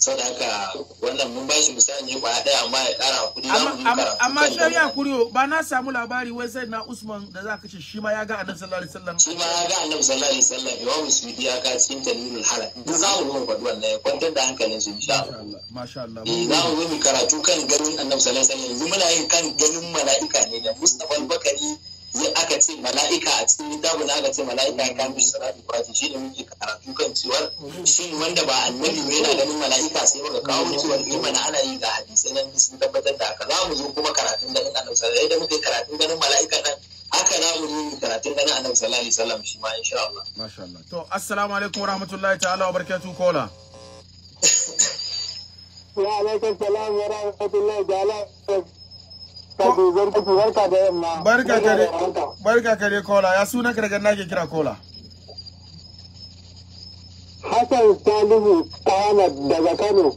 saboda haka wannan mun bashi shi misali ne ba daya amma ya kara kuɗi za mu karatu amma shari'a kuriyo ba na samu labari wai sai na Usman da za ka ce shi ma ya ga Annabi sallallahu alaihi wasallam shi ma ya ga Annabi sallallahu alaihi wasallam Imam Sudi ya ka cikin tanwirul halal duk za mu rubuta wannan ya kwantar da hankalin su insha Allah masha Allah eh, za mu rubuta karatu kan ganin Annabi sallallahu alaihi wasallam yanzu muna yin kan ganin mala'ika ne da Mustafa Bakari zai aka ce mala'ika a cikin littafin aka ce mala'ika ya kamishi salatu fati shi ne muke karatu kan cewa shi wanda ba annabi ba yana ganin mala'ika sai muka kawo cewar imana eh, ana yi ga hadisai nan sun tabbatar da haka za mu zo kuma karatun ganin annabi sallallahu alaihi muke karatun ganin mala'ika nan haka za mu yi karatun ganin annabi sallallahu alaihi wasallam shi ma insha Allah masha Allah to assalamu alaikum warahmatullahi ta'ala wa barakatuh kola wa alaikum salam wa rahmatullahi ta'ala barka kare ka kola ya suna ka daga nake kira kola Hassan Salihu Ahmad daga Kano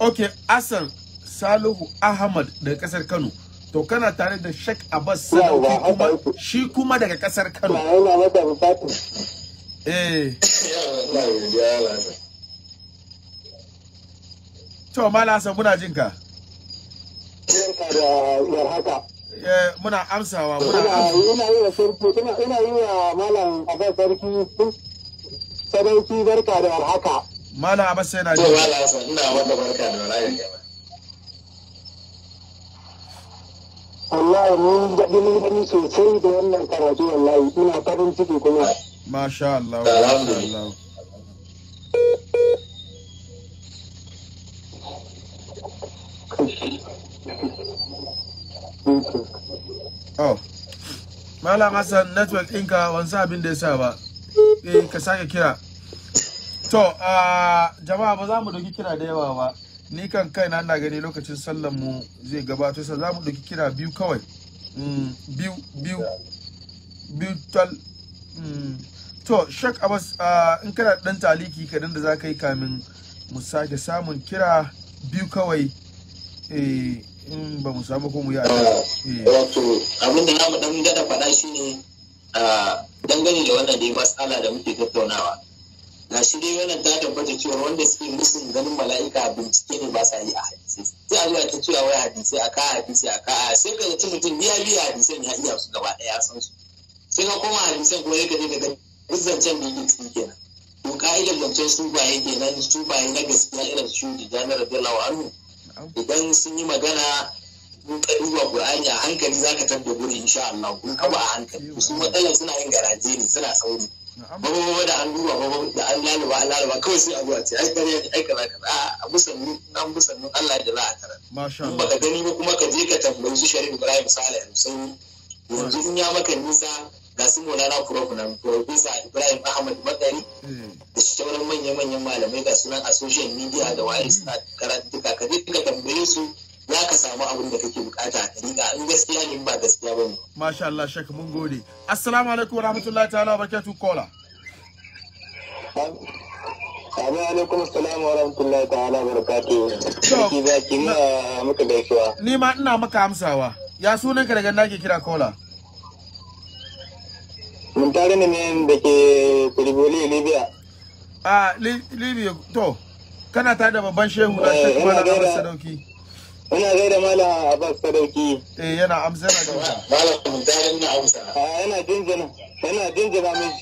ok Hassan Salihu Ahmad daga kasar Kano to kana tare da Sheikh Abbas sanauki kuma shi kuma daga kasar Kano yana eh to mala Hassan muna jinka ka Eh, muna amsawa muna amsawa yi wa sarki ina ina yi wa malam abbas sarki sarki barka da warhaka malam abbas yana da malam ina wanda barka da warhaka wallahi mun mun gani sosai da wannan karatu wallahi ina farin ciki kuma masha Allah alhamdulillah Thank you. oh malam hassan network ɗinka wanzu abin da ya sa ba eh ka sake kira to ah, jama'a ba za mu doki kira da yawa ba ni kan kai na gani lokacin sallan mu zai gabato sa za mu doki kira biyu kawai mm, biyu biyu biyu tal mm. to shak abbas ah, in kana dan taliki kadan da za ka yi kamin mu sake samun kira biyu kawai eh in ba mu samu ko mu yi eh. wato abin da zamu dan gada faɗa shine dangane da wannan da ya matsala da muke tattaunawa na shi dai wannan ta tabbata cewa wanda suke musun ganin mala'ika bincike ne ba sa yi a hadisi sai a zuwa ta cewa wai hadisi a ka hadisi a ka sai ka zaci mutum ya biya ne ya iya su gaba ɗaya san su sai ka koma hadisi kuma ya gani daga duk zancen da tsi kenan to ka'idar zancen su ba yake nan su ba na gaskiya irin su da janar da lawa annu idan sun yi magana in ka duba Qur'ani a hankali za ka tabbata guri insha Allah kun kaba a hankali su matsalar suna yin garaje ne suna sauri babu da an duba babu da an lalaba an lalaba kawai sai abuwa ce ai kare ai kaza kaza a musannu an musannu Allah ya za a tare masha Allah baka gani ba kuma ka je ka tambayi su Ibrahim Salih sai yanzu in ya maka nisa ga su Maulana Prof nan profesa Ibrahim Ahmad makari da sauran manya-manyan malamai ga sunan a social media da waye mm. suna karantuka ka je tambaye su za ka samu abin da kake bukata ka riga in gaskiya ne ba gaskiya ba ne. Masha Allah shek mun gode. Assalamu alaikum wa rahmatullahi ta'ala wa barakatuh kola. Amin alaikum salamu wa rahmatullahi ta'ala wa barakatuh. Ki zaki ma muka gaisuwa. Ni ma ina maka amsawa. Ya sunan ka daga nake kira kola. muntari ne da ke libya a libya to kana ta da babban shehu na shek na abbas sadauki ina gaida malam abbas sadauki eh yana amsa na da malam ne amsa ah, yana jinjina yana jinjina min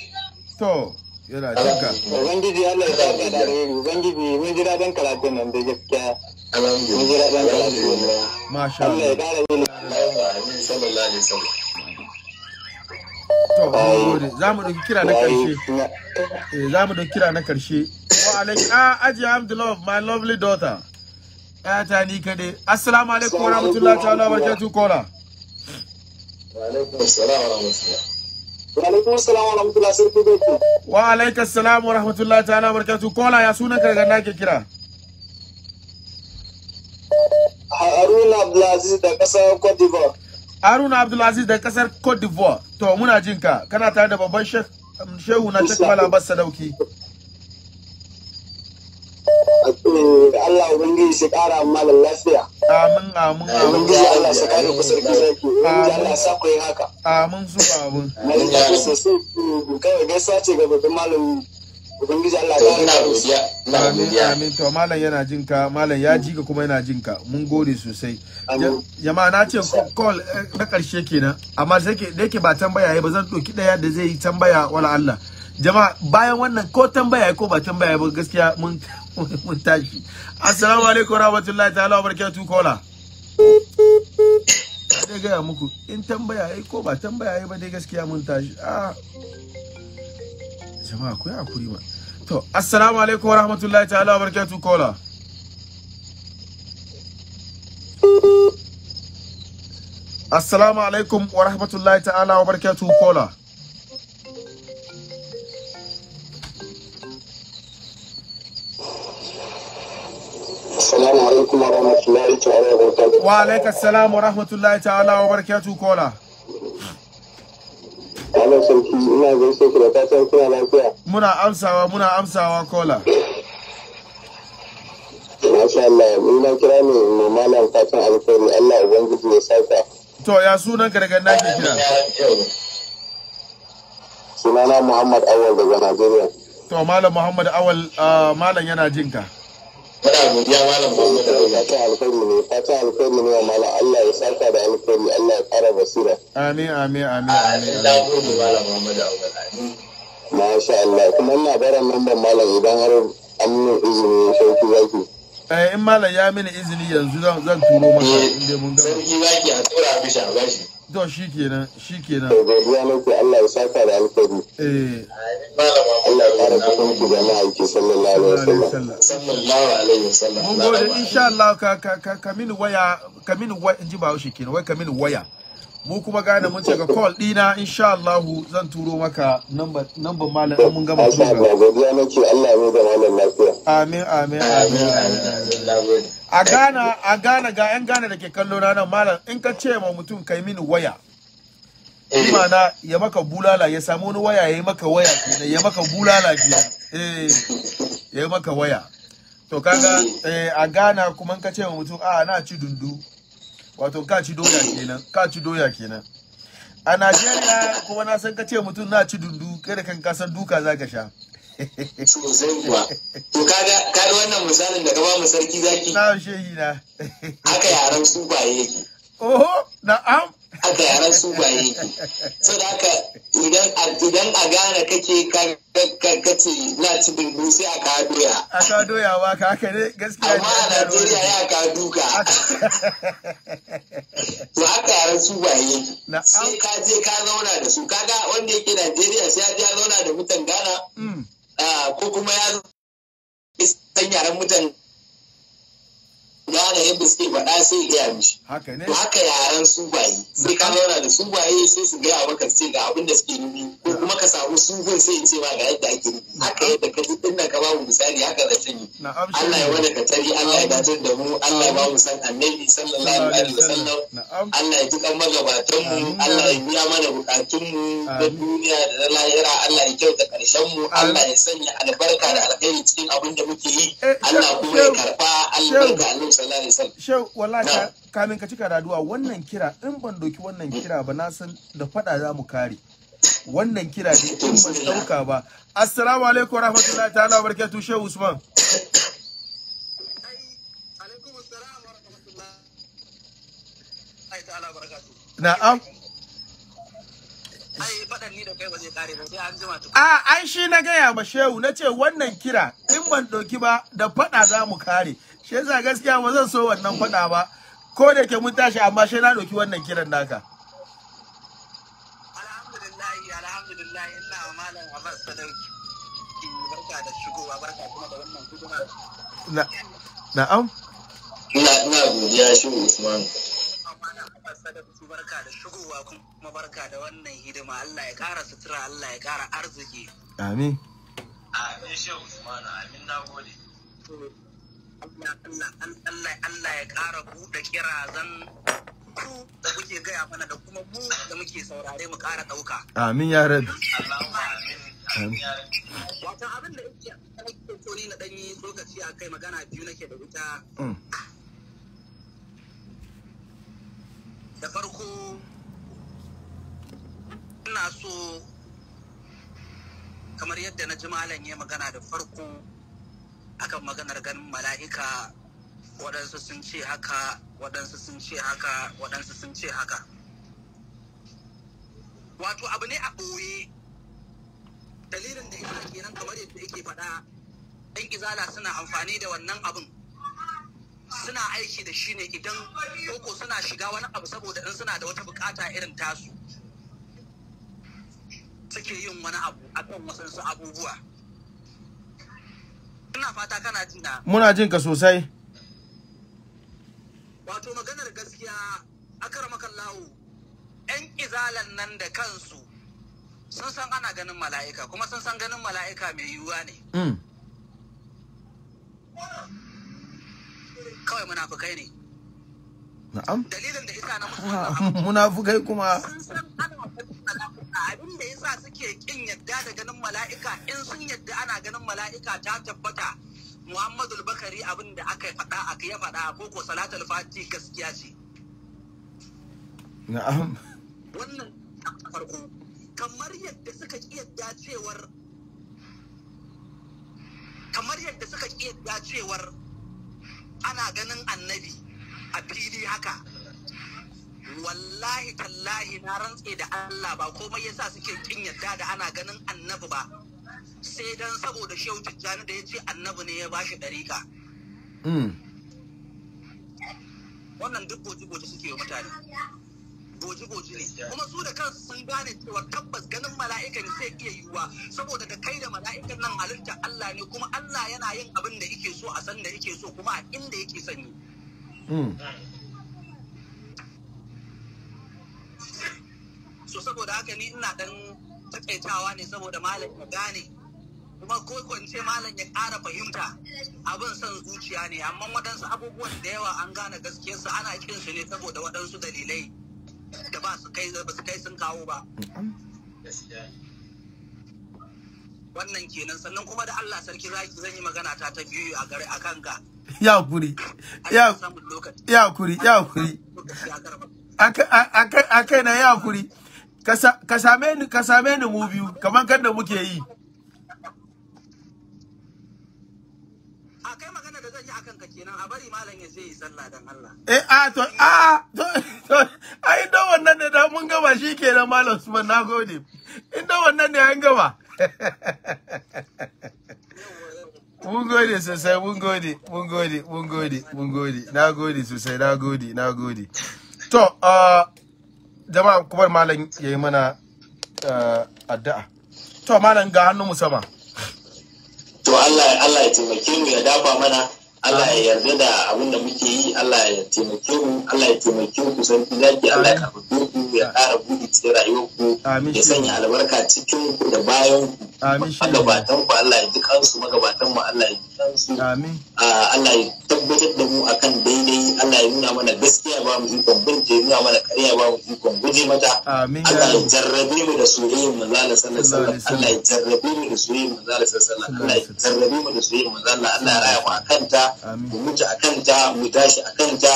to yana jinka ubangiji Allah ya saka da rai ubangiji mun jira dan karatun nan da gaskiya mun jira dan karatun nan masha Allah ya kara yin sallallahu alaihi wasallam To, gode. Za mu ɗauki kira na ƙarshe. Eh, za mu ɗauki kira na ƙarshe. Wa alaik ah Ajiya Abdullah, my lovely daughter. Ƴata ni kade. Assalamu alaikum wa rahmatullahi ta'ala wa barakatuh kola. Wa alaikum assalam wa rahmatullahi. wa alaika salam wa rahmatullahi ta'ala kola ya sunan ka ke kira haruna abdulaziz da kasar cote d'ivoire Haruna Abdulaziz da kasar Cote d'Ivoire. To muna jinka. Kana tare da babban um, shehu na cikin Malam Sadauki. Allah ubangiji shi kara malam lafiya. Amin amin amin. Ubangiji Allah shi kare ku sarki zaki. Ubangiji Allah sa ku yi haka. Amin su abun. Mai da sosai. Kai ga sace ga babban malamin amin to malam yana jin ka malam ya ji ka kuma yana jin ka mun gode sosai jama'a na ce call eh, na karshe kenan amma sai ke da yake ba tambaya ba zan doki daya da zai yi tambaya wala Allah jama'a bayan wannan ko tambaya ko ba tambaya ba gaskiya mun mun tashi assalamu alaikum rahmatullahi ta'ala wa barakatuh kola zai gaya muku in tambaya ko ba tambaya ba dai gaskiya mun tashi a ah. jama'a ku yi hakuri ma to assalamu alaikum warahmatullahi ta'ala wa barakatuh kola assalamu alaikum wa rahmatullahi ta'ala wa barakatuhu kola assalamu alaikum wa rahmatullahi ta'ala wa barakatuhu wa alaikas salam wa rahmatullahi ta'ala wa barakatuhu kola Allah sarki ina gaishe da fatan kuna lafiya. Muna amsawa muna amsawa kola. Masha Allah mun na kira ne mu malam fatan alkhairi Allah ubangiji ya saka. To ya sunan ka daga nake kira? Sunana Muhammad Awal daga Najeriya. To malam Muhammad Awal ah, malam yana jinka. muna godiya malam Muhammad Dauda fata alkhairi ne fata alkhairi ne malam Allah ya saka da alkhairi Allah ya kara basira amin amin amin amin na gode malam Muhammad Dauda masha Allah kuma ina bara mamban malam idan har an yi izini sauki zaki eh in malam ya mini izini yanzu zan turo maka eh, inda mun sarki zaki a tura bashi to shi kenan shi kenan to godiya nake Allah ya saka da alkhairi eh Allah ya kara kusan ku ga ma'aiki sallallahu alaihi wasallam sallallahu alaihi wasallam mun gode insha Allah ka ka ka mini waya ka mini waya in ji ba shi kenan wai ka mini waya mu kuma gane mun ce call dina insha Allah zan turo maka number number malam mun gama program godiya nake Allah ya da malam lafiya amin amin amin a Ghana a gana ga yan Ghana dake kallo na nan malam in ka ce ma mutum kai mini waya eh. imana ya maka bulala ya samu wani waya ya maka waya kenan ya maka bulala biya eh ya maka waya to kaga eh a Ghana kuma in ka ce ma mutum a ah, na ci dundu wato ka ci doya kenan ka ci doya kenan a Najeriya kuma na san ka ce mutum na ci dundu kai da kan kasan duka zaka sha to kaga kaga wannan misalin da ka ba mu sarki zaki na shehi na haka yaran su baye yake Oho, na'am. Haka yaran su baye yake. So da haka idan a gane kake kakace na ci bindu sai a kawo doya. A kawo doya ba ka haka ne gaskiya. Amma a Najeriya ya kawo duka. To haka yaran su baye yake. Sai ka je ka zauna da su kaga wanda yake Najeriya sai ya je ya zauna da mutan Ghana. Mm. Ah, ko kuma ya san yaran mutan gane yadda suke faɗa sai gaya mishi haka ne haka yaran subaye sai ka zauna da subaye sai su gaya maka ce ga abin da suke nufi ko kuma ka samu sugun sai ce ma ga yadda ake nufi haka yadda ka ji nan ka bamu misali haka da sanyi. Allah ya wada ka tari Allah ya dace da mu Allah ya ba mu san annabi sallallahu alaihi wa sallam. Allah ya ji kan magabatan mu Allah ya biya mana bukatun mu da duniya da lahira Allah ya kyauta karshen mu Allah ya sanya albarka da alkhairi cikin abin da muke yi eh, Allah kuma ya karba albarka shehu wallahi kamin ka cika raduwa wannan kira in ban doki wannan kira ba na san da fada za mu kare wannan kira ne in ban dauka ba assalamu alaikum warahmatullahi ta'ala barakatuh shehu usman Na'am. A an shi na gaya ma shehu na ce wannan kira in ban ɗauki ba da faɗa za mu kare shi yasa gaskiya ba zan so wannan faɗa ba ko da ke mun tashi amma shi na ɗauki wannan kiran naka alhamdulillahi alhamdulillahi ina malam sadauki barka da barka kuma hidima na na'am ina ina godiya shi usman barka da shigowa kuma barka da wannan hidima Allah ya kara sutura Allah ya kara arziki amin amin shi usman amin na gode Allah Allah ya ƙara buɗe kirazan ku da kuke gaya mana da kuma mu da muke saurare mu ƙara ɗauka. Amin ya rabi. Wato abin da yake so ni na ɗan yi lokaci a kai magana biyu nake da wuta. Mm. Da farko ina so kamar yadda na ji malam ya magana da farko akan maganar ganin mala'ika waɗansu sun ce haka waɗansu sun ce haka waɗansu sun ce haka wato abu ne a ɓoye dalilin da isa kenan kamar yadda yake faɗa ɗan izala suna amfani da wannan abin suna aiki da shi ne idan koko suna shiga wani abu saboda in suna da wata bukata irin tasu suke yin wani abu akan wasansu abubuwa ina fata kana jin na muna jin ka sosai wato maganar gaskiya akaramakan lawo yan izalan nan da kansu sun san ana ganin mala'ika kuma sun san ganin mala'ika mai yiwuwa ne mm. kawai munafukai ne na'am dalilin da isa na musu ah, munafukai kuma sun san ana abin da yasa suke kin yadda da ganin mala'ika in sun yadda ana ganin mala'ika ta tabbata Muhammadu Bakari abin da aka faɗa aka ya faɗa ko ko salatul fati gaskiya ce na'am wannan farko kamar yadda suka kiyarda cewar kamar yadda suka kiyarda cewar ana ganin annabi a fili haka wallahi tallahi na rantse da Allah ba komai yasa suke kin yadda da ana ganin annabi ba sai dan saboda shehu tijjani da ya annabi ne ya bashi ɗarika. Mm. wannan duk goji-goji suke mutane goji-goji ne kuma su da kansu sun gane cewa tabbas ganin mala'ikan sai iya yiwuwa saboda da kai da mala'ikan nan halitta Allah ne kuma Allah yana yin abin da yake so a san da yake so kuma a inda yake sanyi. Mm. so saboda haka ni ina dan takaitawa ne saboda malam ya gane kuma ko kwance malam ya ƙara fahimta abin son zuciya ne amma waɗansu abubuwan da yawa an gane gaskiyarsu ana kin su ne saboda waɗansu dalilai da ba su kai ba su kai sun kawo ba wannan kenan sannan kuma da Allah sarki zaki zan yi magana ta ta biyu a gare akan ka ya kuri ya kuri ya kuri akai na ya kuri ka same ni ka same ni mu biyu kamar kanda da muke yi akai eh a to a to ai da wannan ne da mun gaba shikenan malam Usman nagode in da wannan ne an gaba mun gode sosai mun gode mun gode mun gode mun gode na gode sosai na gode na gode to jama'a kuma malam yi mana addu'a to malam ga hannun musamman to Allah ya taimake mu ya dafa mana Allah ya yarda da abin da muke yi Allah ya taimake mu Allah ya taimake ku ki zaki Allah ya kafa ku ya ƙara buɗe cikin rayuwarku ya sanya albarka cikin ku da bayan ku magabatan ku Allah ya ji kansu magabatan mu Allah ya ji kansu Allah ya tabbatar da mu akan daidai Allah ya nuna mana gaskiya ba mu ikon binta ya nuna mana ƙarya ba mu ikon guje mata Allah ya jarrabe mu da soyayyar manzo Allah sallallahu alaihi wasallam Allah ya jarrabe mu da soyayyar manzo Allah sallallahu alaihi wasallam Allah ya jarrabe mu da soyayyar manzo Allah Allah ya raya mu akan ta ta wuce mutu akan ta mu tashi akan ta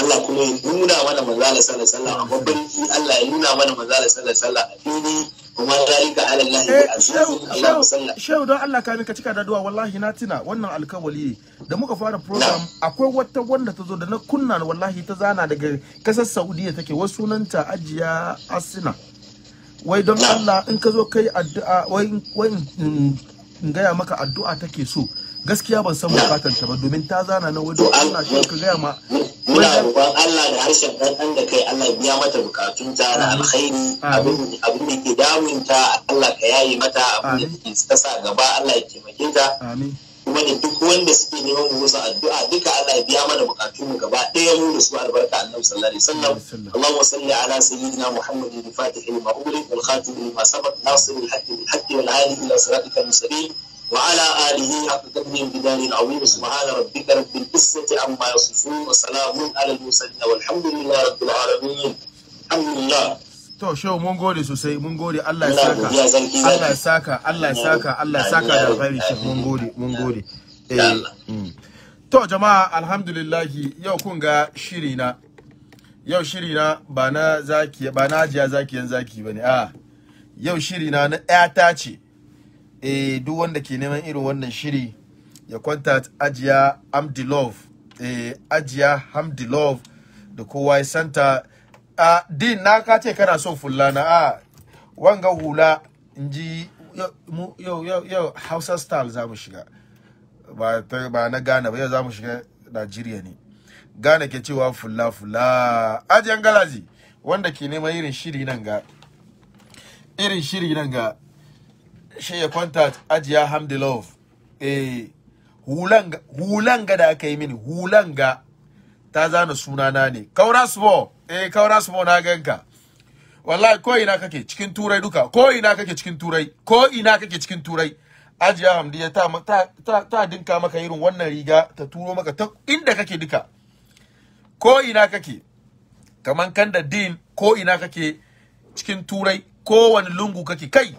Allah kuma ya nuna mana manzala sallallahu alaihi wasallam a mafarki Allah ya nuna mana manzala sallallahu alaihi wasallam a fili kuma zalika ala Allah ya azizu Shehu don Allah kamin ka cika da duwa wallahi na tuna wannan alkawali da muka fara program akwai wata wanda ta zo da na kunna wallahi ta zana daga kasar Saudiya take wasu sunanta ajiya asina wai don Allah in ka zo kai addu'a wai in gaya maka addu'a take so gaskiya ban san bukatar ta ba domin ta zana na wajen Allah shi ka gaya ma muna roƙon Allah da harshen ɗanɗan da kai Allah biya mata bukatun ta na alkhairi abin da ke damun ta Allah ka yayi mata abin da ke sa gaba Allah ya taimake ta kuma da duk wanda suke neman mu musu addu'a duka Allah ya biya mana bukatun mu gaba ɗaya mu da su albarka Annabi sallallahu alaihi wasallam Allahumma salli ala sayyidina muhammadin fatihil fatih al-Ma'ul al-Khatim lima bil haqqi wal-hadi ila siratikal mustaqim وعلى آله حق تقديم بدار العظيم سبحان ربك رب العزة عما يصفون وسلام على المرسلين والحمد لله رب العالمين الحمد لله To, shau mun gode sosai, mun gode, Allah ya saka, Allah ya saka, Allah ya saka, Allah ya saka da alkhairi, mun gode, mun gode. Eh, mm. To, jama'a, alhamdulillah, yau kun ga shiri na, yau shiri na ba na zaki, ba na ajiya zakiyan zaki ba ne, a, ah, yau shiri na na 'yata ce, eh duk wanda ke neman irin wannan shiri ya contact ajiya amdi love eh ajiya hamdi love da kowa ya santa a din na ka ce kana son fulana a wanga hula in ji yau yau yau hausa style za mu shiga ba ba na gana ba yau za mu shiga najeriya ne gana ke cewa fulla fulla ajiyan galaji wanda ke neman irin shiri nan ga irin shiri nan ga shi ya contact ajiya hamdilov eh hulanga hulanga da aka yi mini hulanga ta zana sunana ne kaurasbo eh kaurasbo na ganka wallahi ko ina kake cikin turai duka ko ina kake cikin turai ko ina kake cikin turai ajiya hamdi ta ta, ta, ta dinka maka irin wannan riga ta turo maka ta inda kake duka ko ina kake kaman kan da din ko ina kake cikin turai ko wani lungu kake kai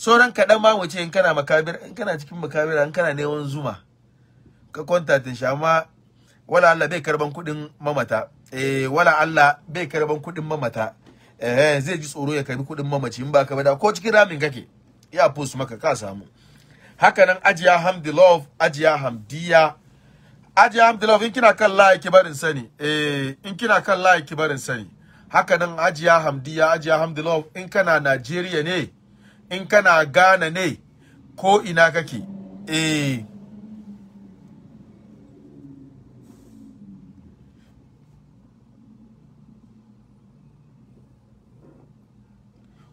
sauran kaɗan ma mu ce in kana makabir in kana cikin makabir in kana neman zuma ka kwanta tin sha amma wala Allah bai karban kuɗin mamata eh wala Allah bai karban kuɗin mamata eh zai ji tsoro ya karbi kuɗin mamaci in ba ka bada ko cikin ramin kake ya post maka ka samu haka nan ajiya hamdi love ajiya hamdiya ajiya hamdi love in kina kan layi kibarin sani eh in kina kan layi kibarin sani haka nan ajiya hamdiya ajiya hamdi love in kana Najeriya ne in kana gana ne ko ina kake eh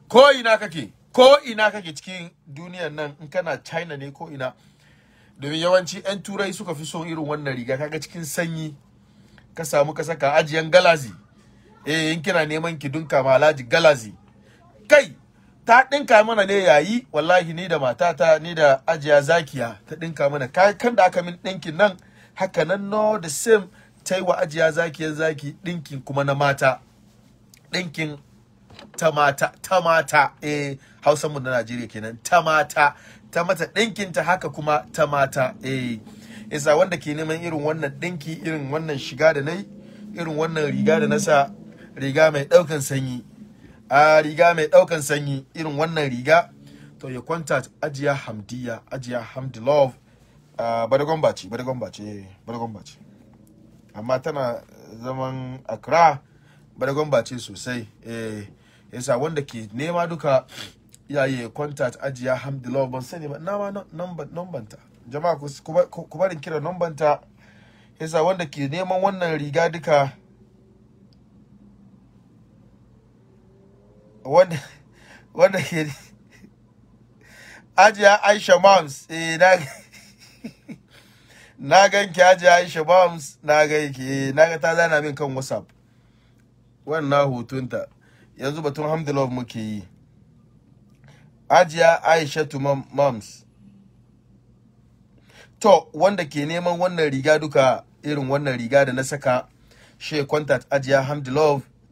ko ina kake ko ina kake cikin duniyar nan in kana china ne ko ina domin yawanci 'yan turai suka fi son irin wannan riga kaga cikin sanyi ka samu ka saka ajiyan galazi eh in kina neman ki dunka ma galazi kai ta dinka mana ne yayi wallahi ni da matata ni da ajiya zakiya ta dinka mana kan da aka min dinkin nan haka nan no the same tai wa ajiya zakiyan zaki dinkin kuma na mata dinkin ta mata ta mata eh Hausa mu na Najeriya kenan ta mata ta mata dinkin ta haka kuma ta mata eh isa wanda ke neman irin wannan dinki irin wannan shiga da nayi irin wannan riga da nasa riga mai daukan sanyi a riga mai daukan sanyi irin wannan riga to ya kwanta ajiya hamdiya ajiya hamdi love uh, badagon bace badagon bace badagon bace amma tana zaman akra badagon bace sosai eh yasa wanda ke nema duka iyaye kwanta ajiya hamdi love ban sani ba na ma number ta jama'a ku barin kira number ta yasa wanda ke neman wannan riga duka wanda wanda ke Ajiya Aisha Moms eh na na ganki Ajiya Aisha Moms na ganki eh, na ga ta zana min kan WhatsApp wannan hotunta yanzu batun Hamdulillah muke yi Ajiya Aisha to Moms to wanda ke neman wannan riga duka irin wannan riga da na saka she contact Ajiya Hamdulillah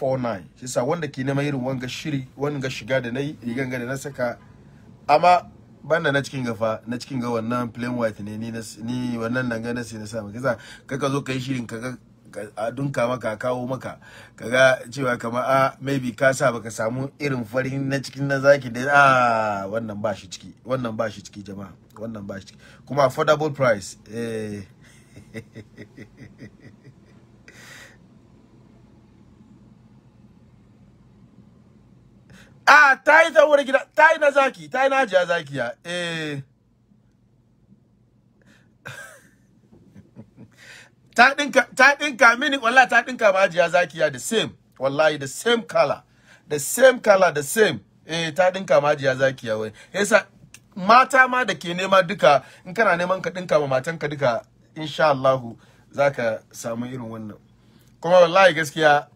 49 shi sa wanda ke nema irin wanga shiri wanga shiga da nayi riganga da na saka amma banda na cikin gafa na cikin ga wannan plain white ne ni ni wannan nan ga na sai na sa maka ka ka zo kai shirin ka a dunka maka kawo maka kaga cewa kama a maybe ka sa baka samu irin farin na cikin na zaki da a wannan ba shi ciki wannan ba shi ciki jama'a wannan ba shi ciki kuma affordable price eh a ah, ta yi ta wuri gida ta yi na zaki ta yi na ajiya zakiya eh ta dinka ta dinka mini wallahi ta dinka ma ajiya zakiya the same wallahi the same color the same color the same eh ta dinka ma ajiya zakiya wai yasa mata ma da ke nema duka in kana neman ka dinka ma matanka duka insha Allah zaka samu irin wannan kuma wallahi gaskiya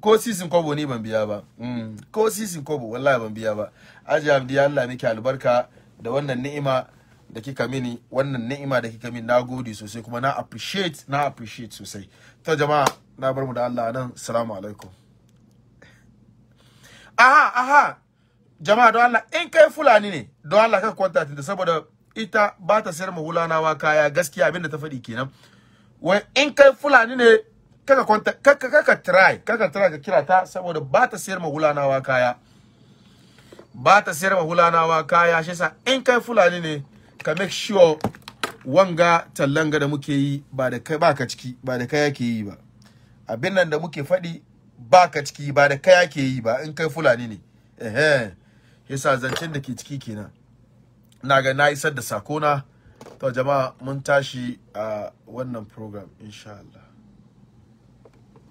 ko sisin kobo ne ban biya ba mm. ko sisin kobo wallahi ban biya ba aji abdi Allah miki albarka da wannan ni'ima da kika mini wannan ni'ima da kika mini nagode sosai kuma na appreciate na appreciate sosai to jama'a na bar mu da Allah nan assalamu alaikum aha aha jama'a don Allah in kai fulani ne don Allah ka kwanta tinta saboda ita ba ta sayar ma hulanawa kaya gaskiya abinda ta faɗi kenan wai in kai fulani ne kaka kwanta kaka kaka try kaka try ka kira ta saboda ba ta sayar ma hulanawa kaya ba ta sayar ma hulanawa kaya shi yasa in kai fulani ne ka make sure wanga tallanga da muke yi ba da kai ba ka ciki ba da kai yake yi ba abin nan da muke faɗi ka ciki ba da kai yake yi ba in kai fulani ne ehe yasa zancen da ke ciki kenan na ga na isar da sakona to jama'a mun tashi a wannan program insha Allah